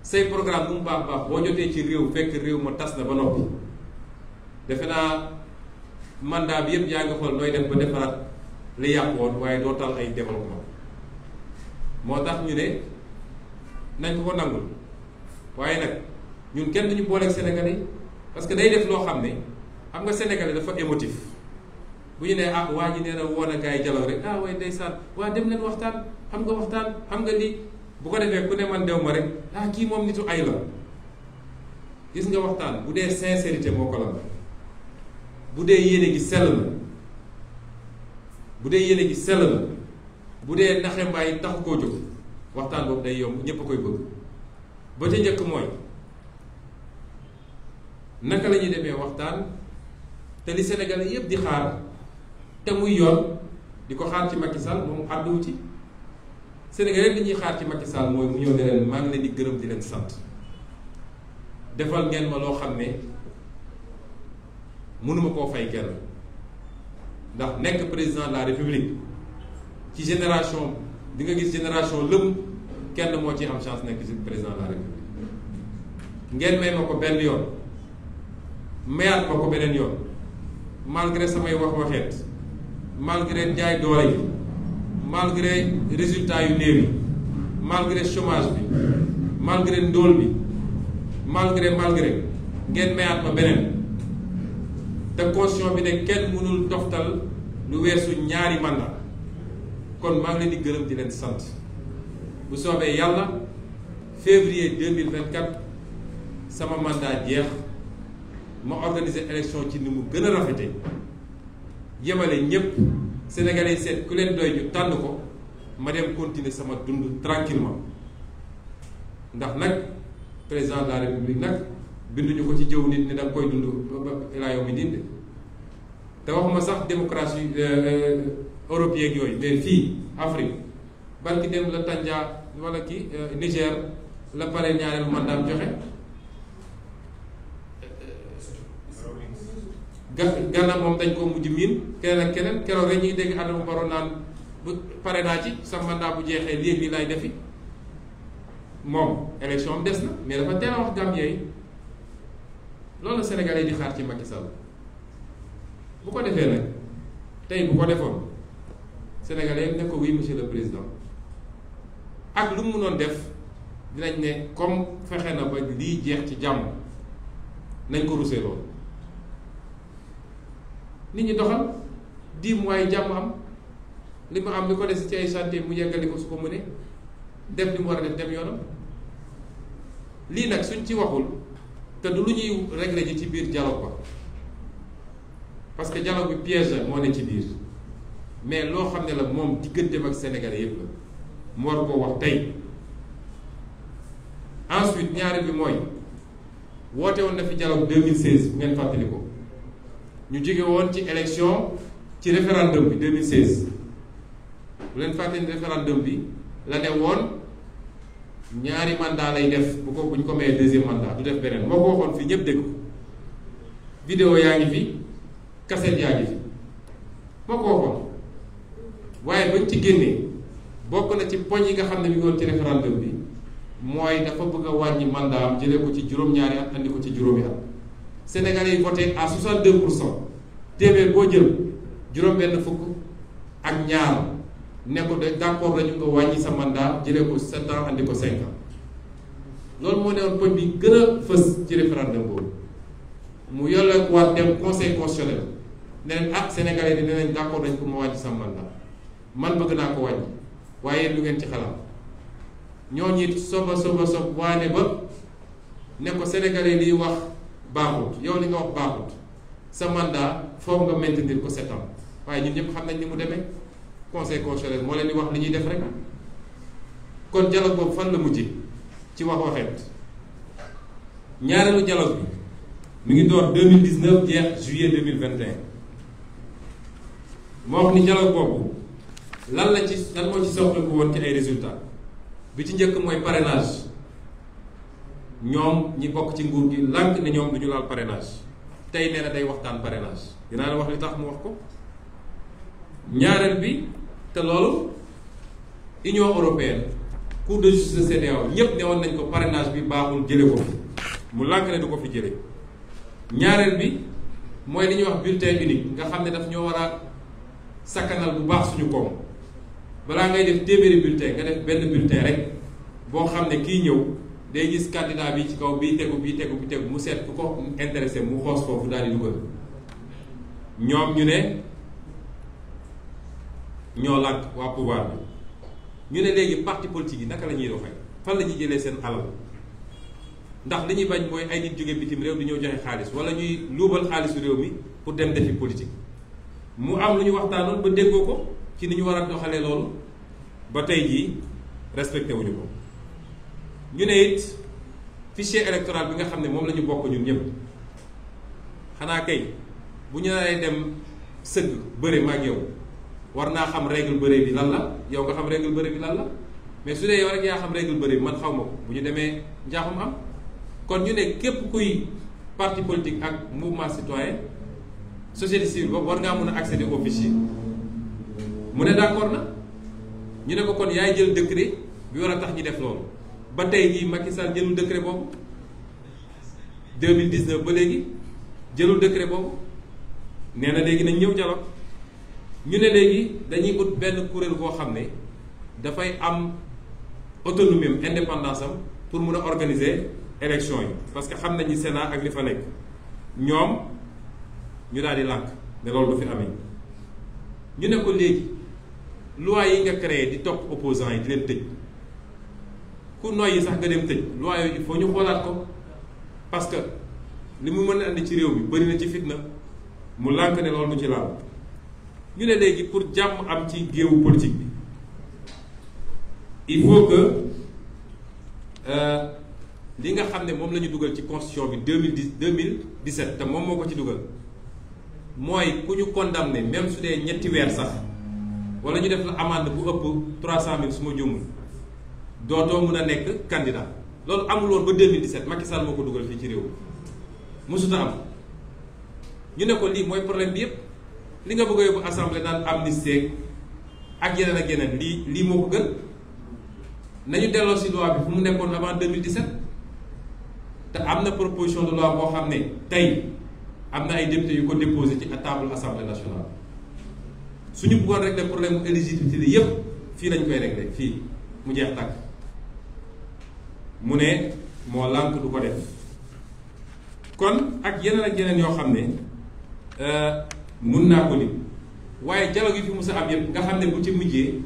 say programme bu mu baax baax boo jotee ci réew fekk réew ma tas na ba noppi defe naa mandat bi yëpp yaa ngi xool nooy def ba defaraat li yàqu woon waaye doo tal ay développement moo tax ñu ne nañ ko ko nangul waaye nag ñun kenn duñu booleeg sénégalais parce que day def loo xam ne xam nga senegale dafa émotif bu ñu nee ah waa ji nee na woon a gars rek ah waaye ndeysaan waa dem leen waxtaan xam nga waxtaan xam nga lii bu ko defee ku ne man dew ma rek ah kii moom nitu ay la gis nga waxtaan bu dee sincérité moo ko la bu dee yéene gi sell la bu dee yéene gi sell la bu dee naxe mbaay taxu koo jóg waxtaan boobu day yomb ñépp a koy bëgg ba ca njëkk mooy naka la ñuy demee waxtaan te li Sénégalais yépp di xaar te muy yoon di ko xaar ci Macky Sall moom àdduwu ci Sénégalais li ñuy xaar ci Macky Sall mooy mu ñëw ne leen maa ngi leen di gërëm di leen sant defal ngeen ma loo xam ne mënuma koo fay kenn ndax nekk président la république ci génération di nga gis génération lëm kenn moo ci am chance nekk ci président la république ngeen may ma ko benn yoon mayaat ma ko beneen yoon malgré samay wax waxeet malgré jaay doole yi malgré résultat yu néew yi malgré chômage bi malgré ndóol bi malgré malgré ngeen mayaat ma beneen te constitution bi ne kenn mënul toftal lu weesu ñaari mandat kon maa ngi leen di gërëm di leen sant bu soobee yàlla février 2024 sama mandat jeex ma organiser élection ci ni mu gën rafete yemale ñépp sénégalais seet ku leen doy ñu tànn ko ma dem continuer sama dund tranquillement ndax nag président de la république nag binduñu ko ci jëw nit ne da nga koy dund laa yow mi dinde te waxuma sax démocratie euh, euh, européenne yooyu mais fii Afrique barki dem la Tanja walla kii euh, Niger la pare ñaareelu mandat joxe ga gana moom dañ koo mujj miin teel ak keneen keroog rek ñuy dégg Adama Barrow naan bu pare naa ci samandaa bu jeexee lii lii lay defi moom élection am des na mais dafa teel a wax Gambien yi loolu la di xaar ci Macky Sall bu ko defee nag tey bu ko defoon Sénégalais ne ko monsieur le président ak lu mu mënoon def dinañ ne comme fexe na ba lii jeex ci jàmm nañ ko rusee loolu nit ñi doxal dix mois yi jàmm am li mu am li ko des ci ay santé mu yeggali ko su ko mënee def li mu war a def dem yoonam lii nag suñ ci waxul te du lu ñuy régler ji ci biir dialogue ba parce que dialogue bi piège la moo ne ci biir mais loo xam ne la moom digganteem ak Sénégalais yëpp la mu war koo wax tey ensuite ñaareel bi mooy woote woon na fi dialogue 2016 bu ngeen fàttali ko ñu jóge woon ci élection ci référendum bi 2016 bu leen fàtte ni référendum bi la ne woon ñaari mandat lay def bu ko bu ñu ko mayee deuxième mandat du def beneen moo ko waxoon fii ñëpp dégg ko vidéo yaa ngi fi kaset yaa ngi fi moo ko waxoon waaye bañ ci génnee bokk na ci poñ yi nga xam ne mi ngi woon ci référendum bi mooy dafa bëgg a wàññi mandat am jële ko ci juróom-ñaari at ko ci juróomi at Sénégalais yi voté à 62 pour cent téeméer boo jël juróom-benn fukk ak ñaar ne da de d'accord lañu nga wàññi sa mandat jëlee ko 7 ans andi ko 5 loolu moo ne woon bi gën a fës ci référendum boobu mu yolleek waat dem conseil constitutionnel ne leen ak ah, sénégalais yi ne leen d'accord nañ pour ma wàññi sa mandat man bëgg naa ko wàññi waaye lu ngeen ci xalaat ñooñu it soba soba sob waane ba ne ko sénégalais liy wax. baaxut yow li nga wax baaxut sa mandat foog nga maintenir ko sept ans waaye ñun ñëpp xam nañ ni mu demee conseil constitutionnel moo leen di wax li ñuy def rek kon dialogue boobu fan la mujje ci wax waxeet ñaareelu dialogue bi mi ngi door 2019 jeex juillet 2021 moo wax ni dialogue boobu lan la ci lan moo ci soxla ko woon ci ay résultats bi ci njëkk mooy parrainage ñoom ñi bokk ci nguur gi lànk ne ñoom du ñu laal parrainage tey nee na day waxtaan parrainage dinaa la wax li tax mu wax ko ñaareel bi te loolu Union européenne Cour de justice de CEDEAO ñépp ne woon nañ ko parrainage bi baaxul jële ko mu lànk ne du ko fi jële ñaareel bi mooy li ñuy wax bulletin unique nga xam ne daf ñoo war a sakkanal bu baax suñu koom balaa ngay def téeméeri bulletin nga def benn bulletin rek boo xam ne kii ñëw day gis candidat bi ci kaw bi tegu bii tegu bi tegu mu seet ku ko intéressé mu xoos foofu daal di dugal ñoom ñu ne ñoo lànk waa pouvoir bi ñu ne léegi parti politique yi naka lañuy ñuy fan la ñuy jëlee seen alal ndax li ñuy bañ mooy ay nit jóge bitim réew di ñëw joxe xaalis wala ñuy luubal xaalisu réew mi pour dem defi politique mu am lu ñu waxtaanoon ba déggoo ko ci ni ñu war a doxalee loolu ba tey jii respecté wuñu ko. ñu ne it fichier électoral bi nga xam ne moom la ñu bokk ñun ñëpp xanaa kay bu ñu naree dem sëgg bëre maag yow war naa xam règle bëre bi lan la yow nga xam règle bëre bi lan mais su dee yow rek yaa xam règle man xaw ma bu ñu demee njaaxum kon ñu ne képp kuy parti politique ak mouvement citoyen société civile war ngaa mën a accéder au mu ne d'accord na ñu ne ko kon yaay jël décret bi war a tax ñi def loolu ba tey jii Macky Sall jëlul décret boobu 2019 ba léegi jëlul décret boobu nee na léegi nañ ñëw dialogue ñu ne léegi dañuy ut benn kuréel boo xam ne dafay am autonomie am indépendance am pour mun a organise élection yi parce que xam nañu Sénat ak li fa nekk ñoom ñu daal di lànk ne loolu du fi amee ñu ne ko léegi loi yi nga créé di topp opposants yi di leen tëj. ku yi sax nga dem tëj loi yooyu il ñu xoolaat ko parce que li mu mën na andi ci réew mi bëri na ci fitna mu lànk ne loolu mu ci laal ñu ne léegi pour jàmm am ci géewu politique bi il faut que euh, li nga xam ne moom la ñu dugal ci constitution bi deux mille dix deux mille dix te moom moo ko ci dugal mooy ku ñu condamné même su dee ñetti weer sax walla ñu def la amende bu ëpp trois cent mille su ma dootoo mun a nekk candidat loolu amul woon ba 2017 Macky Sall moo ko dugal fii ci réew mi mosut ñu ne ko lii mooy problème bi yëpp li nga bëgg a yóbbu assemblée naan amnistie ak yeneen ak yeneen lii lii moo ko gën nañu delloo si loi bi fu mu nekkoon avant 2017 te am na proposition de loi boo xam ne tey am na ay député yu ko déposé ci table assemblée nationale suñu bëggoon régler problème mu éligibilité yëpp fii lañ koy régler fii mu jeex tàkk. mu ne moo lànk du ko def kon ak yeneen ak yeneen yoo xam ne euh, mun naa ko lim waaye dialogue yi fi musa am yëpp nga xam ne bu ci mujjee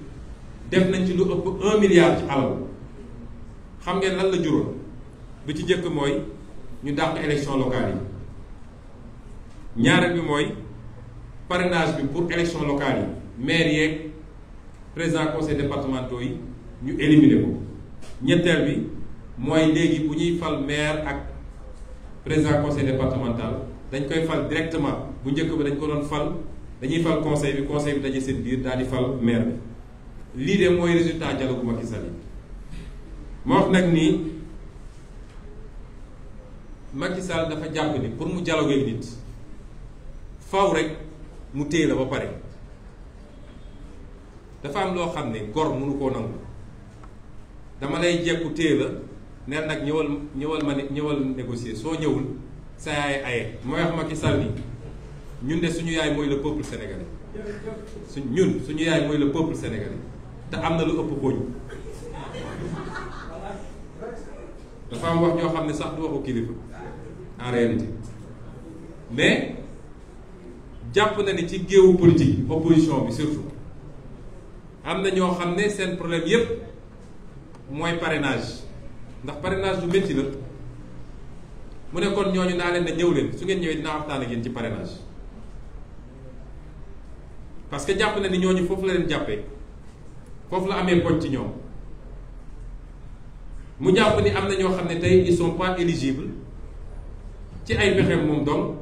def nañ ci lu ëpp un milliard ci alal xam ngeen lan la juróom bi ci njëkk mooy ñu dàq élection locale yi ñaareel bi mooy parrainage bi pour élection locale yi maire yeeg président conseil départementaux yi ñu éliminer ko ñetteel bi mooy léegi bu ñuy fal maire ak président conseil départemental dañ koy fal directement bu njëkk bi dañ ko doon fal dañuy fal conseil bi conseil bi daje seen biir daal di fal maire bi lii de mooy résultat dialogue Macky Sall ma wax nag nii Macky Sall dafa jàpp ni pour mu dialoguer nit faw rek mu téye la ba pare dafa am loo xam ne gor mënu koo nangu dama lay jekku téye la neen nag ñëwal ñëwal ma ne ñëwal négocier soo ñëwul sa yaay aye mooy wax Macky Sall nii ñun de suñu yaay mooy le peuple sénégalais su ñun suñu yaay mooy le peuple sénégalais te am na lu ëpp booñ dafa am wax ñoo xam ne sax du waxu kilifa en réalité mais jàpp na ni ci géewu politique opposition bi surtout am na ñoo xam ne seen problème yépp mooy parrainage ndax parrainage lu métti la mu ne ñooñu naa leen na ñëw leen su ngeen ñëwee dinaa waxtaan ak yéen ci parrainage parce que jàpp na ni ñooñu foofu la leen jàppee foofu la amee poñ ci ñoom mu jàpp ni am na ñoo xam ne tey ils sont pas ci ay pexeem moom donc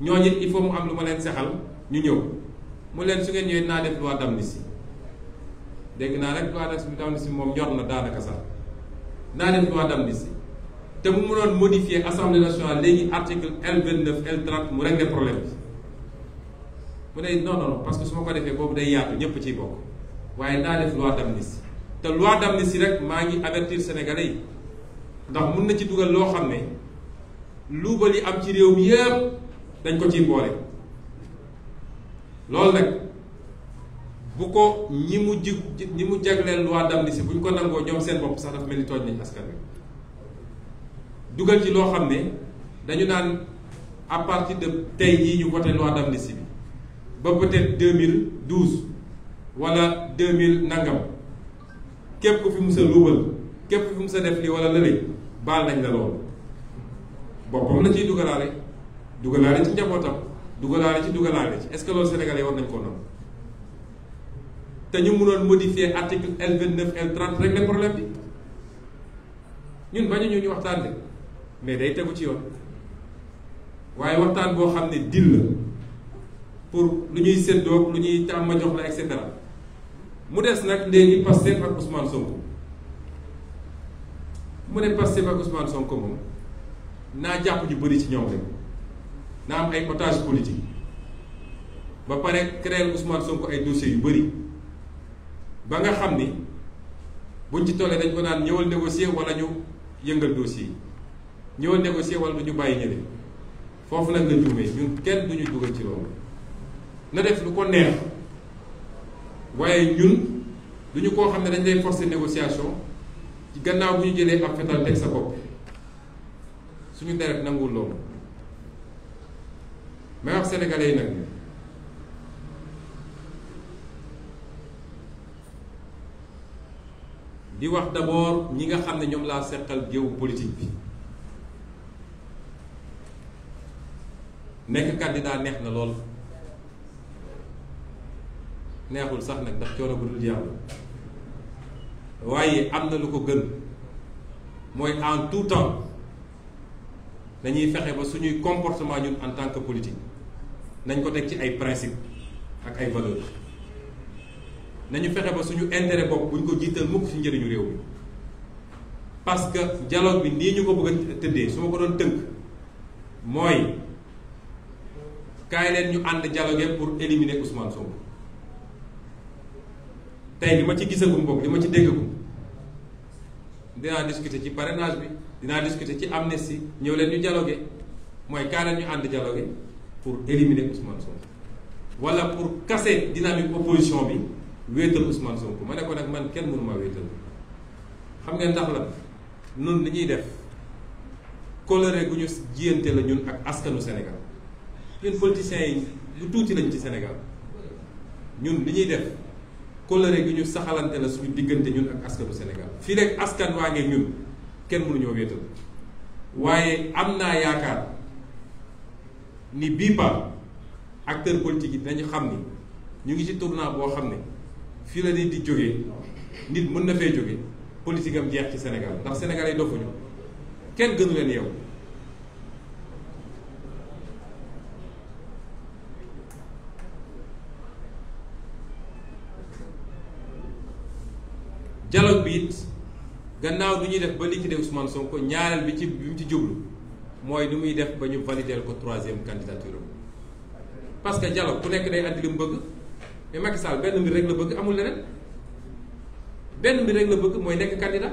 ñooñu il faut mu am lu ma leen sexal ñu ñëw mu leen su ngeen ñëwee naa def loi d'amnistie dégg naa rek loi si moom ñor na daanaka sax. naa dem droit d'amnistie te mu mënoon modifier assemblée nationale léegi article L 29 L 30 mu régler problème bi mu ne non non parce que su ma ko defee boobu day yaatu ñëpp ciy bokk waaye naa def loi d'amnistie te loi d'amnistie rek maa ngi avertir sénégalais yi ndax mun na ci dugal loo xam ne luubal yi am ci réew mi yëpp dañ ko ci boole loolu nag. bu ko ñi mu jig ñi mu jagleel waa dam si bu ñu ko nangoo ñoom seen bopp sax dafa mel ni tooñ nañ askan wi dugal loo xam ne dañu naan à partir de tey jii ñu voté loi d'amnistie bi ba peut-être deux mille douze wala deux mille nangam képp ku fi mu sa luubal képp ku fi mu sa def lii wala lële baal nañ la loolu boppam la ciy dugalaale dugalaale ci njabootam dugalaale ci dugalaale ci est-ce que loolu sénégalais war nañ koo nangu te ñu mënoon modifier article L vingt neuf L trente régler problème bi ñun bañu ñu waxtaan de mais day tegu ci yoon waaye waxtaan boo xam ne dil la pour lu ñuy séddoo lu ñuy tàmm jox la et cetera mu des nag léegi Pastef ak Ousmane Sonko mu ne Pastef ak Ousmane Sonko moom naa jàpp ñu bëri ci ñoom rek naa am ay otage politique ba pare créer Ousmane Sonko ay dossiers yu bëri. ba nga xam ni buñ ci tollee dañ ko naan ñëwal négocier wala ñu yëngal dossier ñëwal négocier wala du ñu bàyyi ñële foofu nag la juumee ñun kenn duñu dugal ci loolu na def lu ko neex waaye ñun duñu koo xam ne dañ lay forcer négociation ci gannaaw bu ñu jëlee ab fetal teg sa bopp suñu deret nanguwul loolu may wax sénégalais nag di wax d'abord ñi nga xam ne ñoom laa seqal géew politique bi nekk candidat neex na lool neexul sax nag ndax coono bu dul yàlla waaye am na lu ko gën mooy en tout temps dañuy fexe ba suñuy comportement ñun en tant que politique nañ ko teg ci ay principe ak ay valeurs nañu fexe ba suñu intérêt bopp bu ñu ko jiital mukk ci njëriñu réew mi parce que dialogue bi nii ñu ko bëgg a tëddee su ma ko doon tënk mooy kaay leen ñu ànd dialogue pour éliminer Ousmane Sonko tey li ma ci gisagum boog li ma ci déggagum dinaa discuter ci parrainage bi dinaa discuter ci amnistie ñëw leen ñu dialogue mooy kaay leen ñu ànd dialogue pour éliminer Ousmane Sonko wala pour casser dynamique opposition bi. wéetal Ousmane Sonko ma ne ko nag man kenn mënu ma wéetal xam ngeen ndax la nun li ñuy def coloré gu ñu jiyante la ñun ak askanu senegal ñun politiciens yi lu tuuti lañ ci senegal ñun li ñuy def coloré gu ñu saxalante la suñu diggante ñun ak askanu Sénégal fii rek askan waa ngi ñun kenn mënuñoo wéetal waaye am naa yaakaar ni bii ak acteur politique yi dinañu xam ni ñu ngi ci tournant boo xam ne fii la nit di jógee nit mën na fee jóge politique jeex ci senegal ndax Sénégal yi dofuñu kenn gënu leen yow dialogue bi it gannaaw du ñuy def ba liquider Ousmane Sonko ñaareel bi ci bi mu ci jublu mooy nu muy def ba ñu valider ko troisième candidature am parce que dialogue ku nekk day andi bëgg mais Macky saal benn mbir rek la bëgg amul leneen benn mbir rek la bëgg mooy nekk candidat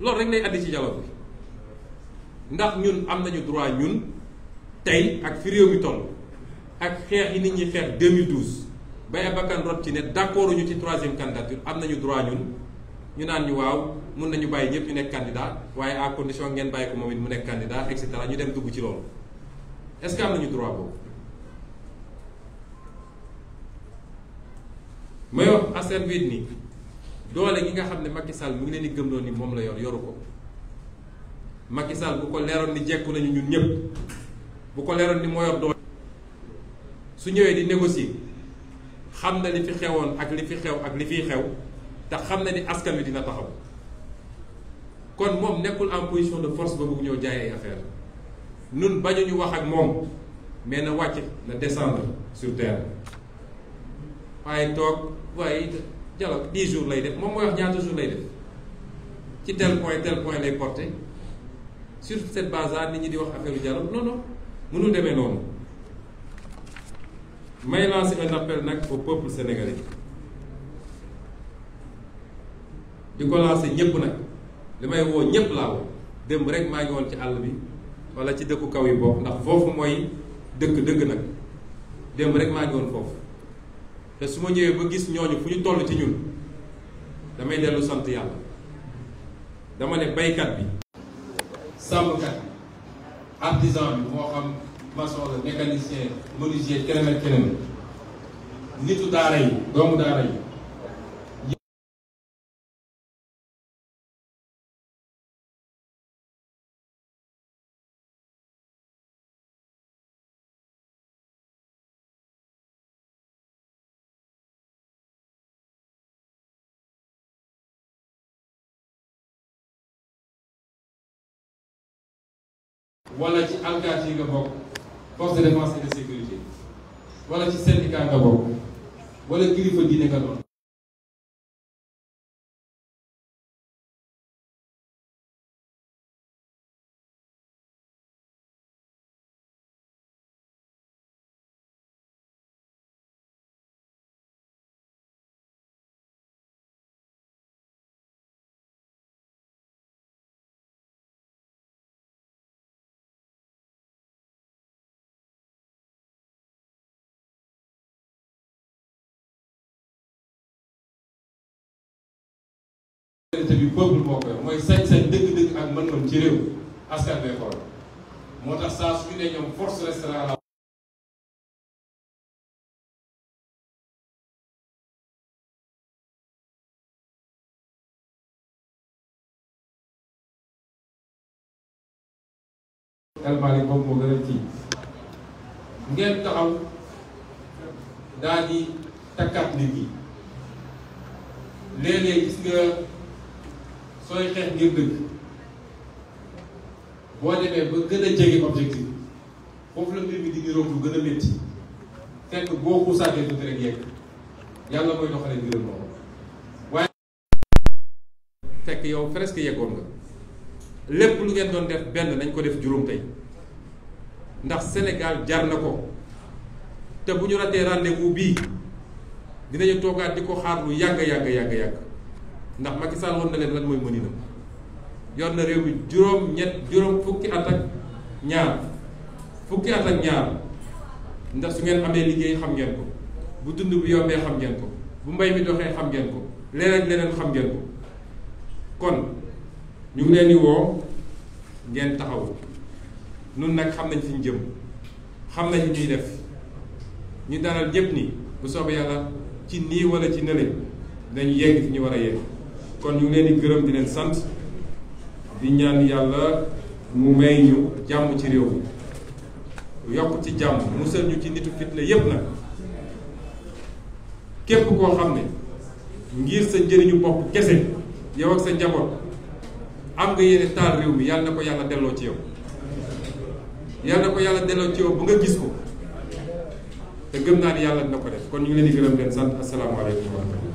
loolu rek lay andi ci dialogue bi ndax ñun am nañu droit ñun tey ak fi réew mi toll ak xeex yi nit ñi xeex 2012 bay bakkan rot ci ne d'accord ñu ci troisième candidature am nañu droit ñun ñu naan ñu waaw mun nañu bàyyi ñëpp ñu nekk candidat waaye a condition ngeen bàyyi ko moom it mu nekk candidat et cetera ñu dem dugg ci loolu est-ce que am nañu droit boobu. may wax askan wi ni doole gi nga xam ne Macky Sall mu ngi leen di gëmloo ni moom la yor yoru ko Macky Sall bu ko leeroon ni jekku nañu ñun ñëpp bu ko leeroon ni moo yor doole su ñëwee di négocier xam na li fi xewoon ak li fi xew ak li fiy xew te xam na ni askan wi dina taxaw kon moom nekkul en position de force ba bëgg ñëw jaayee affaire nun bañu ñu wax ak moom mais na wàcc na descendre sur terre waaye toog waaye dialogue dix jours lay def moom mooy wax ñaata jours lay def ci tel point tel point lay porté sur cette base là ñi di wax affaire dialogue non non mënul demee noonu may lancer un appel nag au peuple sénégalais di ko lancer ñëpp nag li may woo ñëpp laa woo démb rek maa ngi woon ci àll bi wala ci dëkku kaw yi bokk ndax foofu mooy dëkk dëgg nag démb rek maa ngi woon foofu. te su ma ñëwee ba gis ñooñu fu ñu toll ci ñun damay dellu sant yàlla dama ne baykat bi sàmmkat bi artisan bi moo xam maçon la mécanicien menuisier keneen nitu daara yi doomu daara yi wala ci alkaati yi nga bokk force de défense de sécurité wala ci syndicat nga bokk wala kilifa diine nga doon souveraineté bi peuple moo koy mooy sañ-sañ dëgg-dëgg ak mën-mën ci réew askan bee xool moo tax saa su ñu ne ñoom force restera la boobu moo gën a ci ngeen taxaw daal di takkaat nit ñi léeg-léeg gis nga sooy xeex ngir dëgg boo demee ba gën a jege objectif foofu la mbir mi di niroog lu gën a métti fekk boo xuusaatee tuuti rek fekk yow presque yeggoon nga lépp lu ngeen doon def benn dañ ko def juróom tey ndax Sénégal jar na ko te bu ñu ratee rendez bii dinañu toogaat di ko xaar lu yàgg yàgg yàgg yàgg ndax Macky Sall woon na leen lan mooy mënina yor na réew mi juróom ñett juróom fukki at ak ñaar fukki at ak ñaar ndax su ngeen amee liggéey xam ngeen ko bu dund bi yombee xam ngeen ko bu mbay mi doxee xam ngeen ko leneen leneen xam ngeen ko kon ñu ngi leen woo ngeen taxaw nun nag xam nañ fi ñu jëm xam nañ ñuy def ñu dalal ñépp ni bu soobee yàlla ci nii wala ci nële dañu yegg fi ñu war a yegg kon ñu ngi leen gërëm di leen sant di ñaan yàlla mu may ñu jàmm ci réew mi yokk ci jàmm musal ñu ci nitu fitna yépp nag képp koo xam ne ngir sa njëriñu bopp kese yow ak sa njaboot am nga yéene taal réew mi yàlla na ko yàlla delloo ci yow yàlla na ko yàlla delloo ci yow bu nga gis ko te gëm naa yàlla dina ko def kon ñu ngi leen di gërëm sant asalaamaaleykum wa rahmatulah